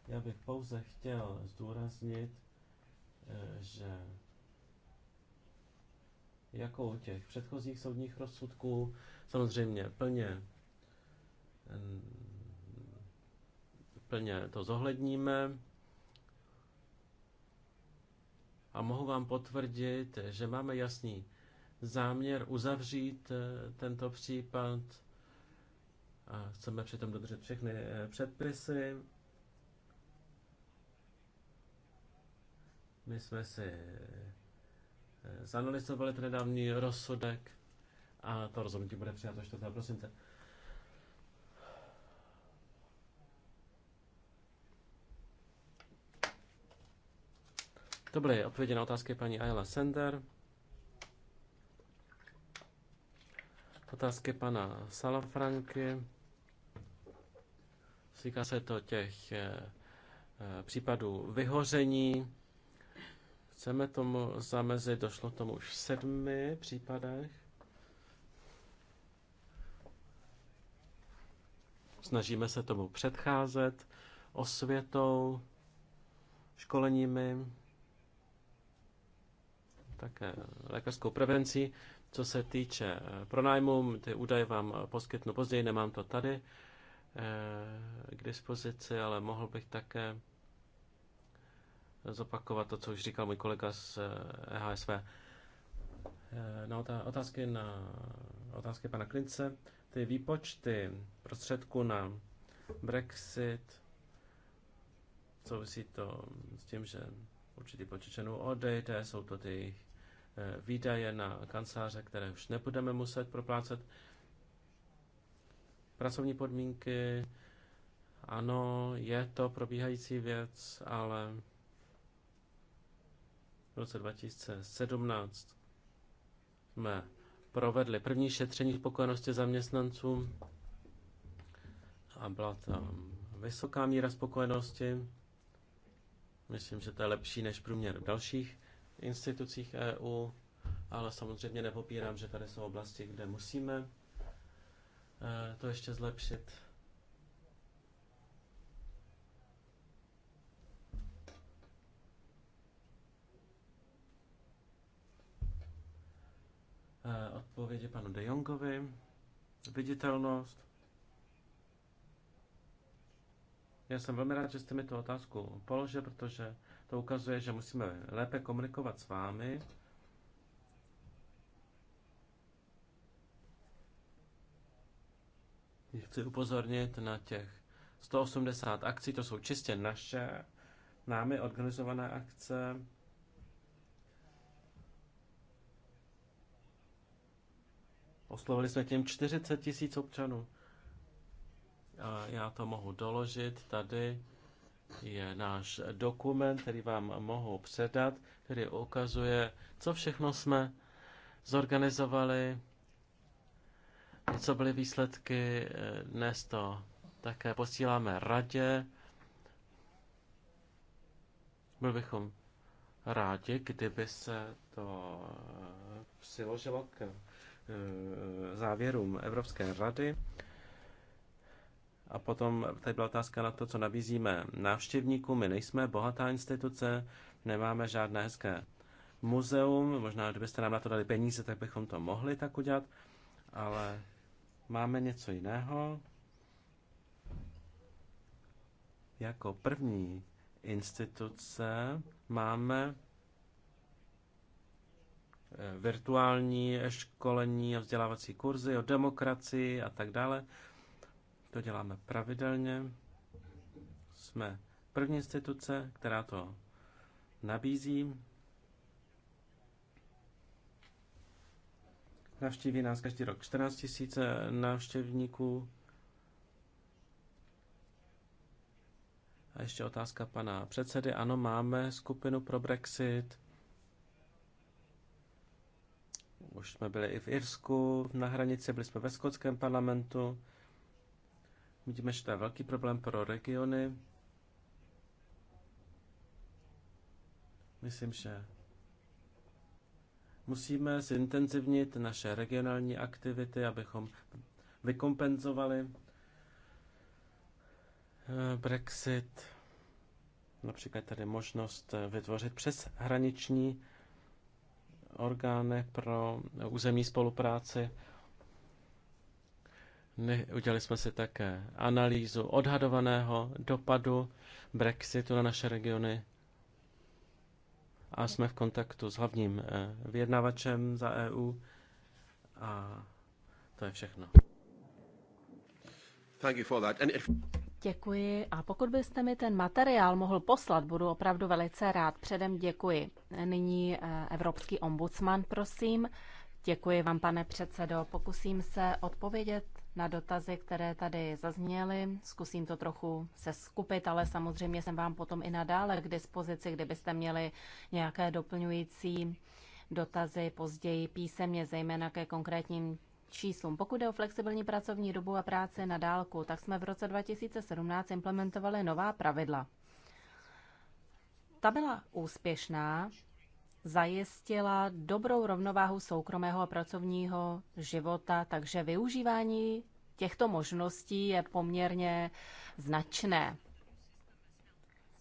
Já bych pouze chtěl zdůraznit, eh, že jako u těch předchozích soudních rozsudků, samozřejmě plně plně to zohledníme. A mohu vám potvrdit, že máme jasný záměr uzavřít eh, tento případ a chceme přitom dodržet všechny eh, předpisy. My jsme si eh, zanalizovali ten nedávný rozsudek a to rozhodnutí bude přijato 4. prosince. To byly odpovědi na otázky paní Ayla Sender. Otázky pana Salafranky. Týká se to těch eh, eh, případů vyhoření. Chceme tomu zamezit, došlo tomu už v sedmi případech. Snažíme se tomu předcházet osvětou, školeními také lékařskou prevenci, Co se týče eh, pronájmu, ty údaje vám poskytnu později, nemám to tady eh, k dispozici, ale mohl bych také zopakovat to, co už říkal můj kolega z EHSV. E eh, na otázky, na otázky pana Klince, ty výpočty prostředků na Brexit, souvisí to s tím, že určitý počet členů odejde, jsou to ty jejich Eh, výdaje na kanceláře, které už nebudeme muset proplácet. Pracovní podmínky, ano, je to probíhající věc, ale v roce 2017 jsme provedli první šetření spokojenosti zaměstnanců a byla tam vysoká míra spokojenosti. Myslím, že to je lepší než průměr dalších institucích EU, ale samozřejmě nepopírám, že tady jsou oblasti, kde musíme eh, to ještě zlepšit. Eh, odpovědi panu De Jongovi. Viditelnost. Já jsem velmi rád, že jste mi tu otázku položil, protože to ukazuje, že musíme lépe komunikovat s vámi. Chci upozornit na těch 180 akcí, to jsou čistě naše, námi organizované akce. Oslovili jsme tím 40 tisíc občanů. já to mohu doložit tady je náš dokument, který vám mohu předat, který ukazuje, co všechno jsme zorganizovali, co byly výsledky. Dnes to také posíláme radě. Byl bychom rádi, kdyby se to přiložilo k eh, závěrům Evropské rady. A potom tady byla otázka na to, co nabízíme návštěvníkům. My nejsme bohatá instituce, nemáme žádné hezké muzeum. Možná, kdybyste nám na to dali peníze, tak bychom to mohli tak udělat, ale máme něco jiného. Jako první instituce máme eh, virtuální školení a vzdělávací kurzy o demokracii a tak dále. To děláme pravidelně. Jsme první instituce, která to nabízí. Navštíví nás každý rok 14 000 návštěvníků. A ještě otázka pana předsedy. Ano, máme skupinu pro Brexit. Už jsme byli i v Irsku na hranici, byli jsme ve skotském parlamentu. Vidíme, že to je velký problém pro regiony. Myslím, že musíme zintenzivnit naše regionální aktivity, abychom vykompenzovali eh, Brexit. Například tady možnost eh, vytvořit přeshraniční orgány pro eh, územní spolupráci. My udělali jsme si také analýzu odhadovaného dopadu Brexitu na naše regiony a jsme v kontaktu s hlavním eh, vyjednavačem za EU a to je všechno. Děkuji a pokud byste mi ten materiál mohl poslat, budu opravdu velice rád. Předem děkuji. Nyní eh, Evropský ombudsman, prosím. Děkuji vám, pane předsedo. Pokusím se odpovědět na dotazy, které tady zazněly. Zkusím to trochu se skupit, ale samozřejmě jsem vám potom i nadále k dispozici, kdybyste měli nějaké doplňující dotazy později písemně, zejména ke konkrétním číslům. Pokud jde o flexibilní pracovní dobu a práci na dálku, tak jsme v roce 2017 implementovali nová pravidla. Ta byla úspěšná, zajistila dobrou rovnováhu soukromého a pracovního života, takže využívání těchto možností je poměrně značné.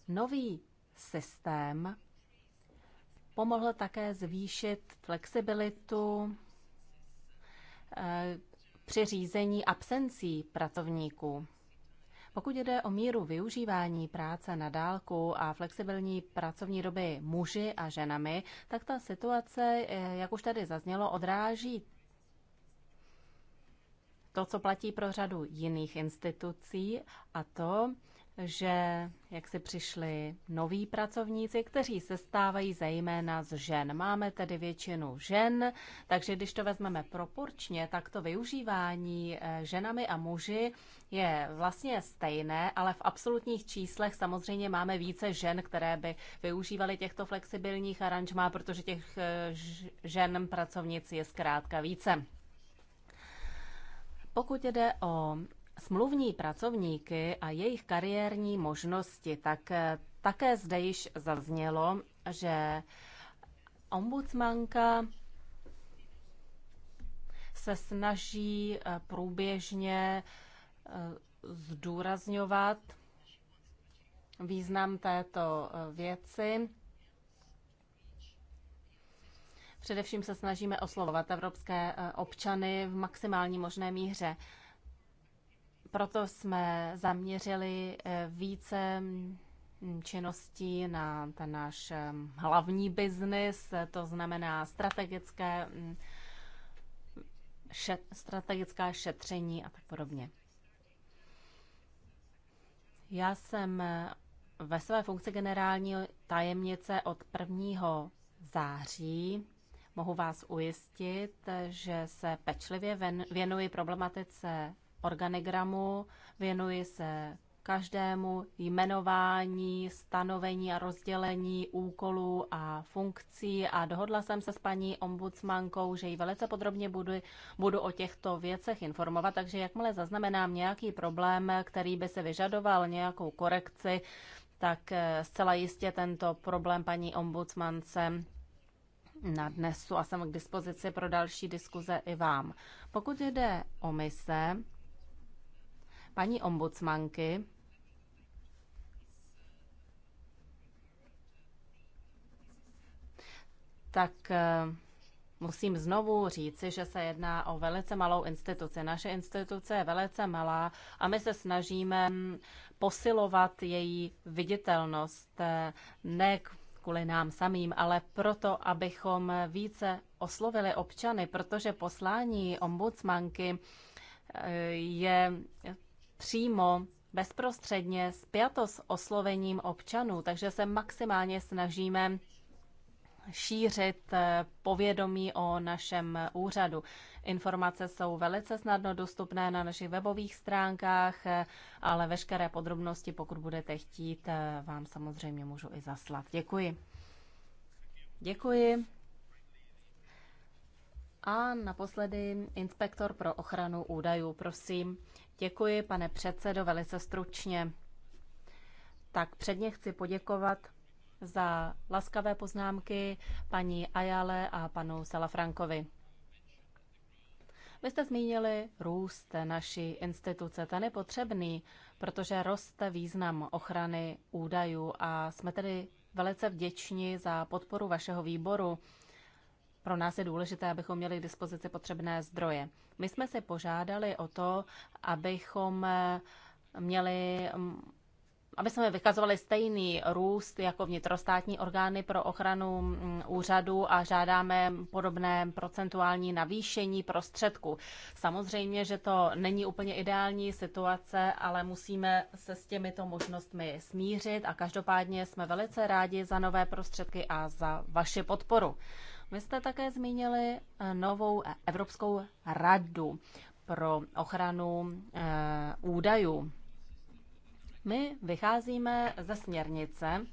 Nový systém pomohl také zvýšit flexibilitu eh, při řízení absencí pracovníků. Pokud jde o míru využívání práce na dálku a flexibilní pracovní doby muži a ženami, tak ta situace, eh, jak už tady zaznělo, odráží to, co platí pro řadu jiných institucí, a to, že jak si přišli noví pracovníci, kteří se stávají zejména z žen. Máme tedy většinu žen, takže když to vezmeme proporčně, tak to využívání eh, ženami a muži je vlastně stejné, ale v absolutních číslech samozřejmě máme více žen, které by využívaly těchto flexibilních aranžmá, protože těch eh, žen pracovnic je zkrátka více. Pokud jde o smluvní pracovníky a jejich kariérní možnosti, tak eh, také zde již zaznělo, že ombudsmanka se snaží eh, průběžně eh, zdůrazňovat význam této věci. Především se snažíme oslovovat evropské občany v maximální možné míře. Proto jsme zaměřili eh, více mm, činností na ten náš hlavní biznis, eh, to znamená strategické, mm, šet, strategická šetření a tak podobně. Já jsem eh, ve své funkci generální tajemnice od 1. září. Mohu vás ujistit, že se pečlivě věnuji problematice organigramu, věnuji se každému jmenování, stanovení a rozdělení úkolů a funkcí a dohodla jsem se s paní ombudsmankou, že ji velice podrobně budu, budu o těchto věcech informovat, takže jakmile zaznamenám nějaký problém, který by se vyžadoval nějakou korekci, tak eh, zcela jistě tento problém paní ombudsmance na dnesu a jsem k dispozici pro další diskuze i vám. Pokud jde o mise, paní ombudsmanky tak eh, musím znovu říci, že se jedná o velice malou instituci. Naše instituce je velice malá a my se snažíme posilovat její viditelnost. Eh, ne kvůli nám samým, ale proto, abychom více oslovili občany, protože poslání ombudsmanky eh, je přímo bezprostředně spjato s oslovením občanů, takže se maximálně snažíme šířit eh, povědomí o našem úřadu. Informace jsou velice snadno dostupné na našich webových stránkách, eh, ale veškeré podrobnosti, pokud budete chtít, eh, vám samozřejmě můžu i zaslat. Děkuji. Děkuji. A naposledy inspektor pro ochranu údajů, prosím. Děkuji, pane předsedo, velice stručně. Tak předně chci poděkovat za laskavé poznámky paní Ajale a panu Salafrankovi. Vy jste zmínili růst naší instituce. Ten je potřebný, protože roste význam ochrany údajů a jsme tedy velice vděční za podporu vašeho výboru pro nás je důležité, abychom měli k dispozici potřebné zdroje. My jsme se požádali o to, abychom eh, měli mm, aby jsme vykazovali stejný růst jako vnitrostátní orgány pro ochranu mm, úřadu a žádáme podobné procentuální navýšení prostředků. Samozřejmě, že to není úplně ideální situace, ale musíme se s těmito možnostmi smířit a každopádně jsme velice rádi za nové prostředky a za vaši podporu. Vy jste také zmínili eh, novou eh, Evropskou radu pro ochranu eh, údajů. My vycházíme ze směrnice,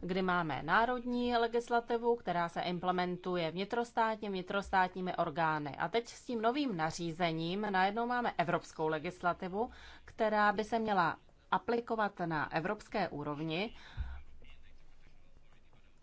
kdy máme národní legislativu, která se implementuje vnitrostátně, vnitrostátními orgány. A teď s tím novým nařízením najednou máme evropskou legislativu, která by se měla aplikovat na evropské úrovni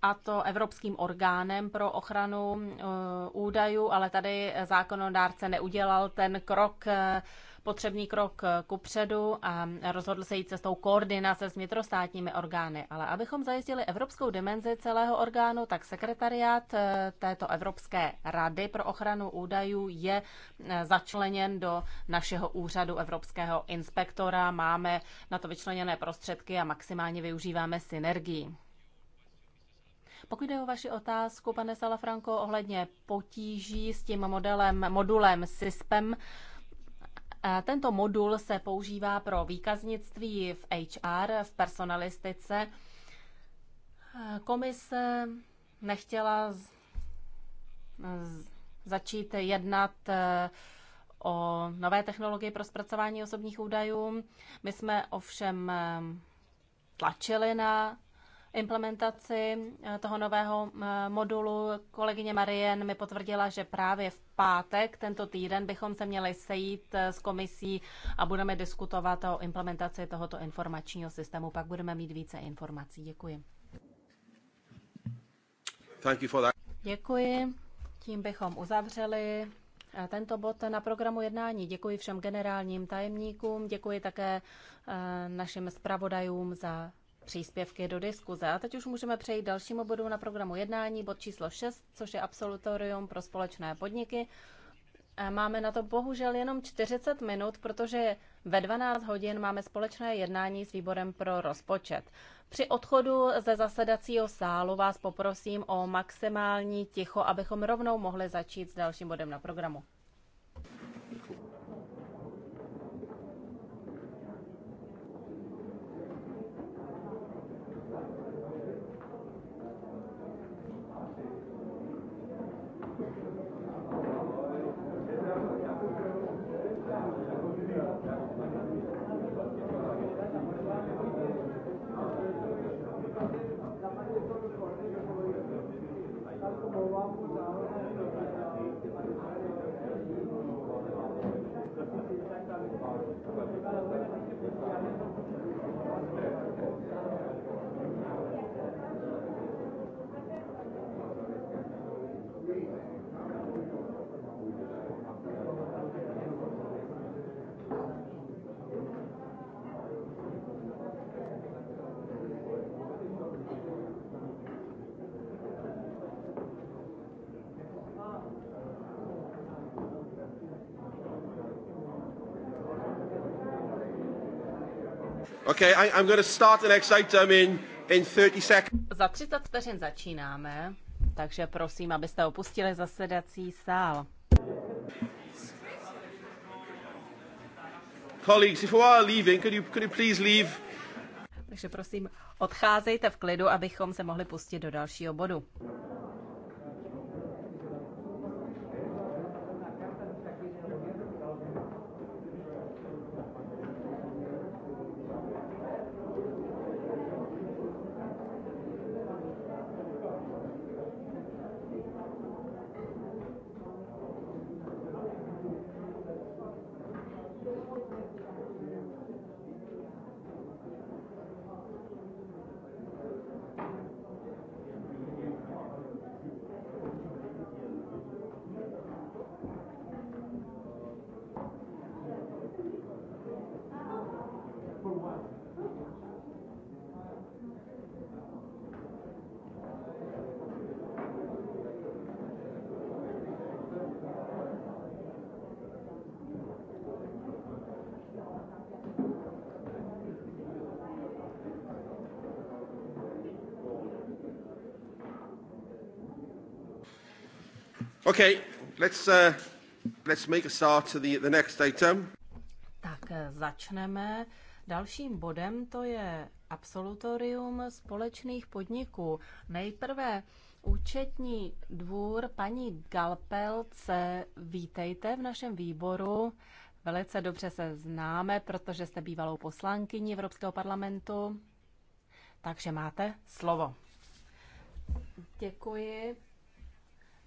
a to Evropským orgánem pro ochranu eh, údajů, ale tady zákonodárce neudělal ten krok, eh, potřebný krok eh, kupředu a rozhodl se jít cestou koordinace s vnitrostátními orgány. Ale abychom zajistili evropskou dimenzi celého orgánu, tak sekretariát této Evropské rady pro ochranu údajů je začleněn do našeho úřadu Evropského inspektora. Máme na to vyčleněné prostředky a maximálně využíváme synergii. Pokud jde o vaši otázku, pane Salafranko, ohledně potíží s tím modelem, modulem SISPEM, eh, tento modul se používá pro výkaznictví v HR, v personalistice. Eh, komise nechtěla z, z, začít jednat eh, o nové technologii pro zpracování osobních údajů. My jsme ovšem tlačili na implementaci eh, toho nového eh, modulu. Kolegyně Marien mi potvrdila, že právě v pátek tento týden bychom se měli sejít eh, s komisí a budeme diskutovat o implementaci tohoto informačního systému. Pak budeme mít více informací. Děkuji. Děkuji. Tím bychom uzavřeli tento bod na programu jednání. Děkuji všem generálním tajemníkům, děkuji také našim zpravodajům za příspěvky do diskuze. A teď už můžeme přejít dalšímu bodu na programu jednání, bod číslo 6, což je absolutorium pro společné podniky. Máme na to bohužel jenom 40 minut, protože ve 12 hodin máme společné jednání s výborem pro rozpočet. Při odchodu ze zasedacího sálu vás poprosím o maximální ticho, abychom rovnou mohli začít s dalším bodem na programu. Okay, I, I'm going to start the next item in, in 30 seconds. Za 30 vteřin začínáme, takže prosím, abyste opustili zasedací sál. Colleagues, if you are leaving, could you, could you please leave? Takže prosím, odcházejte v klidu, abychom se mohli pustit do dalšího bodu. Okay, let's, uh, let's make a start to the, the next item. Tak eh, začneme. Dalším bodem to je absolutorium společných podniků. Nejprve účetní dvůr paní Galpelce. Vítejte v našem výboru. Velice dobře se známe, protože jste bývalou poslankyní Evropského parlamentu. Takže máte slovo. Děkuji,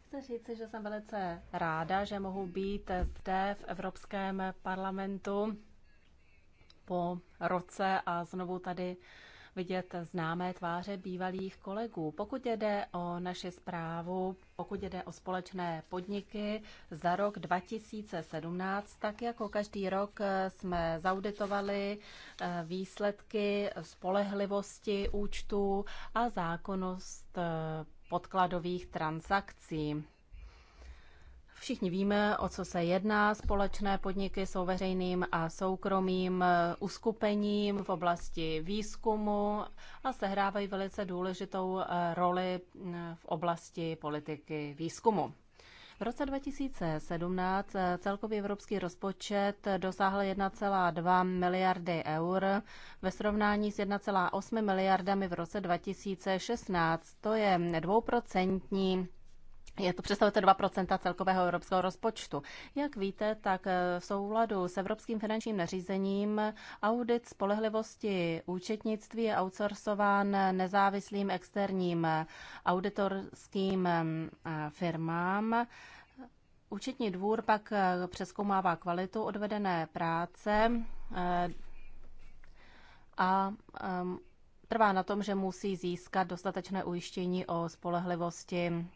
chci říct, že jsem velice ráda, že mohu být zde v Evropském parlamentu po roce a znovu tady vidět známé tváře bývalých kolegů. Pokud jde o naši zprávu, pokud jde o společné podniky za rok 2017, tak jako každý rok jsme zauditovali eh, výsledky spolehlivosti účtů a zákonnost eh, podkladových transakcí. Všichni víme, o co se jedná. Společné podniky jsou veřejným a soukromým eh, uskupením v oblasti výzkumu a sehrávají velice důležitou eh, roli mm, v oblasti politiky výzkumu. V roce 2017 eh, celkový evropský rozpočet dosáhl 1,2 miliardy eur ve srovnání s 1,8 miliardami v roce 2016. To je dvouprocentní je to představujete 2 celkového evropského rozpočtu. Jak víte, tak eh, v souladu s evropským finančním nařízením audit spolehlivosti účetnictví je outsourcován nezávislým externím eh, auditorským eh, firmám. Účetní dvůr pak přeskoumává kvalitu odvedené práce a trvá na tom, že musí získat dostatečné ujištění o spolehlivosti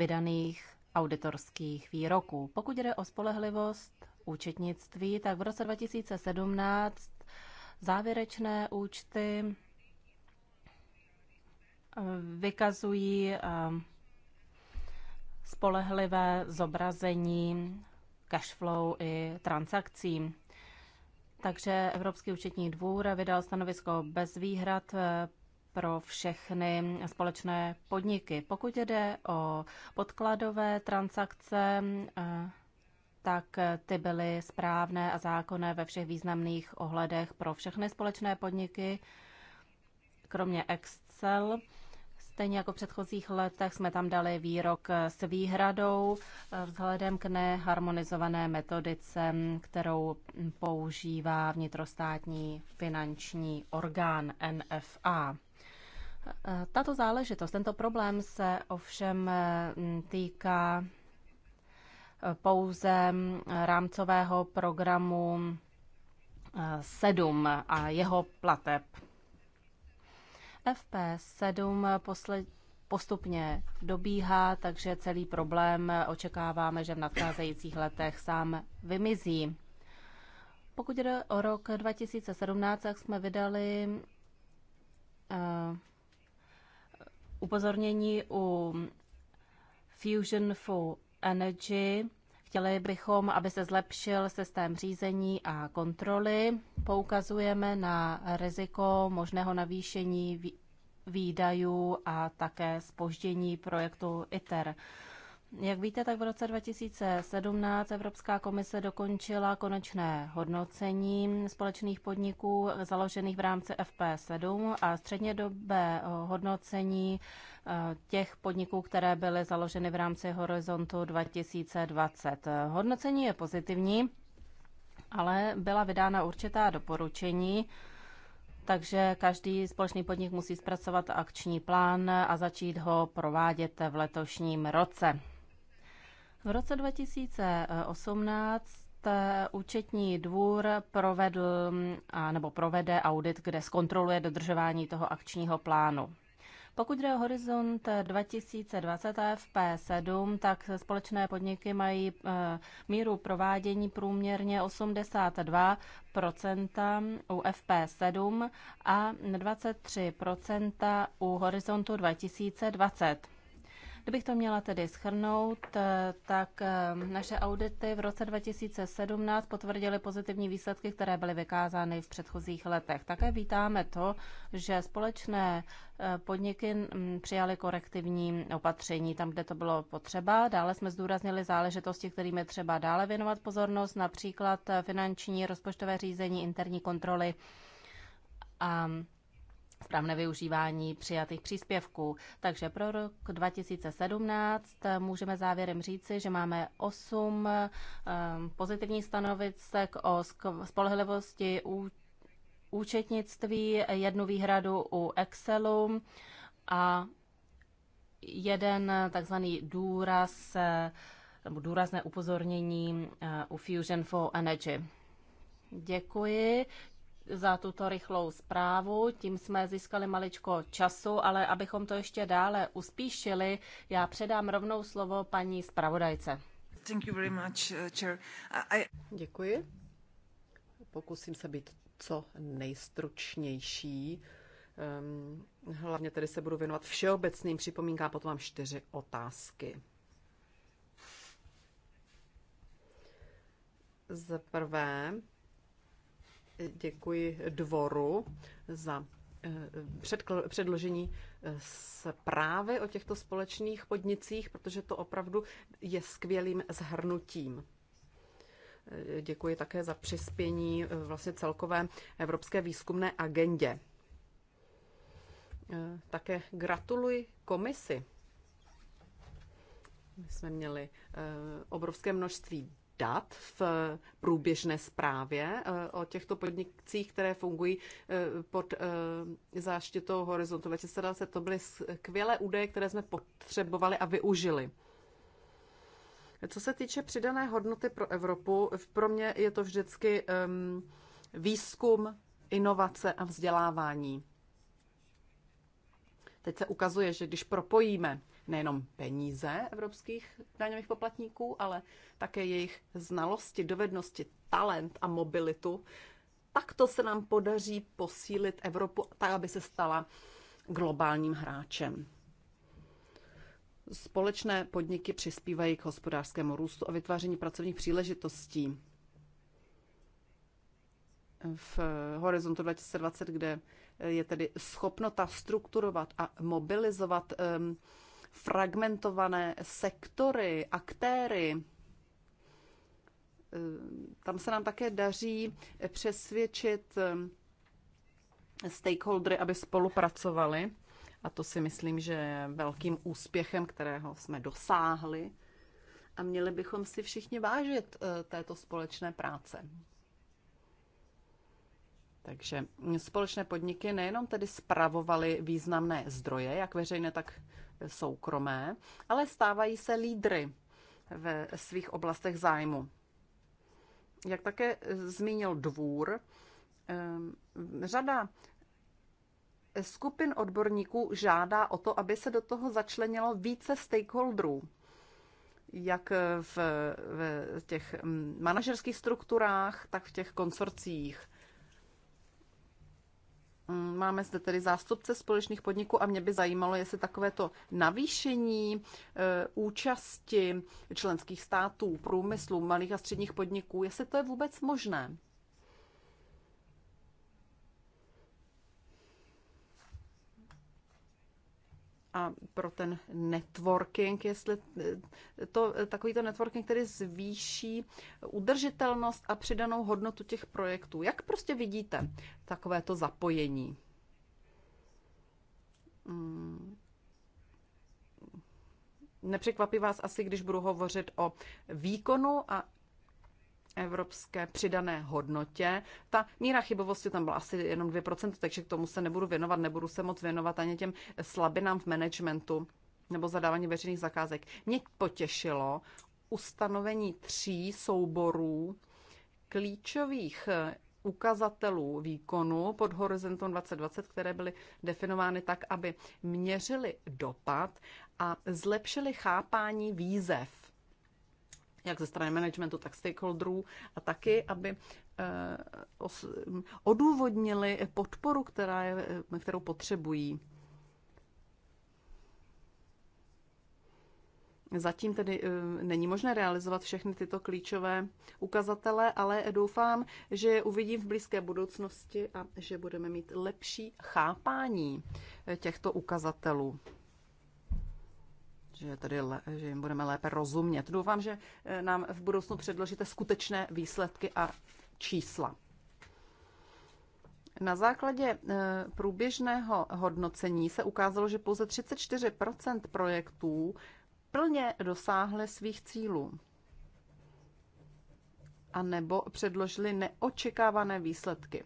vydaných auditorských výroků. Pokud jde o spolehlivost účetnictví, tak v roce 2017 závěrečné účty eh, vykazují eh, spolehlivé zobrazení flow i transakcí. Takže Evropský účetní dvůr vydal stanovisko bez výhrad eh, pro všechny společné podniky. Pokud jde o podkladové transakce, eh, tak ty byly správné a zákonné ve všech významných ohledech pro všechny společné podniky, kromě Excel. Stejně jako v předchozích letech jsme tam dali výrok s výhradou eh, vzhledem k neharmonizované metodice, kterou používá vnitrostátní finanční orgán NFA. Tato záležitost, tento problém se ovšem eh, týká eh, pouze mm, rámcového programu 7 eh, a jeho plateb. FP7 posled, postupně dobíhá, takže celý problém očekáváme, že v nadcházejících letech sám vymizí. Pokud jde o rok 2017, jsme vydali upozornění u Fusion for Energy. Chtěli bychom, aby se zlepšil systém řízení a kontroly. Poukazujeme na riziko možného navýšení výdajů a také spoždění projektu ITER. Jak víte, tak v roce 2017 Evropská komise dokončila konečné hodnocení společných podniků založených v rámci FP7 a střednědobé eh, hodnocení eh, těch podniků, které byly založeny v rámci Horizontu 2020. Hodnocení je pozitivní, ale byla vydána určitá doporučení, takže každý společný podnik musí zpracovat akční plán a začít ho provádět v letošním roce. V roce 2018 eh, účetní dvůr provedl mm, a, nebo provede audit, kde zkontroluje dodržování toho akčního plánu. Pokud jde o horizont 2020 eh, FP7, tak společné podniky mají eh, míru provádění průměrně 82 u FP7 a 23 u horizontu 2020. Kdybych to měla tedy schrnout, eh, tak eh, naše audity v roce 2017 potvrdily pozitivní výsledky, které byly vykázány v předchozích letech. Také vítáme to, že společné eh, podniky mm, přijaly korektivní opatření tam, kde to bylo potřeba. Dále jsme zdůraznili záležitosti, kterým je třeba dále věnovat pozornost, například finanční, rozpočtové řízení, interní kontroly a správné využívání přijatých příspěvků. Takže pro rok 2017 eh, můžeme závěrem říci, že máme 8 eh, pozitivních stanovisek o spolehlivosti účetnictví, jednu výhradu u Excelu a jeden takzvaný důraz eh, nebo důrazné upozornění u Fusion for Energy. Děkuji za tuto rychlou zprávu. Tím jsme získali maličko času, ale abychom to ještě dále uspíšili, já předám rovnou slovo paní zpravodajce. Thank you very much, uh, chair. I... Děkuji. Pokusím se být co nejstručnější. Um, hlavně tedy se budu věnovat všeobecným připomínkám, potom mám čtyři otázky. Za prvé, děkuji dvoru za eh, předložení eh, zprávy o těchto společných podnicích, protože to opravdu je skvělým zhrnutím. Eh, děkuji také za přispění vlastně celkové evropské výzkumné agendě. Také gratuluji komisi. My jsme měli obrovské množství dat v průběžné zprávě eh, o těchto podnikcích, které fungují eh, pod eh, záštitou Horizontu 2020. To byly skvělé údaje, které jsme potřebovali a využili. Co se týče přidané hodnoty pro Evropu, pro mě je to vždycky ehm, výzkum, inovace a vzdělávání. Teď se ukazuje, že když propojíme nejenom peníze evropských daňových poplatníků, ale také jejich znalosti, dovednosti, talent a mobilitu. Takto se nám podaří posílit Evropu tak, aby se stala globálním hráčem. Společné podniky přispívají k hospodářskému růstu a vytváření pracovních příležitostí. V horizontu 2020, kde je tedy schopnota strukturovat a mobilizovat um, fragmentované sektory, aktéry. Eh, tam se nám také daří přesvědčit eh, stakeholdery, aby spolupracovali. A to si myslím, že je velkým úspěchem, kterého jsme dosáhli. A měli bychom si všichni vážit eh, této společné práce. Takže společné podniky nejenom tedy spravovaly významné zdroje, jak veřejné, tak soukromé, ale stávají se lídry ve svých oblastech zájmu. Jak také zmínil dvůr, eh, řada skupin odborníků žádá o to, aby se do toho začlenilo více stakeholderů, jak v, v těch mm, manažerských strukturách, tak v těch konsorcích. Mm, máme zde tedy zástupce společných podniků a mě by zajímalo, jestli takovéto navýšení e, účasti členských států, průmyslu, malých a středních podniků, jestli to je vůbec možné. a pro ten networking, jestli eh, to, eh, takovýto networking který zvýší udržitelnost a přidanou hodnotu těch projektů. Jak prostě vidíte takovéto zapojení? Hmm. Nepřekvapí vás asi, když budu hovořit o výkonu a evropské přidané hodnotě. Ta míra chybovosti tam byla asi jenom 2%, takže k tomu se nebudu věnovat, nebudu se moc věnovat ani těm slabinám v managementu nebo zadávání veřejných zakázek. Mě potěšilo ustanovení tří souborů klíčových eh, ukazatelů výkonu pod horizontem 2020, které byly definovány tak, aby měřili dopad a zlepšili chápání výzev jak ze strany managementu, tak stakeholderů a taky, aby eh, odůvodnili podporu, která je, eh, kterou potřebují. Zatím tedy eh, není možné realizovat všechny tyto klíčové ukazatele, ale doufám, že je uvidím v blízké budoucnosti a že budeme mít lepší chápání těchto ukazatelů že, tady, že jim budeme lépe rozumět. Doufám, že eh, nám v budoucnu předložíte skutečné výsledky a čísla. Na základě eh, průběžného hodnocení se ukázalo, že pouze 34 projektů plně dosáhly svých cílů a nebo předložili neočekávané výsledky.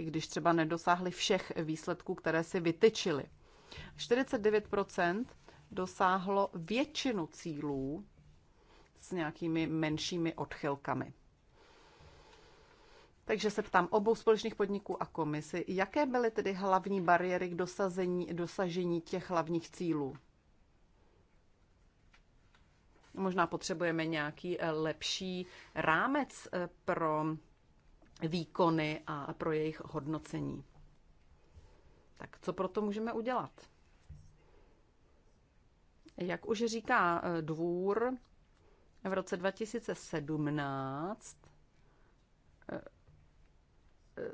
i když třeba nedosáhli všech výsledků, které si vytyčili. 49 dosáhlo většinu cílů s nějakými menšími odchylkami. Takže se ptám obou společných podniků a komisy, jaké byly tedy hlavní bariéry k dosazení, dosažení těch hlavních cílů? Možná potřebujeme nějaký eh, lepší rámec eh, pro výkony a pro jejich hodnocení. Tak co pro to můžeme udělat? Jak už říká eh, dvůr, v roce 2017 eh, eh,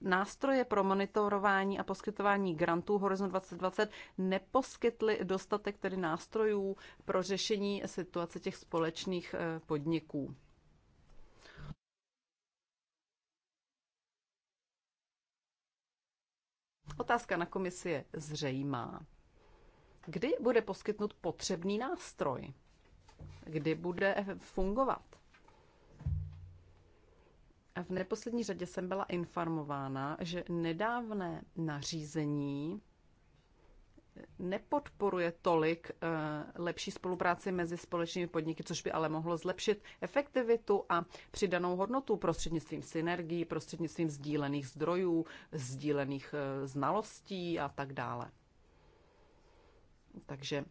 nástroje pro monitorování a poskytování grantů Horizon 2020 neposkytly dostatek tedy nástrojů pro řešení situace těch společných podniků. Otázka na komisi je zřejmá. Kdy bude poskytnut potřebný nástroj? Kdy bude fungovat? V neposlední řadě jsem byla informována, že nedávné nařízení nepodporuje tolik eh, lepší spolupráci mezi společnými podniky, což by ale mohlo zlepšit efektivitu a přidanou hodnotu prostřednictvím synergií, prostřednictvím sdílených zdrojů, sdílených eh, znalostí a tak dále. Takže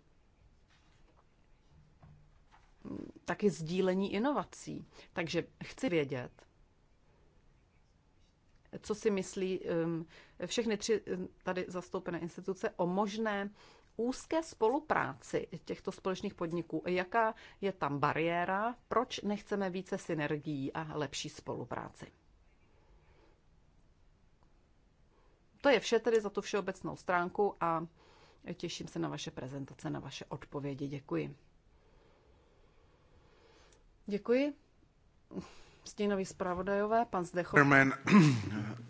mm, taky sdílení inovací. Takže chci vědět, co si myslí um, všechny tři um, tady zastoupené instituce o možné úzké spolupráci těchto společných podniků. Jaká je tam bariéra? Proč nechceme více synergií a lepší spolupráci? To je vše tedy za tu všeobecnou stránku a těším se na vaše prezentace, na vaše odpovědi. Děkuji. Děkuji. Stínový zpravodajové, pan Zdechov.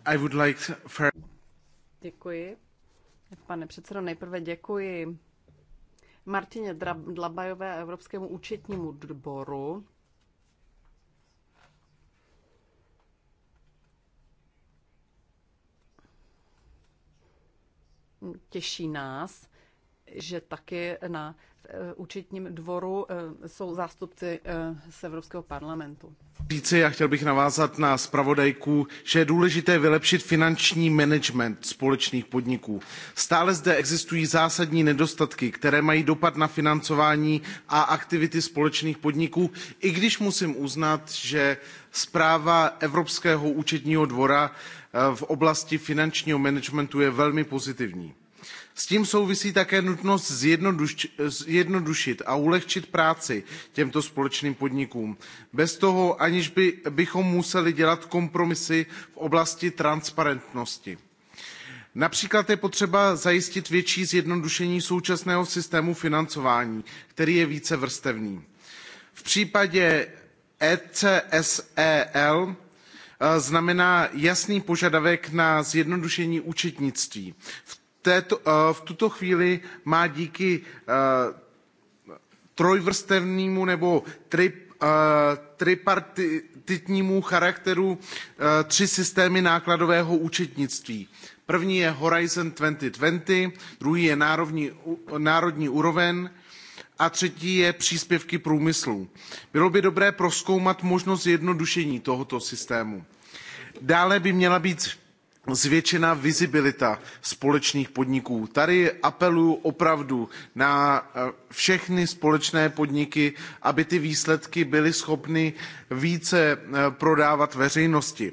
I would like for... Děkuji. Pane předsedo, nejprve děkuji Martině Dlabajové a Evropskému účetnímu dboru. Těší nás, že taky na eh, účetním dvoru eh, jsou zástupci eh, z Evropského parlamentu. Říci, já chtěl bych navázat na zpravodajku, že je důležité vylepšit finanční management společných podniků. Stále zde existují zásadní nedostatky, které mají dopad na financování a aktivity společných podniků, i když musím uznat, že zpráva Evropského účetního dvora v oblasti finančního managementu je velmi pozitivní s tím souvisí také nutnost zjednodušit a ulehčit práci těmto společným podnikům, bez toho aniž by, bychom museli dělat kompromisy v oblasti transparentnosti. Například je potřeba zajistit větší zjednodušení současného systému financování, který je vrstevný. V případě ECSEL eh, znamená jasný požadavek na zjednodušení účetnictví v této, eh, v tuto chvíli má díky eh, trojvrstevnému nebo tri, eh, tripartitnímu charakteru tři systémy nákladového účetnictví. První je Horizon 2020, druhý je národní, národní úroveň a třetí je příspěvky průmyslu. Bylo by dobré prozkoumat možnost zjednodušení tohoto systému. Dále by měla být zvětšená vizibilita společných podniků. Tady apeluji opravdu na eh, všechny společné podniky, aby ty výsledky byly schopny více eh, prodávat veřejnosti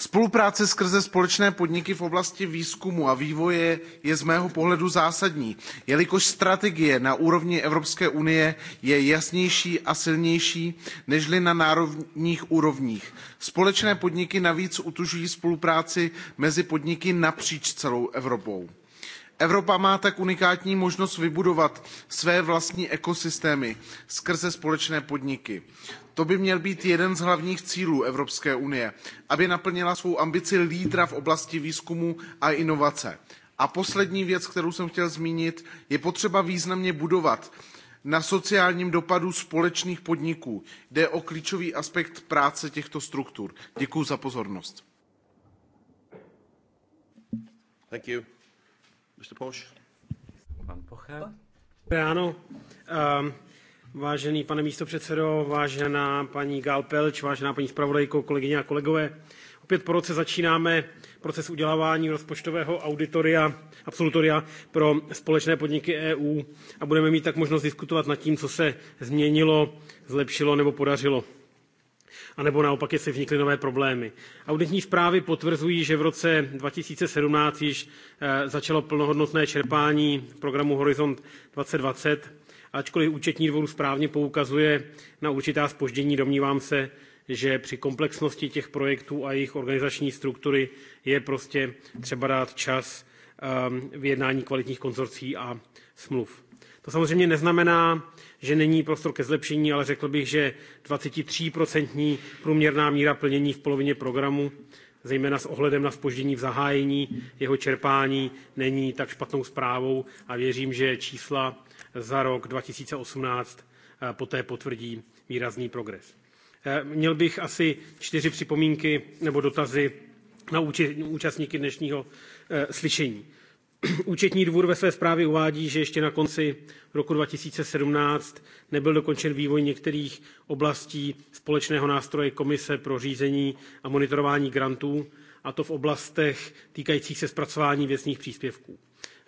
Spolupráce skrze společné podniky v oblasti výzkumu a vývoje je z mého pohledu zásadní, jelikož strategie na úrovni Evropské unie je jasnější a silnější nežli na národních úrovních. Společné podniky navíc utužují spolupráci mezi podniky napříč celou Evropou Evropa má tak unikátní možnost vybudovat své vlastní ekosystémy skrze společné podniky. To by měl být jeden z hlavních cílů Evropské unie, aby naplnila svou ambici lídra v oblasti výzkumu a inovace. A poslední věc, kterou jsem chtěl zmínit, je potřeba významně budovat na sociálním dopadu společných podniků. Jde o klíčový aspekt práce těchto struktur. Děkuji za pozornost. Thank you. Mr. Poš. Pan Poche. Ráno. Eh, um, ehm, vážený pane místopředsedo, vážená paní Galpelč, vážená paní zpravodajko, kolegyně a kolegové. Opět po roce začínáme proces udělávání rozpočtového auditoria, absolutoria pro společné podniky EU a budeme mít tak možnost diskutovat nad tím, co se změnilo, zlepšilo nebo podařilo anebo naopak, jestli vznikly nové problémy. Auditní zprávy potvrzují, že v roce 2017 již eh, začalo plnohodnotné čerpání programu Horizont 2020, ačkoliv účetní dvůr správně poukazuje na určitá spoždění, domnívám se, že při komplexnosti těch projektů a jejich organizační struktury je prostě třeba dát čas ehm, vyjednání kvalitních konzorcí a smluv. To samozřejmě neznamená, že není prostor ke zlepšení, ale řekl bych, že 23% průměrná míra plnění v polovině programu zejména s ohledem na spoždění v zahájení jeho čerpání, není tak špatnou zprávou a věřím, že čísla za rok 2018 eh, poté potvrdí výrazný progres. Eh, měl bych asi čtyři připomínky nebo dotazy na účastníky dnešního eh, slyšení. Účetní dvůr ve své zprávě uvádí, že ještě na konci roku 2017 nebyl dokončen vývoj některých oblastí společného nástroje Komise pro řízení a monitorování grantů, a to v oblastech týkajících se zpracování věcných příspěvků.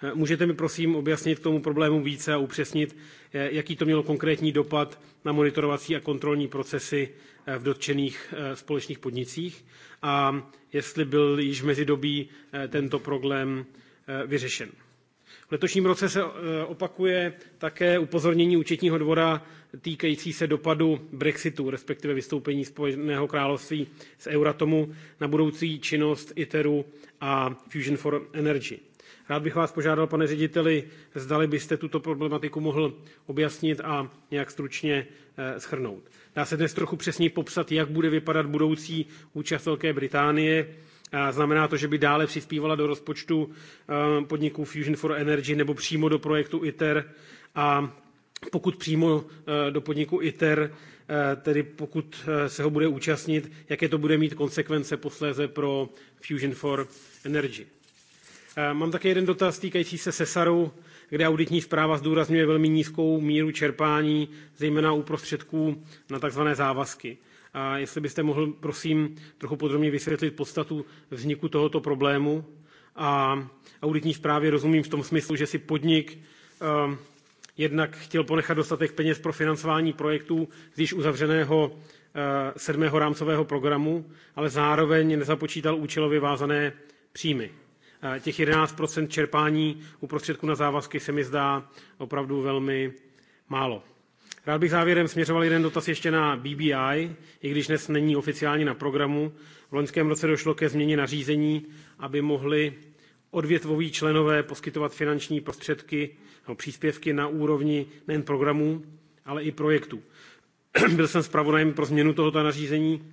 Eh, můžete mi prosím objasnit k tomu problému více a upřesnit, eh, jaký to mělo konkrétní dopad na monitorovací a kontrolní procesy eh, v dotčených společných podnicích a jestli byl již v mezidobí tento problém Eh, vyřešen. V letošním roce se eh, opakuje také upozornění účetního dvora týkající se dopadu Brexitu, respektive vystoupení Spojeného království z Euratomu na budoucí činnost ITERu a Fusion for Energy. Rád bych vás požádal, pane řediteli, zdali byste tuto problematiku mohl objasnit a nějak stručně eh, schrnout. Dá se dnes trochu přesněji popsat, jak bude vypadat budoucí účast Velké Británie Znamená to, že by dále přispívala do rozpočtu eh, podniků Fusion for Energy nebo přímo do projektu ITER a pokud přímo eh, do podniku ITER, eh, tedy pokud se ho bude účastnit, jaké to bude mít konsekvence posléze pro Fusion for Energy. Mám také jeden dotaz týkající se Sesaru, kde auditní zpráva zdůrazňuje velmi nízkou míru čerpání, zejména u prostředků na tzv. závazky. A jestli byste mohl, prosím, trochu podrobně vysvětlit podstatu vzniku tohoto problému. A auditní zprávě rozumím v tom smyslu, že si podnik ehm, jednak chtěl ponechat dostatek peněz pro financování projektů z již uzavřeného eh, sedmého rámcového programu, ale zároveň nezapočítal účelově vázané příjmy. Těch 11 čerpání u prostředku na závazky se mi zdá opravdu velmi málo. Rád bych závěrem směřoval jeden dotaz ještě na BBI, i když dnes není oficiálně na programu. V loňském roce došlo ke změně nařízení, aby mohli odvětvoví členové poskytovat finanční prostředky nebo příspěvky na úrovni nejen programů, ale i projektů. Byl jsem zpravodajem pro změnu tohoto nařízení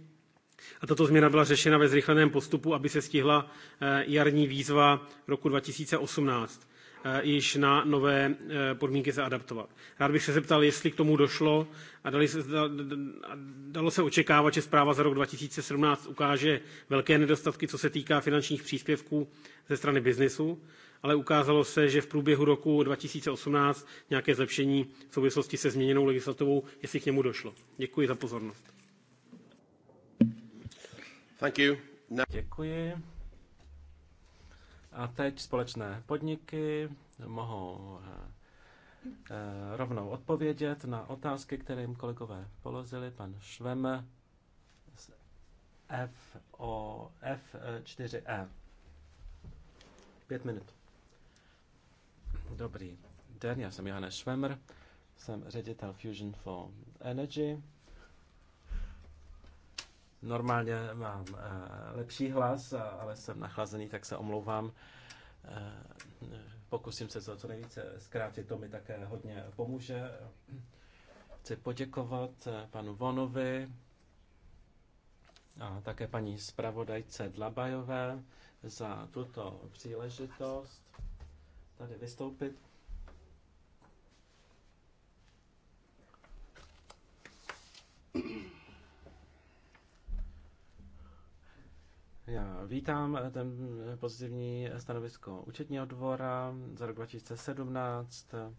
a tato změna byla řešena ve zrychleném postupu, aby se stihla eh, jarní výzva roku 2018. Eh, již na nové eh, podmínky se adaptovat. Rád bych se zeptal, jestli k tomu došlo a dali se, dalo se očekávat, že zpráva za rok 2017 ukáže velké nedostatky, co se týká finančních příspěvků ze strany biznesu, ale ukázalo se, že v průběhu roku 2018 nějaké zlepšení v souvislosti se změněnou legislativou, jestli k němu došlo. Děkuji za pozornost. Thank you. No. Děkuji. A teď společné podniky mohou eh, eh, rovnou odpovědět na otázky, které jim kolegové položili. Pan Švem z F 4E. Pět minut. Dobrý den, já jsem Johannes Švemr, jsem ředitel Fusion for Energy. Normálně mám eh, lepší hlas, ale jsem nachlazený, tak se omlouvám. Eh, pokusím se to co nejvíce eh, zkrátit, to mi také hodně pomůže. Chci poděkovat panu Vonovi a také paní zpravodajce Dlabajové za tuto příležitost tady vystoupit Já vítám eh, ten eh, pozitivní stanovisko účetního dvora za rok 2017. Eh,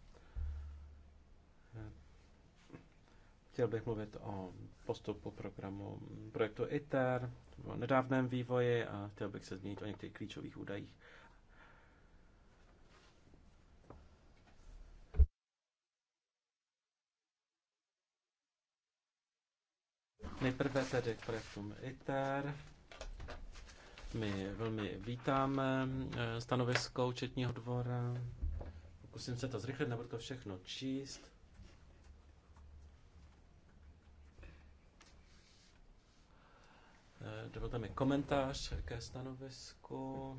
chtěl bych mluvit o postupu programu projektu ITER, o nedávném vývoji a chtěl bych se zmínit o některých klíčových údajích. Nejprve tedy k projektům ITER. My velmi vítáme eh, stanovisko Četního dvora. Pokusím se to zrychlit, nebudu to všechno číst. Eh, dovolte mi komentář ke stanovisku.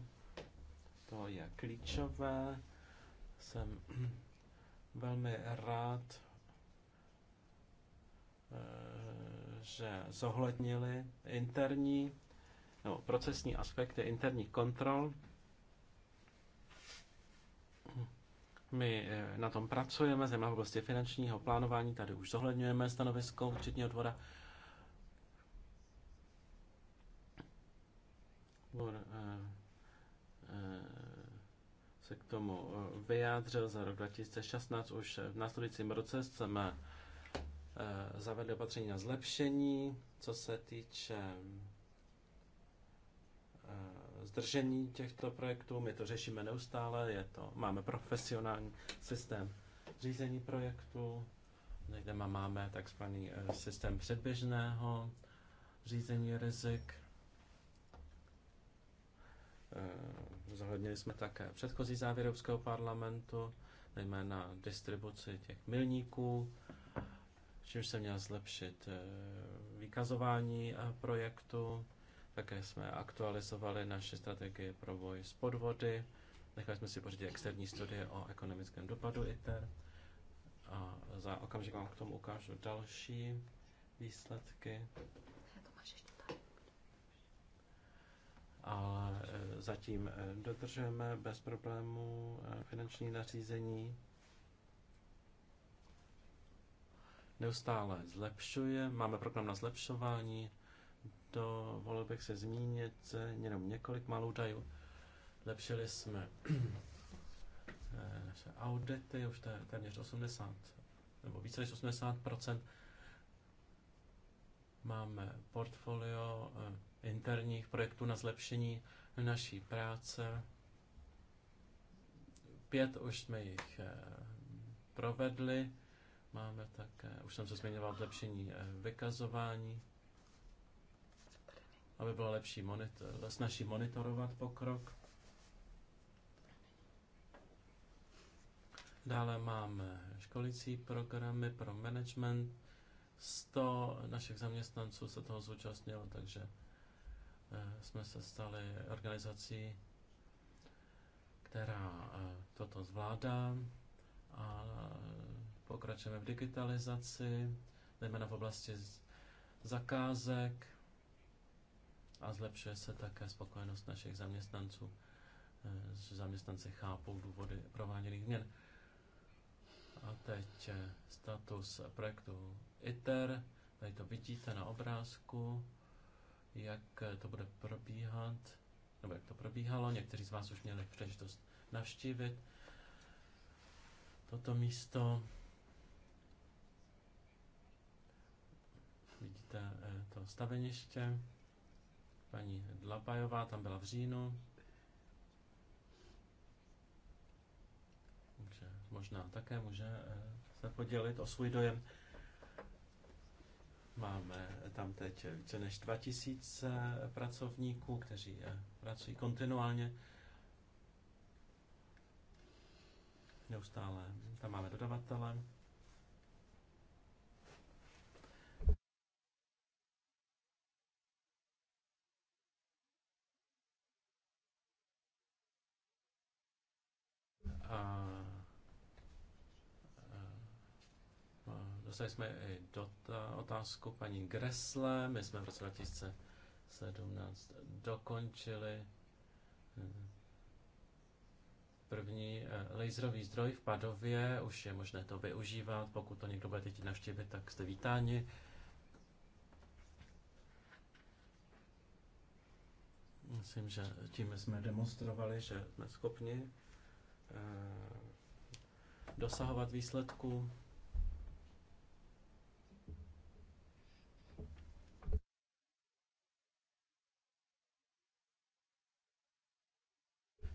To je klíčové. Jsem velmi rád, eh, že zohlednili interní nebo procesní aspekty interních kontrol. My eh, na tom pracujeme, zejména v oblasti finančního plánování, tady už zohledňujeme stanovisko účetního dvora. Dvor eh, eh, se k tomu vyjádřil za rok 2016. Už v následujícím roce jsme zavedli opatření na zlepšení, co se týče zdržení těchto projektů. My to řešíme neustále, je to, máme profesionální systém řízení projektu. někde máme takzvaný eh, systém předběžného řízení rizik. Eh, zohlednili jsme také předchozí závěr Evropského parlamentu, zejména distribuci těch milníků, čímž se měl zlepšit eh, výkazování projektu. Také jsme aktualizovali naše strategie pro boj s podvody. Nechali jsme si pořídit externí studie o ekonomickém dopadu ITER. A za okamžik vám k tomu ukážu další výsledky. Ale e, zatím e, dodržujeme bez problémů e, finanční nařízení. Neustále zlepšuje, máme program na zlepšování dovolil bych se zmínit jenom několik malou tajů. Lepšili jsme eh, naše audity už je téměř 80, nebo více než 80 Máme portfolio eh, interních projektů na zlepšení naší práce. Pět už jsme jich eh, provedli. Máme také, už jsem se zmiňoval, zlepšení vykazování aby bylo lepší monitor, snaží monitorovat pokrok. Dále máme školicí programy pro management. 100 našich zaměstnanců se toho zúčastnilo, takže eh, jsme se stali organizací, která eh, toto zvládá a eh, pokračujeme v digitalizaci, zejména v oblasti zakázek, a zlepšuje se také spokojenost našich zaměstnanců. Eh, zaměstnanci chápou důvody prováděných změn. A teď eh, status projektu ITER. Tady to vidíte na obrázku, jak eh, to bude probíhat, nebo jak to probíhalo. Někteří z vás už měli příležitost navštívit toto místo. Vidíte to staveniště. Paní Dlabajová tam byla v říjnu. Takže možná také může eh, se podělit o svůj dojem. Máme tam teď více než 2000 pracovníků, kteří eh, pracují kontinuálně. Neustále tam máme dodavatele, A dostali jsme i dota, otázku paní Gresle. My jsme v roce 2017 dokončili hm, první e, laserový zdroj v Padově. Už je možné to využívat. Pokud to někdo bude chtít navštívit, tak jste vítáni. Myslím, že tím jsme demonstrovali, že jsme schopni Eh, dosahovat výsledků.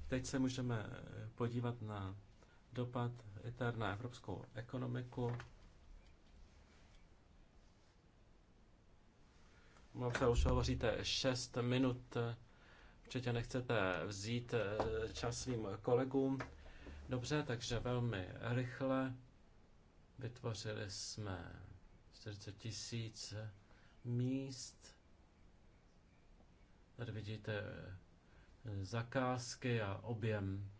Teď se můžeme eh, podívat na dopad ITER na evropskou ekonomiku. Mám se už hovoříte 6 minut, eh, určitě nechcete vzít čas svým kolegům. Dobře, takže velmi rychle vytvořili jsme 40 tisíc míst. Tady vidíte eh, zakázky a objem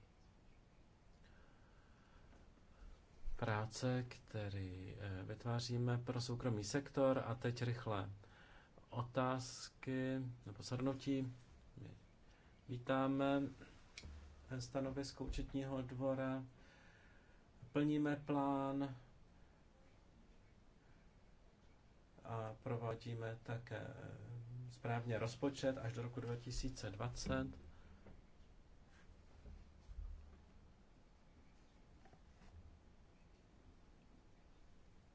práce, který eh, vytváříme pro soukromý sektor. A teď rychle otázky nebo shrnutí. Vítáme stanovisko účetního dvora, plníme plán a provádíme také správně rozpočet až do roku 2020.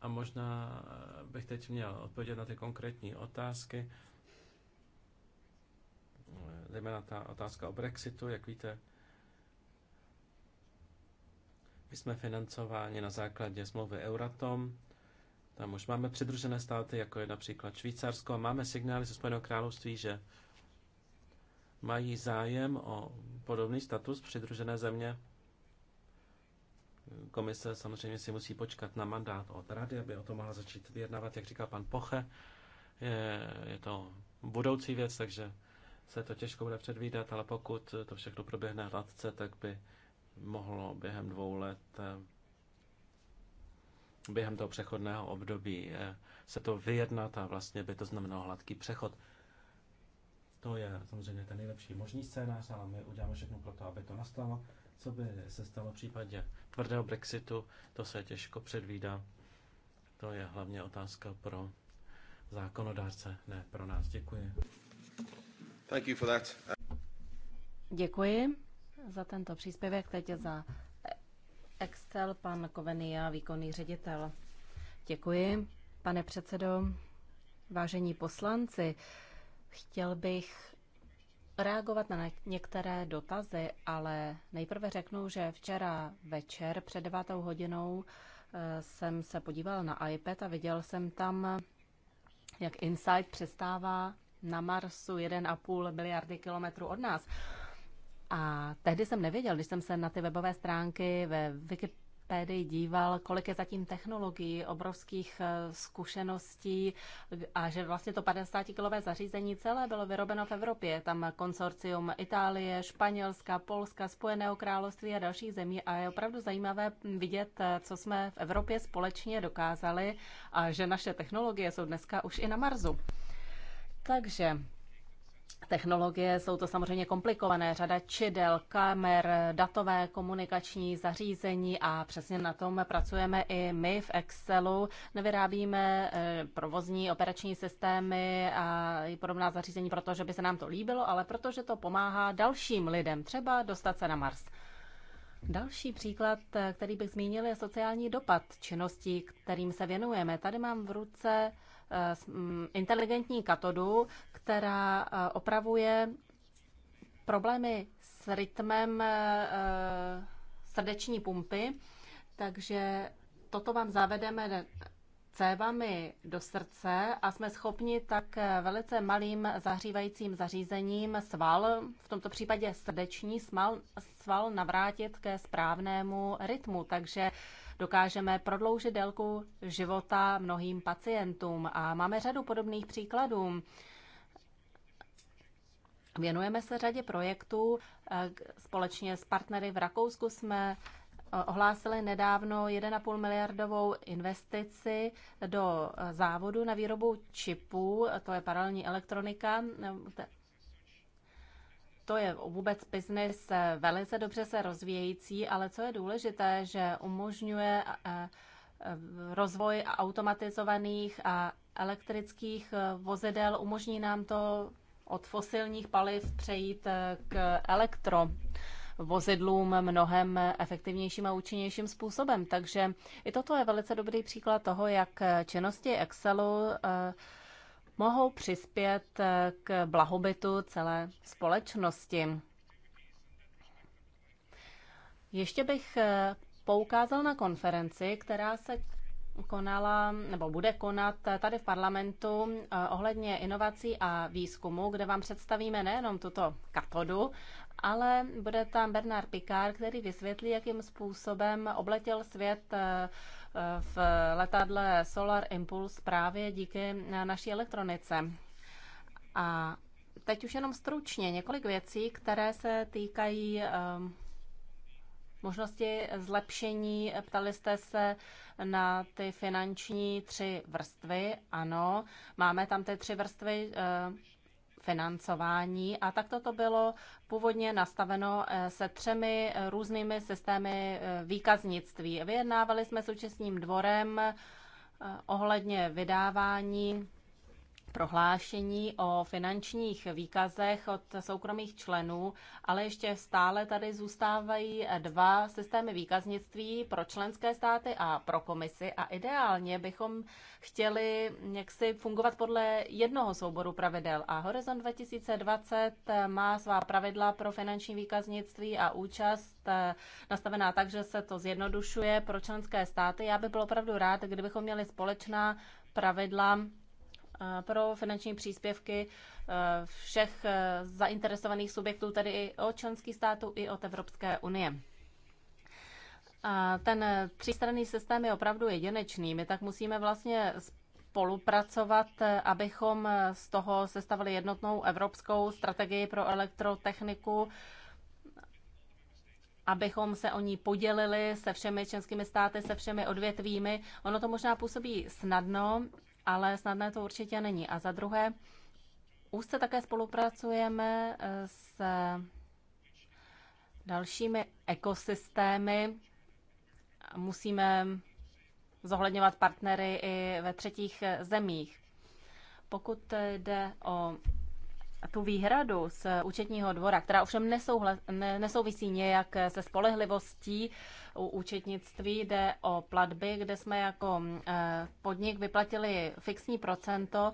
A možná bych teď měl odpovědět na ty konkrétní otázky. Zejména ta otázka o Brexitu, jak víte, my jsme financováni na základě smlouvy Euratom, tam už máme přidružené státy, jako je například Švýcarsko, a máme signály ze Spojeného království, že mají zájem o podobný status přidružené země. Komise samozřejmě si musí počkat na mandát od rady, aby o tom mohla začít vyjednávat, jak říká pan Poche. Je, je to budoucí věc, takže se to těžko bude předvídat, ale pokud to všechno proběhne hladce, tak by mohlo během dvou let, eh, během toho přechodného období eh, se to vyjednat a vlastně by to znamenalo hladký přechod. To je samozřejmě ten nejlepší možný scénář, ale my uděláme všechno pro to, aby to nastalo. Co by se stalo v případě tvrdého Brexitu, to se těžko předvídá. To je hlavně otázka pro zákonodárce, ne pro nás. Děkuji. Thank you for that. Děkuji za tento příspěvek. Teď za Excel pan Kovenia, výkonný ředitel. Děkuji, pane předsedo. Vážení poslanci, chtěl bych reagovat na některé dotazy, ale nejprve řeknu, že včera večer před 9 hodinou eh, jsem se podíval na iPad a viděl jsem tam, jak Insight přestává na Marsu 1,5 miliardy kilometrů od nás. A tehdy jsem nevěděl, když jsem se na ty webové stránky ve Wikipedii díval, kolik je zatím technologií, obrovských eh, zkušeností a že vlastně to 50-kilové zařízení celé bylo vyrobeno v Evropě. Tam konsorcium Itálie, Španělska, Polska, Spojeného království a dalších zemí a je opravdu zajímavé vidět, eh, co jsme v Evropě společně dokázali a že naše technologie jsou dneska už i na Marsu. Takže technologie jsou to samozřejmě komplikované, řada čidel, kamer, datové komunikační zařízení a přesně na tom pracujeme i my v Excelu. Nevyrábíme eh, provozní operační systémy a i podobná zařízení, protože by se nám to líbilo, ale protože to pomáhá dalším lidem, třeba dostat se na Mars. Další příklad, eh, který bych zmínil, je sociální dopad činností, kterým se věnujeme. Tady mám v ruce Eh, inteligentní katodu, která eh, opravuje problémy s rytmem eh, srdeční pumpy, takže toto vám zavedeme cévami do srdce a jsme schopni tak velice malým zahřívajícím zařízením sval, v tomto případě srdeční sval, sval navrátit ke správnému rytmu. Takže dokážeme prodloužit délku života mnohým pacientům. A máme řadu podobných příkladů. Věnujeme se řadě projektů. Společně s partnery v Rakousku jsme eh, ohlásili nedávno 1,5 miliardovou investici do eh, závodu na výrobu čipů, to je paralelní elektronika, eh, to je vůbec biznis eh, velice dobře se rozvíjející, ale co je důležité, že umožňuje eh, eh, rozvoj automatizovaných a elektrických vozidel, umožní nám to od fosilních paliv přejít k elektro vozidlům mnohem efektivnějším a účinnějším způsobem. Takže i toto je velice dobrý příklad toho, jak činnosti Excelu mohou přispět eh, k blahobytu celé společnosti. Ještě bych eh, poukázal na konferenci, která se konala nebo bude konat eh, tady v parlamentu ohledně inovací a výzkumu, kde vám představíme nejenom tuto katodu, ale bude tam Bernard Picard, který vysvětlí, jakým způsobem obletěl svět v letadle Solar Impulse právě díky naší elektronice. A teď už jenom stručně několik věcí, které se týkají ehm, možnosti zlepšení. Ptali jste se na ty finanční tři vrstvy. Ano, máme tam ty tři vrstvy ehm, financování a takto to bylo původně nastaveno eh, se třemi eh, různými systémy eh, výkaznictví. Vyjednávali jsme s účastním dvorem ohledně vydávání prohlášení o finančních výkazech od soukromých členů, ale ještě stále tady zůstávají dva systémy výkaznictví pro členské státy a pro komisi a ideálně bychom chtěli jaksi fungovat podle jednoho souboru pravidel a Horizon 2020 má svá pravidla pro finanční výkaznictví a účast eh, nastavená tak, že se to zjednodušuje pro členské státy. Já bych byl opravdu rád, kdybychom měli společná pravidla pro finanční příspěvky e, všech e, zainteresovaných subjektů, tedy i od členských států, i od Evropské unie. A ten třístranný systém je opravdu jedinečný. My tak musíme vlastně spolupracovat, e, abychom z toho sestavili jednotnou evropskou strategii pro elektrotechniku, abychom se o ní podělili se všemi členskými státy, se všemi odvětvími. Ono to možná působí snadno, ale snadné to určitě není. A za druhé, úzce také spolupracujeme eh, s dalšími ekosystémy. Musíme zohledňovat partnery i ve třetích eh, zemích. Pokud jde o tu výhradu z účetního dvora, která ovšem nesouhla, ne, nesouvisí nějak se spolehlivostí u účetnictví, jde o platby, kde jsme jako mm, eh, podnik vyplatili fixní procento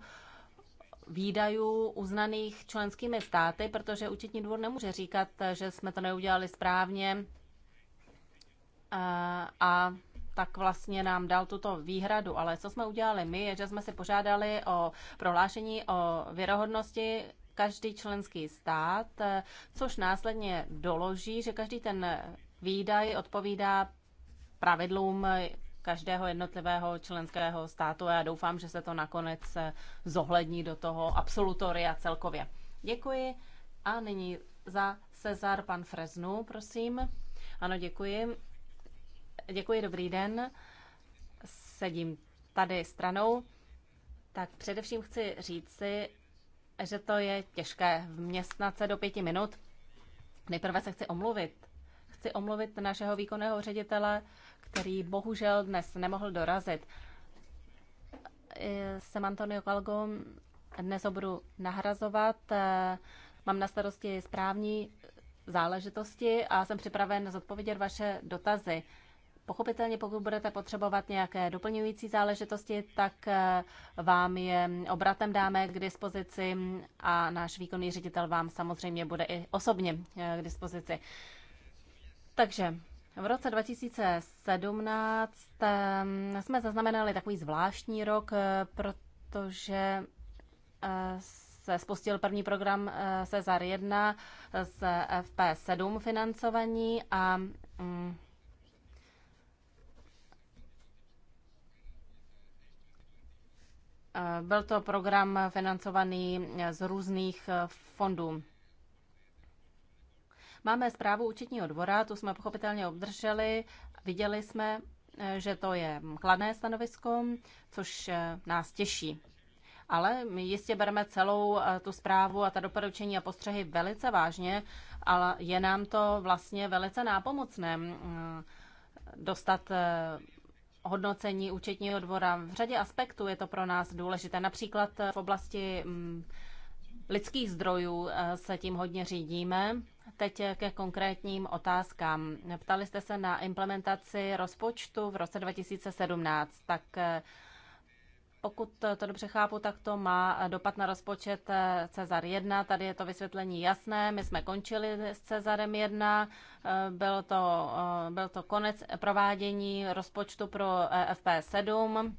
výdajů uznaných členskými státy, protože účetní dvor nemůže říkat, že jsme to neudělali správně a, eh, a tak vlastně nám dal tuto výhradu. Ale co jsme udělali my, je, že jsme si požádali o prohlášení o věrohodnosti každý členský stát, eh, což následně doloží, že každý ten výdaj odpovídá pravidlům každého jednotlivého členského státu a já doufám, že se to nakonec eh, zohlední do toho absolutoria celkově. Děkuji a nyní za Cezar pan Freznu, prosím. Ano, děkuji. Děkuji, dobrý den. Sedím tady stranou. Tak především chci říci, že to je těžké vměstnat se do pěti minut. Nejprve se chci omluvit. Chci omluvit našeho výkonného ředitele, který bohužel dnes nemohl dorazit. Jsem Antonio Kalgo, dnes ho budu nahrazovat. Mám na starosti správní záležitosti a jsem připraven zodpovědět vaše dotazy. Pochopitelně, pokud budete potřebovat nějaké doplňující záležitosti, tak eh, vám je obratem dáme k dispozici a náš výkonný ředitel vám samozřejmě bude i osobně eh, k dispozici. Takže v roce 2017 eh, jsme zaznamenali takový zvláštní rok, protože se spustil první program Cezar 1 z FP7 financování a mm, Eh, byl to program financovaný eh, z různých eh, fondů. Máme zprávu účetního dvora, tu jsme pochopitelně obdrželi, viděli jsme, že to je kladné stanovisko, což nás těší. Ale my jistě bereme celou tu zprávu a ta doporučení a postřehy velice vážně, ale je nám to vlastně velice nápomocné mm, dostat hodnocení účetního dvora. V řadě aspektů je to pro nás důležité. Například eh, v oblasti mm, lidských zdrojů eh, se tím hodně řídíme. Teď eh, ke konkrétním otázkám. Ptali jste se na implementaci rozpočtu v roce 2017. Tak pokud to dobře chápu, tak to má dopad na rozpočet eh, Cezar 1. Tady je to vysvětlení jasné. My jsme končili s Cezarem 1. Eh, byl to, eh, byl to konec provádění rozpočtu pro FP7.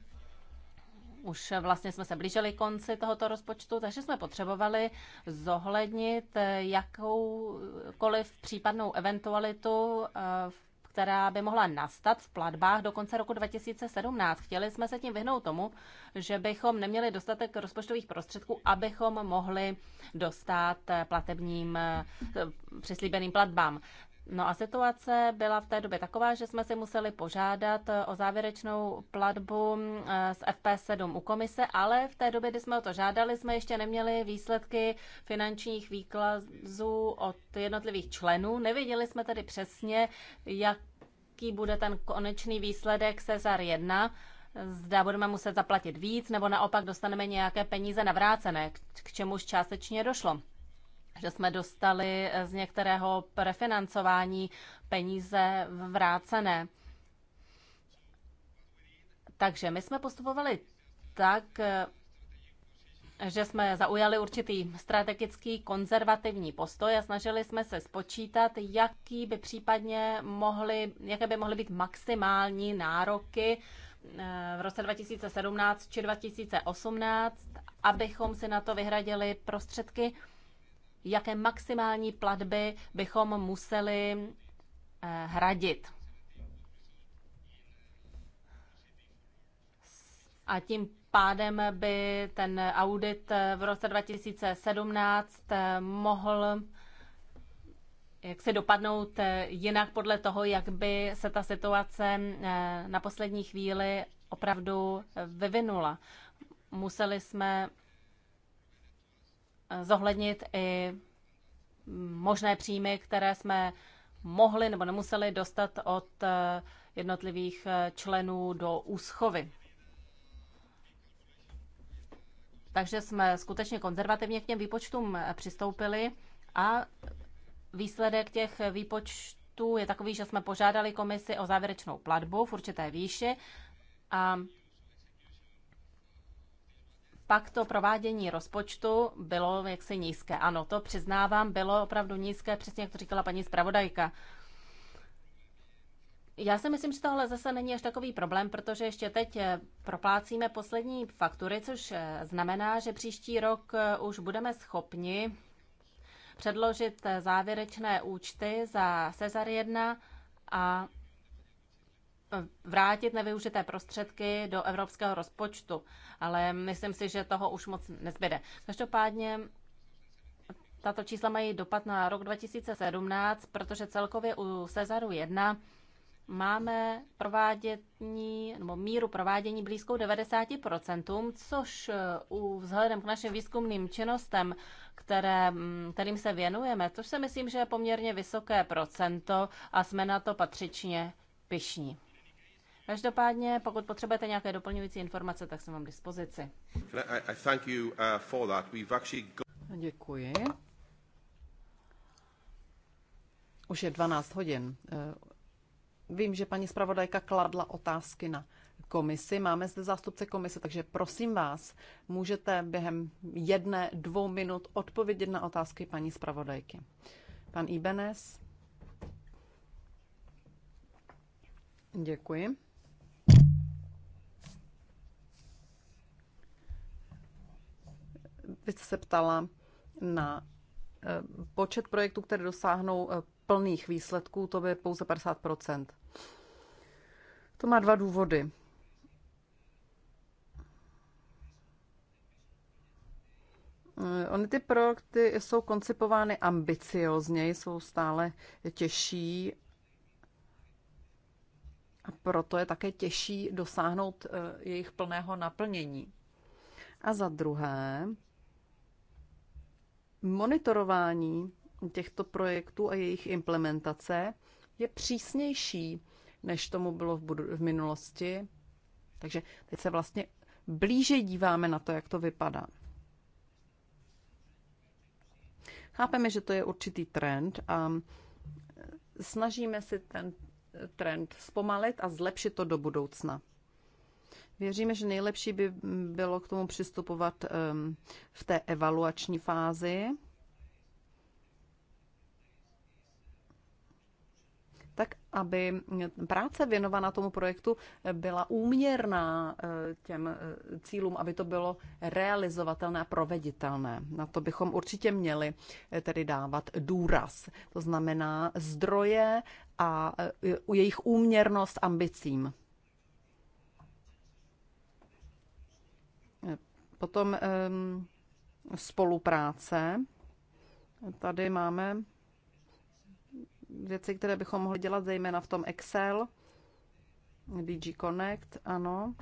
Už vlastně jsme se blížili konci tohoto rozpočtu, takže jsme potřebovali zohlednit jakoukoliv případnou eventualitu v která by mohla nastat v platbách do konce roku 2017. Chtěli jsme se tím vyhnout tomu, že bychom neměli dostatek rozpočtových prostředků, abychom mohli dostat platebním eh, přislíbeným platbám. No a situace byla v té době taková, že jsme si museli požádat eh, o závěrečnou platbu eh, z FP7 u komise, ale v té době, kdy jsme o to žádali, jsme ještě neměli výsledky finančních výkazů od jednotlivých členů. Nevěděli jsme tedy přesně, jaký bude ten konečný výsledek Cezar 1 zda budeme muset zaplatit víc, nebo naopak dostaneme nějaké peníze navrácené, k čemuž částečně došlo že jsme dostali eh, z některého prefinancování peníze vrácené. Takže my jsme postupovali tak, eh, že jsme zaujali určitý strategický konzervativní postoj a snažili jsme se spočítat, jaký by případně mohly, jaké by mohly být maximální nároky eh, v roce 2017 či 2018, abychom si na to vyhradili prostředky jaké maximální platby bychom museli eh, hradit. A tím pádem by ten audit eh, v roce 2017 eh, mohl jak se dopadnout jinak podle toho, jak by se ta situace na poslední chvíli opravdu vyvinula. Museli jsme zohlednit i možné příjmy, které jsme mohli nebo nemuseli dostat od eh, jednotlivých eh, členů do úschovy. Takže jsme skutečně konzervativně k těm výpočtům eh, přistoupili a výsledek těch výpočtů je takový, že jsme požádali komisi o závěrečnou platbu v určité výši a pak to provádění rozpočtu bylo jaksi nízké. Ano, to přiznávám, bylo opravdu nízké, přesně jak to říkala paní zpravodajka. Já si myslím, že tohle zase není až takový problém, protože ještě teď eh, proplácíme poslední faktury, což eh, znamená, že příští rok eh, už budeme schopni předložit závěrečné účty za Cezar 1 a vrátit nevyužité prostředky do evropského rozpočtu, ale myslím si, že toho už moc nezbyde. Každopádně tato čísla mají dopad na rok 2017, protože celkově u Cezaru 1 máme provádění, nebo míru provádění blízkou 90%, což eh, u, vzhledem k našim výzkumným činnostem, které, mm, kterým se věnujeme, což se myslím, že je poměrně vysoké procento a jsme na to patřičně pišní. Každopádně, pokud potřebujete nějaké doplňující informace, tak jsem vám k dispozici. Uh, Děkuji. Už je 12 hodin. Eh, vím, že paní zpravodajka kladla otázky na komisi. Máme zde zástupce komise, takže prosím vás, můžete během jedné, dvou minut odpovědět na otázky paní zpravodajky. Pan Ibenes. Děkuji. Vy jste se ptala na eh, počet projektů, které dosáhnou eh, plných výsledků, to by pouze 50 To má dva důvody. Eh, ony ty projekty jsou koncipovány ambiciozně, jsou stále těžší a proto je také těžší dosáhnout jejich plného naplnění. A za druhé, monitorování těchto projektů a jejich implementace je přísnější, než tomu bylo v, budu- v minulosti. Takže teď se vlastně blíže díváme na to, jak to vypadá. Chápeme, že to je určitý trend a snažíme se ten trend zpomalit a zlepšit to do budoucna. Věříme, že nejlepší by bylo k tomu přistupovat ehm, v té evaluační fázi. tak aby práce věnovaná tomu projektu byla úměrná eh, těm eh, cílům, aby to bylo realizovatelné a proveditelné. Na to bychom určitě měli eh, tedy dávat důraz. To znamená zdroje a jejich úměrnost ambicím. Potom spolupráce. Tady máme věci, které bychom mohli dělat, zejména v tom Excel, DG Connect, ano.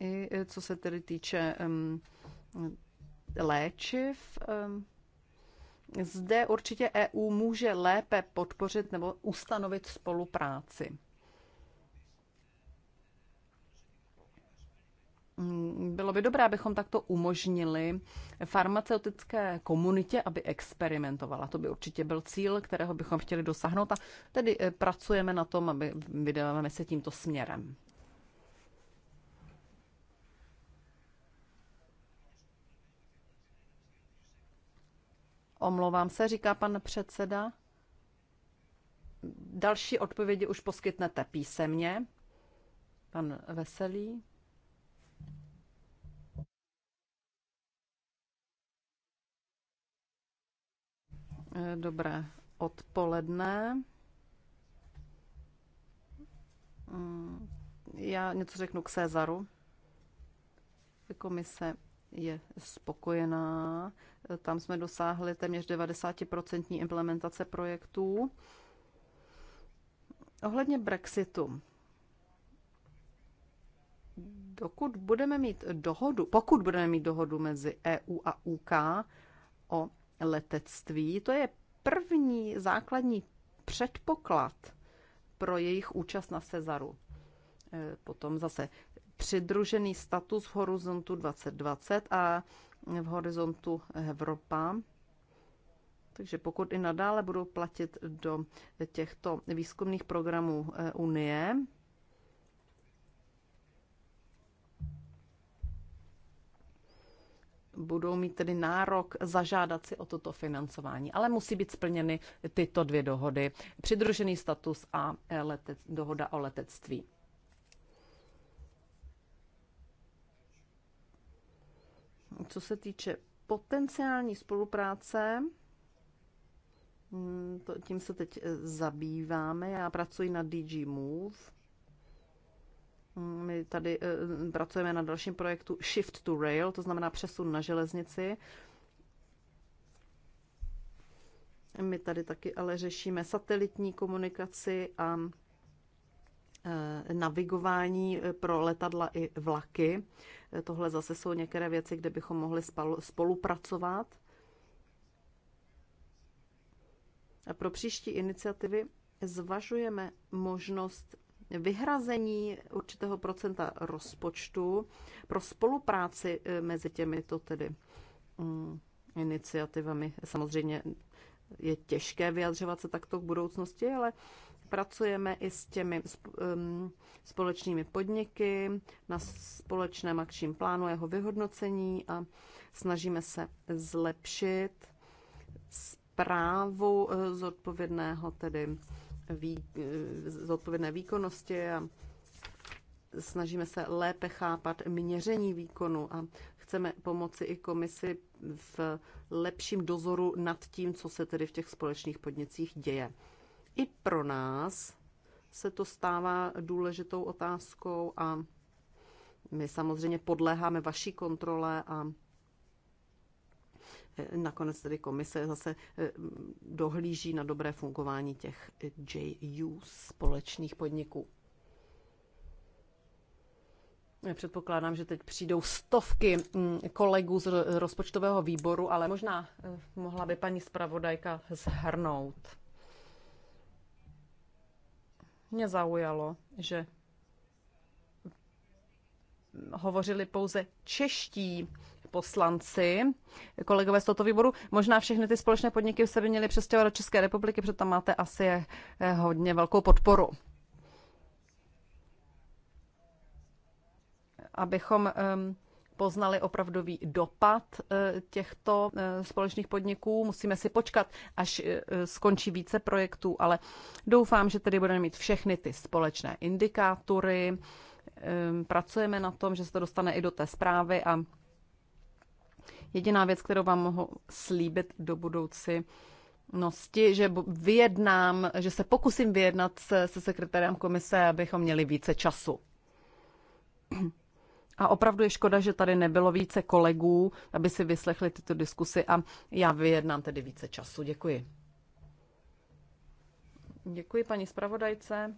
I e, co se tedy týče um, léčiv, um, zde určitě EU může lépe podpořit nebo ustanovit spolupráci. Mm, bylo by dobré, abychom takto umožnili farmaceutické komunitě, aby experimentovala. To by určitě byl cíl, kterého bychom chtěli dosáhnout a tedy eh, pracujeme na tom, aby vydáváme se tímto směrem. Omlouvám se, říká pan předseda. Další odpovědi už poskytnete písemně. Pan Veselý. Dobré odpoledne. Já něco řeknu k Cezaru. Komise je spokojená. Tam jsme dosáhli téměř 90% implementace projektů. Ohledně Brexitu. Dokud budeme mít dohodu, pokud budeme mít dohodu mezi EU a UK o letectví, to je první základní předpoklad pro jejich účast na Cezaru. E, potom zase přidružený status v horizontu 2020 a v horizontu Evropa. Takže pokud i nadále budou platit do těchto výzkumných programů e, Unie, budou mít tedy nárok zažádat si o toto financování, ale musí být splněny tyto dvě dohody, přidružený status a letec, dohoda o letectví. Co se týče potenciální spolupráce, hmm, tím se teď eh, zabýváme. Já pracuji na DG Move my tady eh, pracujeme na dalším projektu Shift to Rail, to znamená přesun na železnici. My tady taky ale řešíme satelitní komunikaci a eh, navigování eh, pro letadla i vlaky. Tohle zase jsou některé věci, kde bychom mohli spolupracovat. A pro příští iniciativy zvažujeme možnost vyhrazení určitého procenta rozpočtu pro spolupráci eh, mezi těmito tedy mm, iniciativami. Samozřejmě je těžké vyjadřovat se takto v budoucnosti, ale pracujeme i s těmi společnými podniky na společném akčním plánu jeho vyhodnocení a snažíme se zlepšit zprávu eh, zodpovědného tedy vý, zodpovědné výkonnosti a snažíme se lépe chápat měření výkonu a chceme pomoci i komisi v lepším dozoru nad tím, co se tedy v těch společných podnicích děje. I pro nás se to stává důležitou otázkou a my samozřejmě podléháme vaší kontrole a Nakonec tedy komise zase eh, dohlíží na dobré fungování těch JU společných podniků. Předpokládám, že teď přijdou stovky mm, kolegů z rozpočtového výboru, ale možná eh, mohla by paní zpravodajka zhrnout. Mě zaujalo, že hovořili pouze čeští poslanci, kolegové z tohoto výboru. Možná všechny ty společné podniky se by měly přestěhovat do České republiky, protože tam máte asi eh, hodně velkou podporu. Abychom ehm, poznali opravdový dopad eh, těchto eh, společných podniků. Musíme si počkat, až skončí více projektů, ale doufám, že tedy budeme mít všechny ty společné indikátory. Ehm, pracujeme na tom, že se to dostane i do té zprávy a Jediná věc, kterou vám mohu slíbit do budoucí, nosti, že vyjednám, že se pokusím vyjednat se, se sekretářem komise, abychom měli více času. A opravdu je škoda, že tady nebylo více kolegů, aby si vyslechli tyto diskusy a já vyjednám tedy více času. Děkuji. Děkuji paní zpravodajce,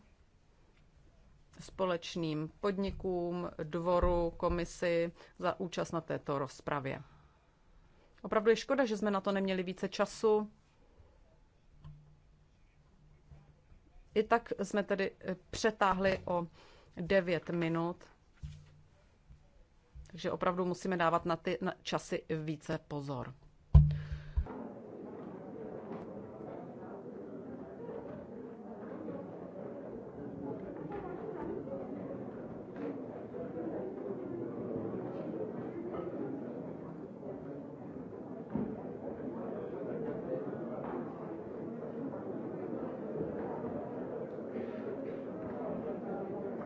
společným podnikům, dvoru, komisi za účast na této rozpravě. Opravdu je škoda, že jsme na to neměli více času. I tak jsme tedy eh, přetáhli o 9 minut. Takže opravdu musíme dávat na ty na časy více pozor.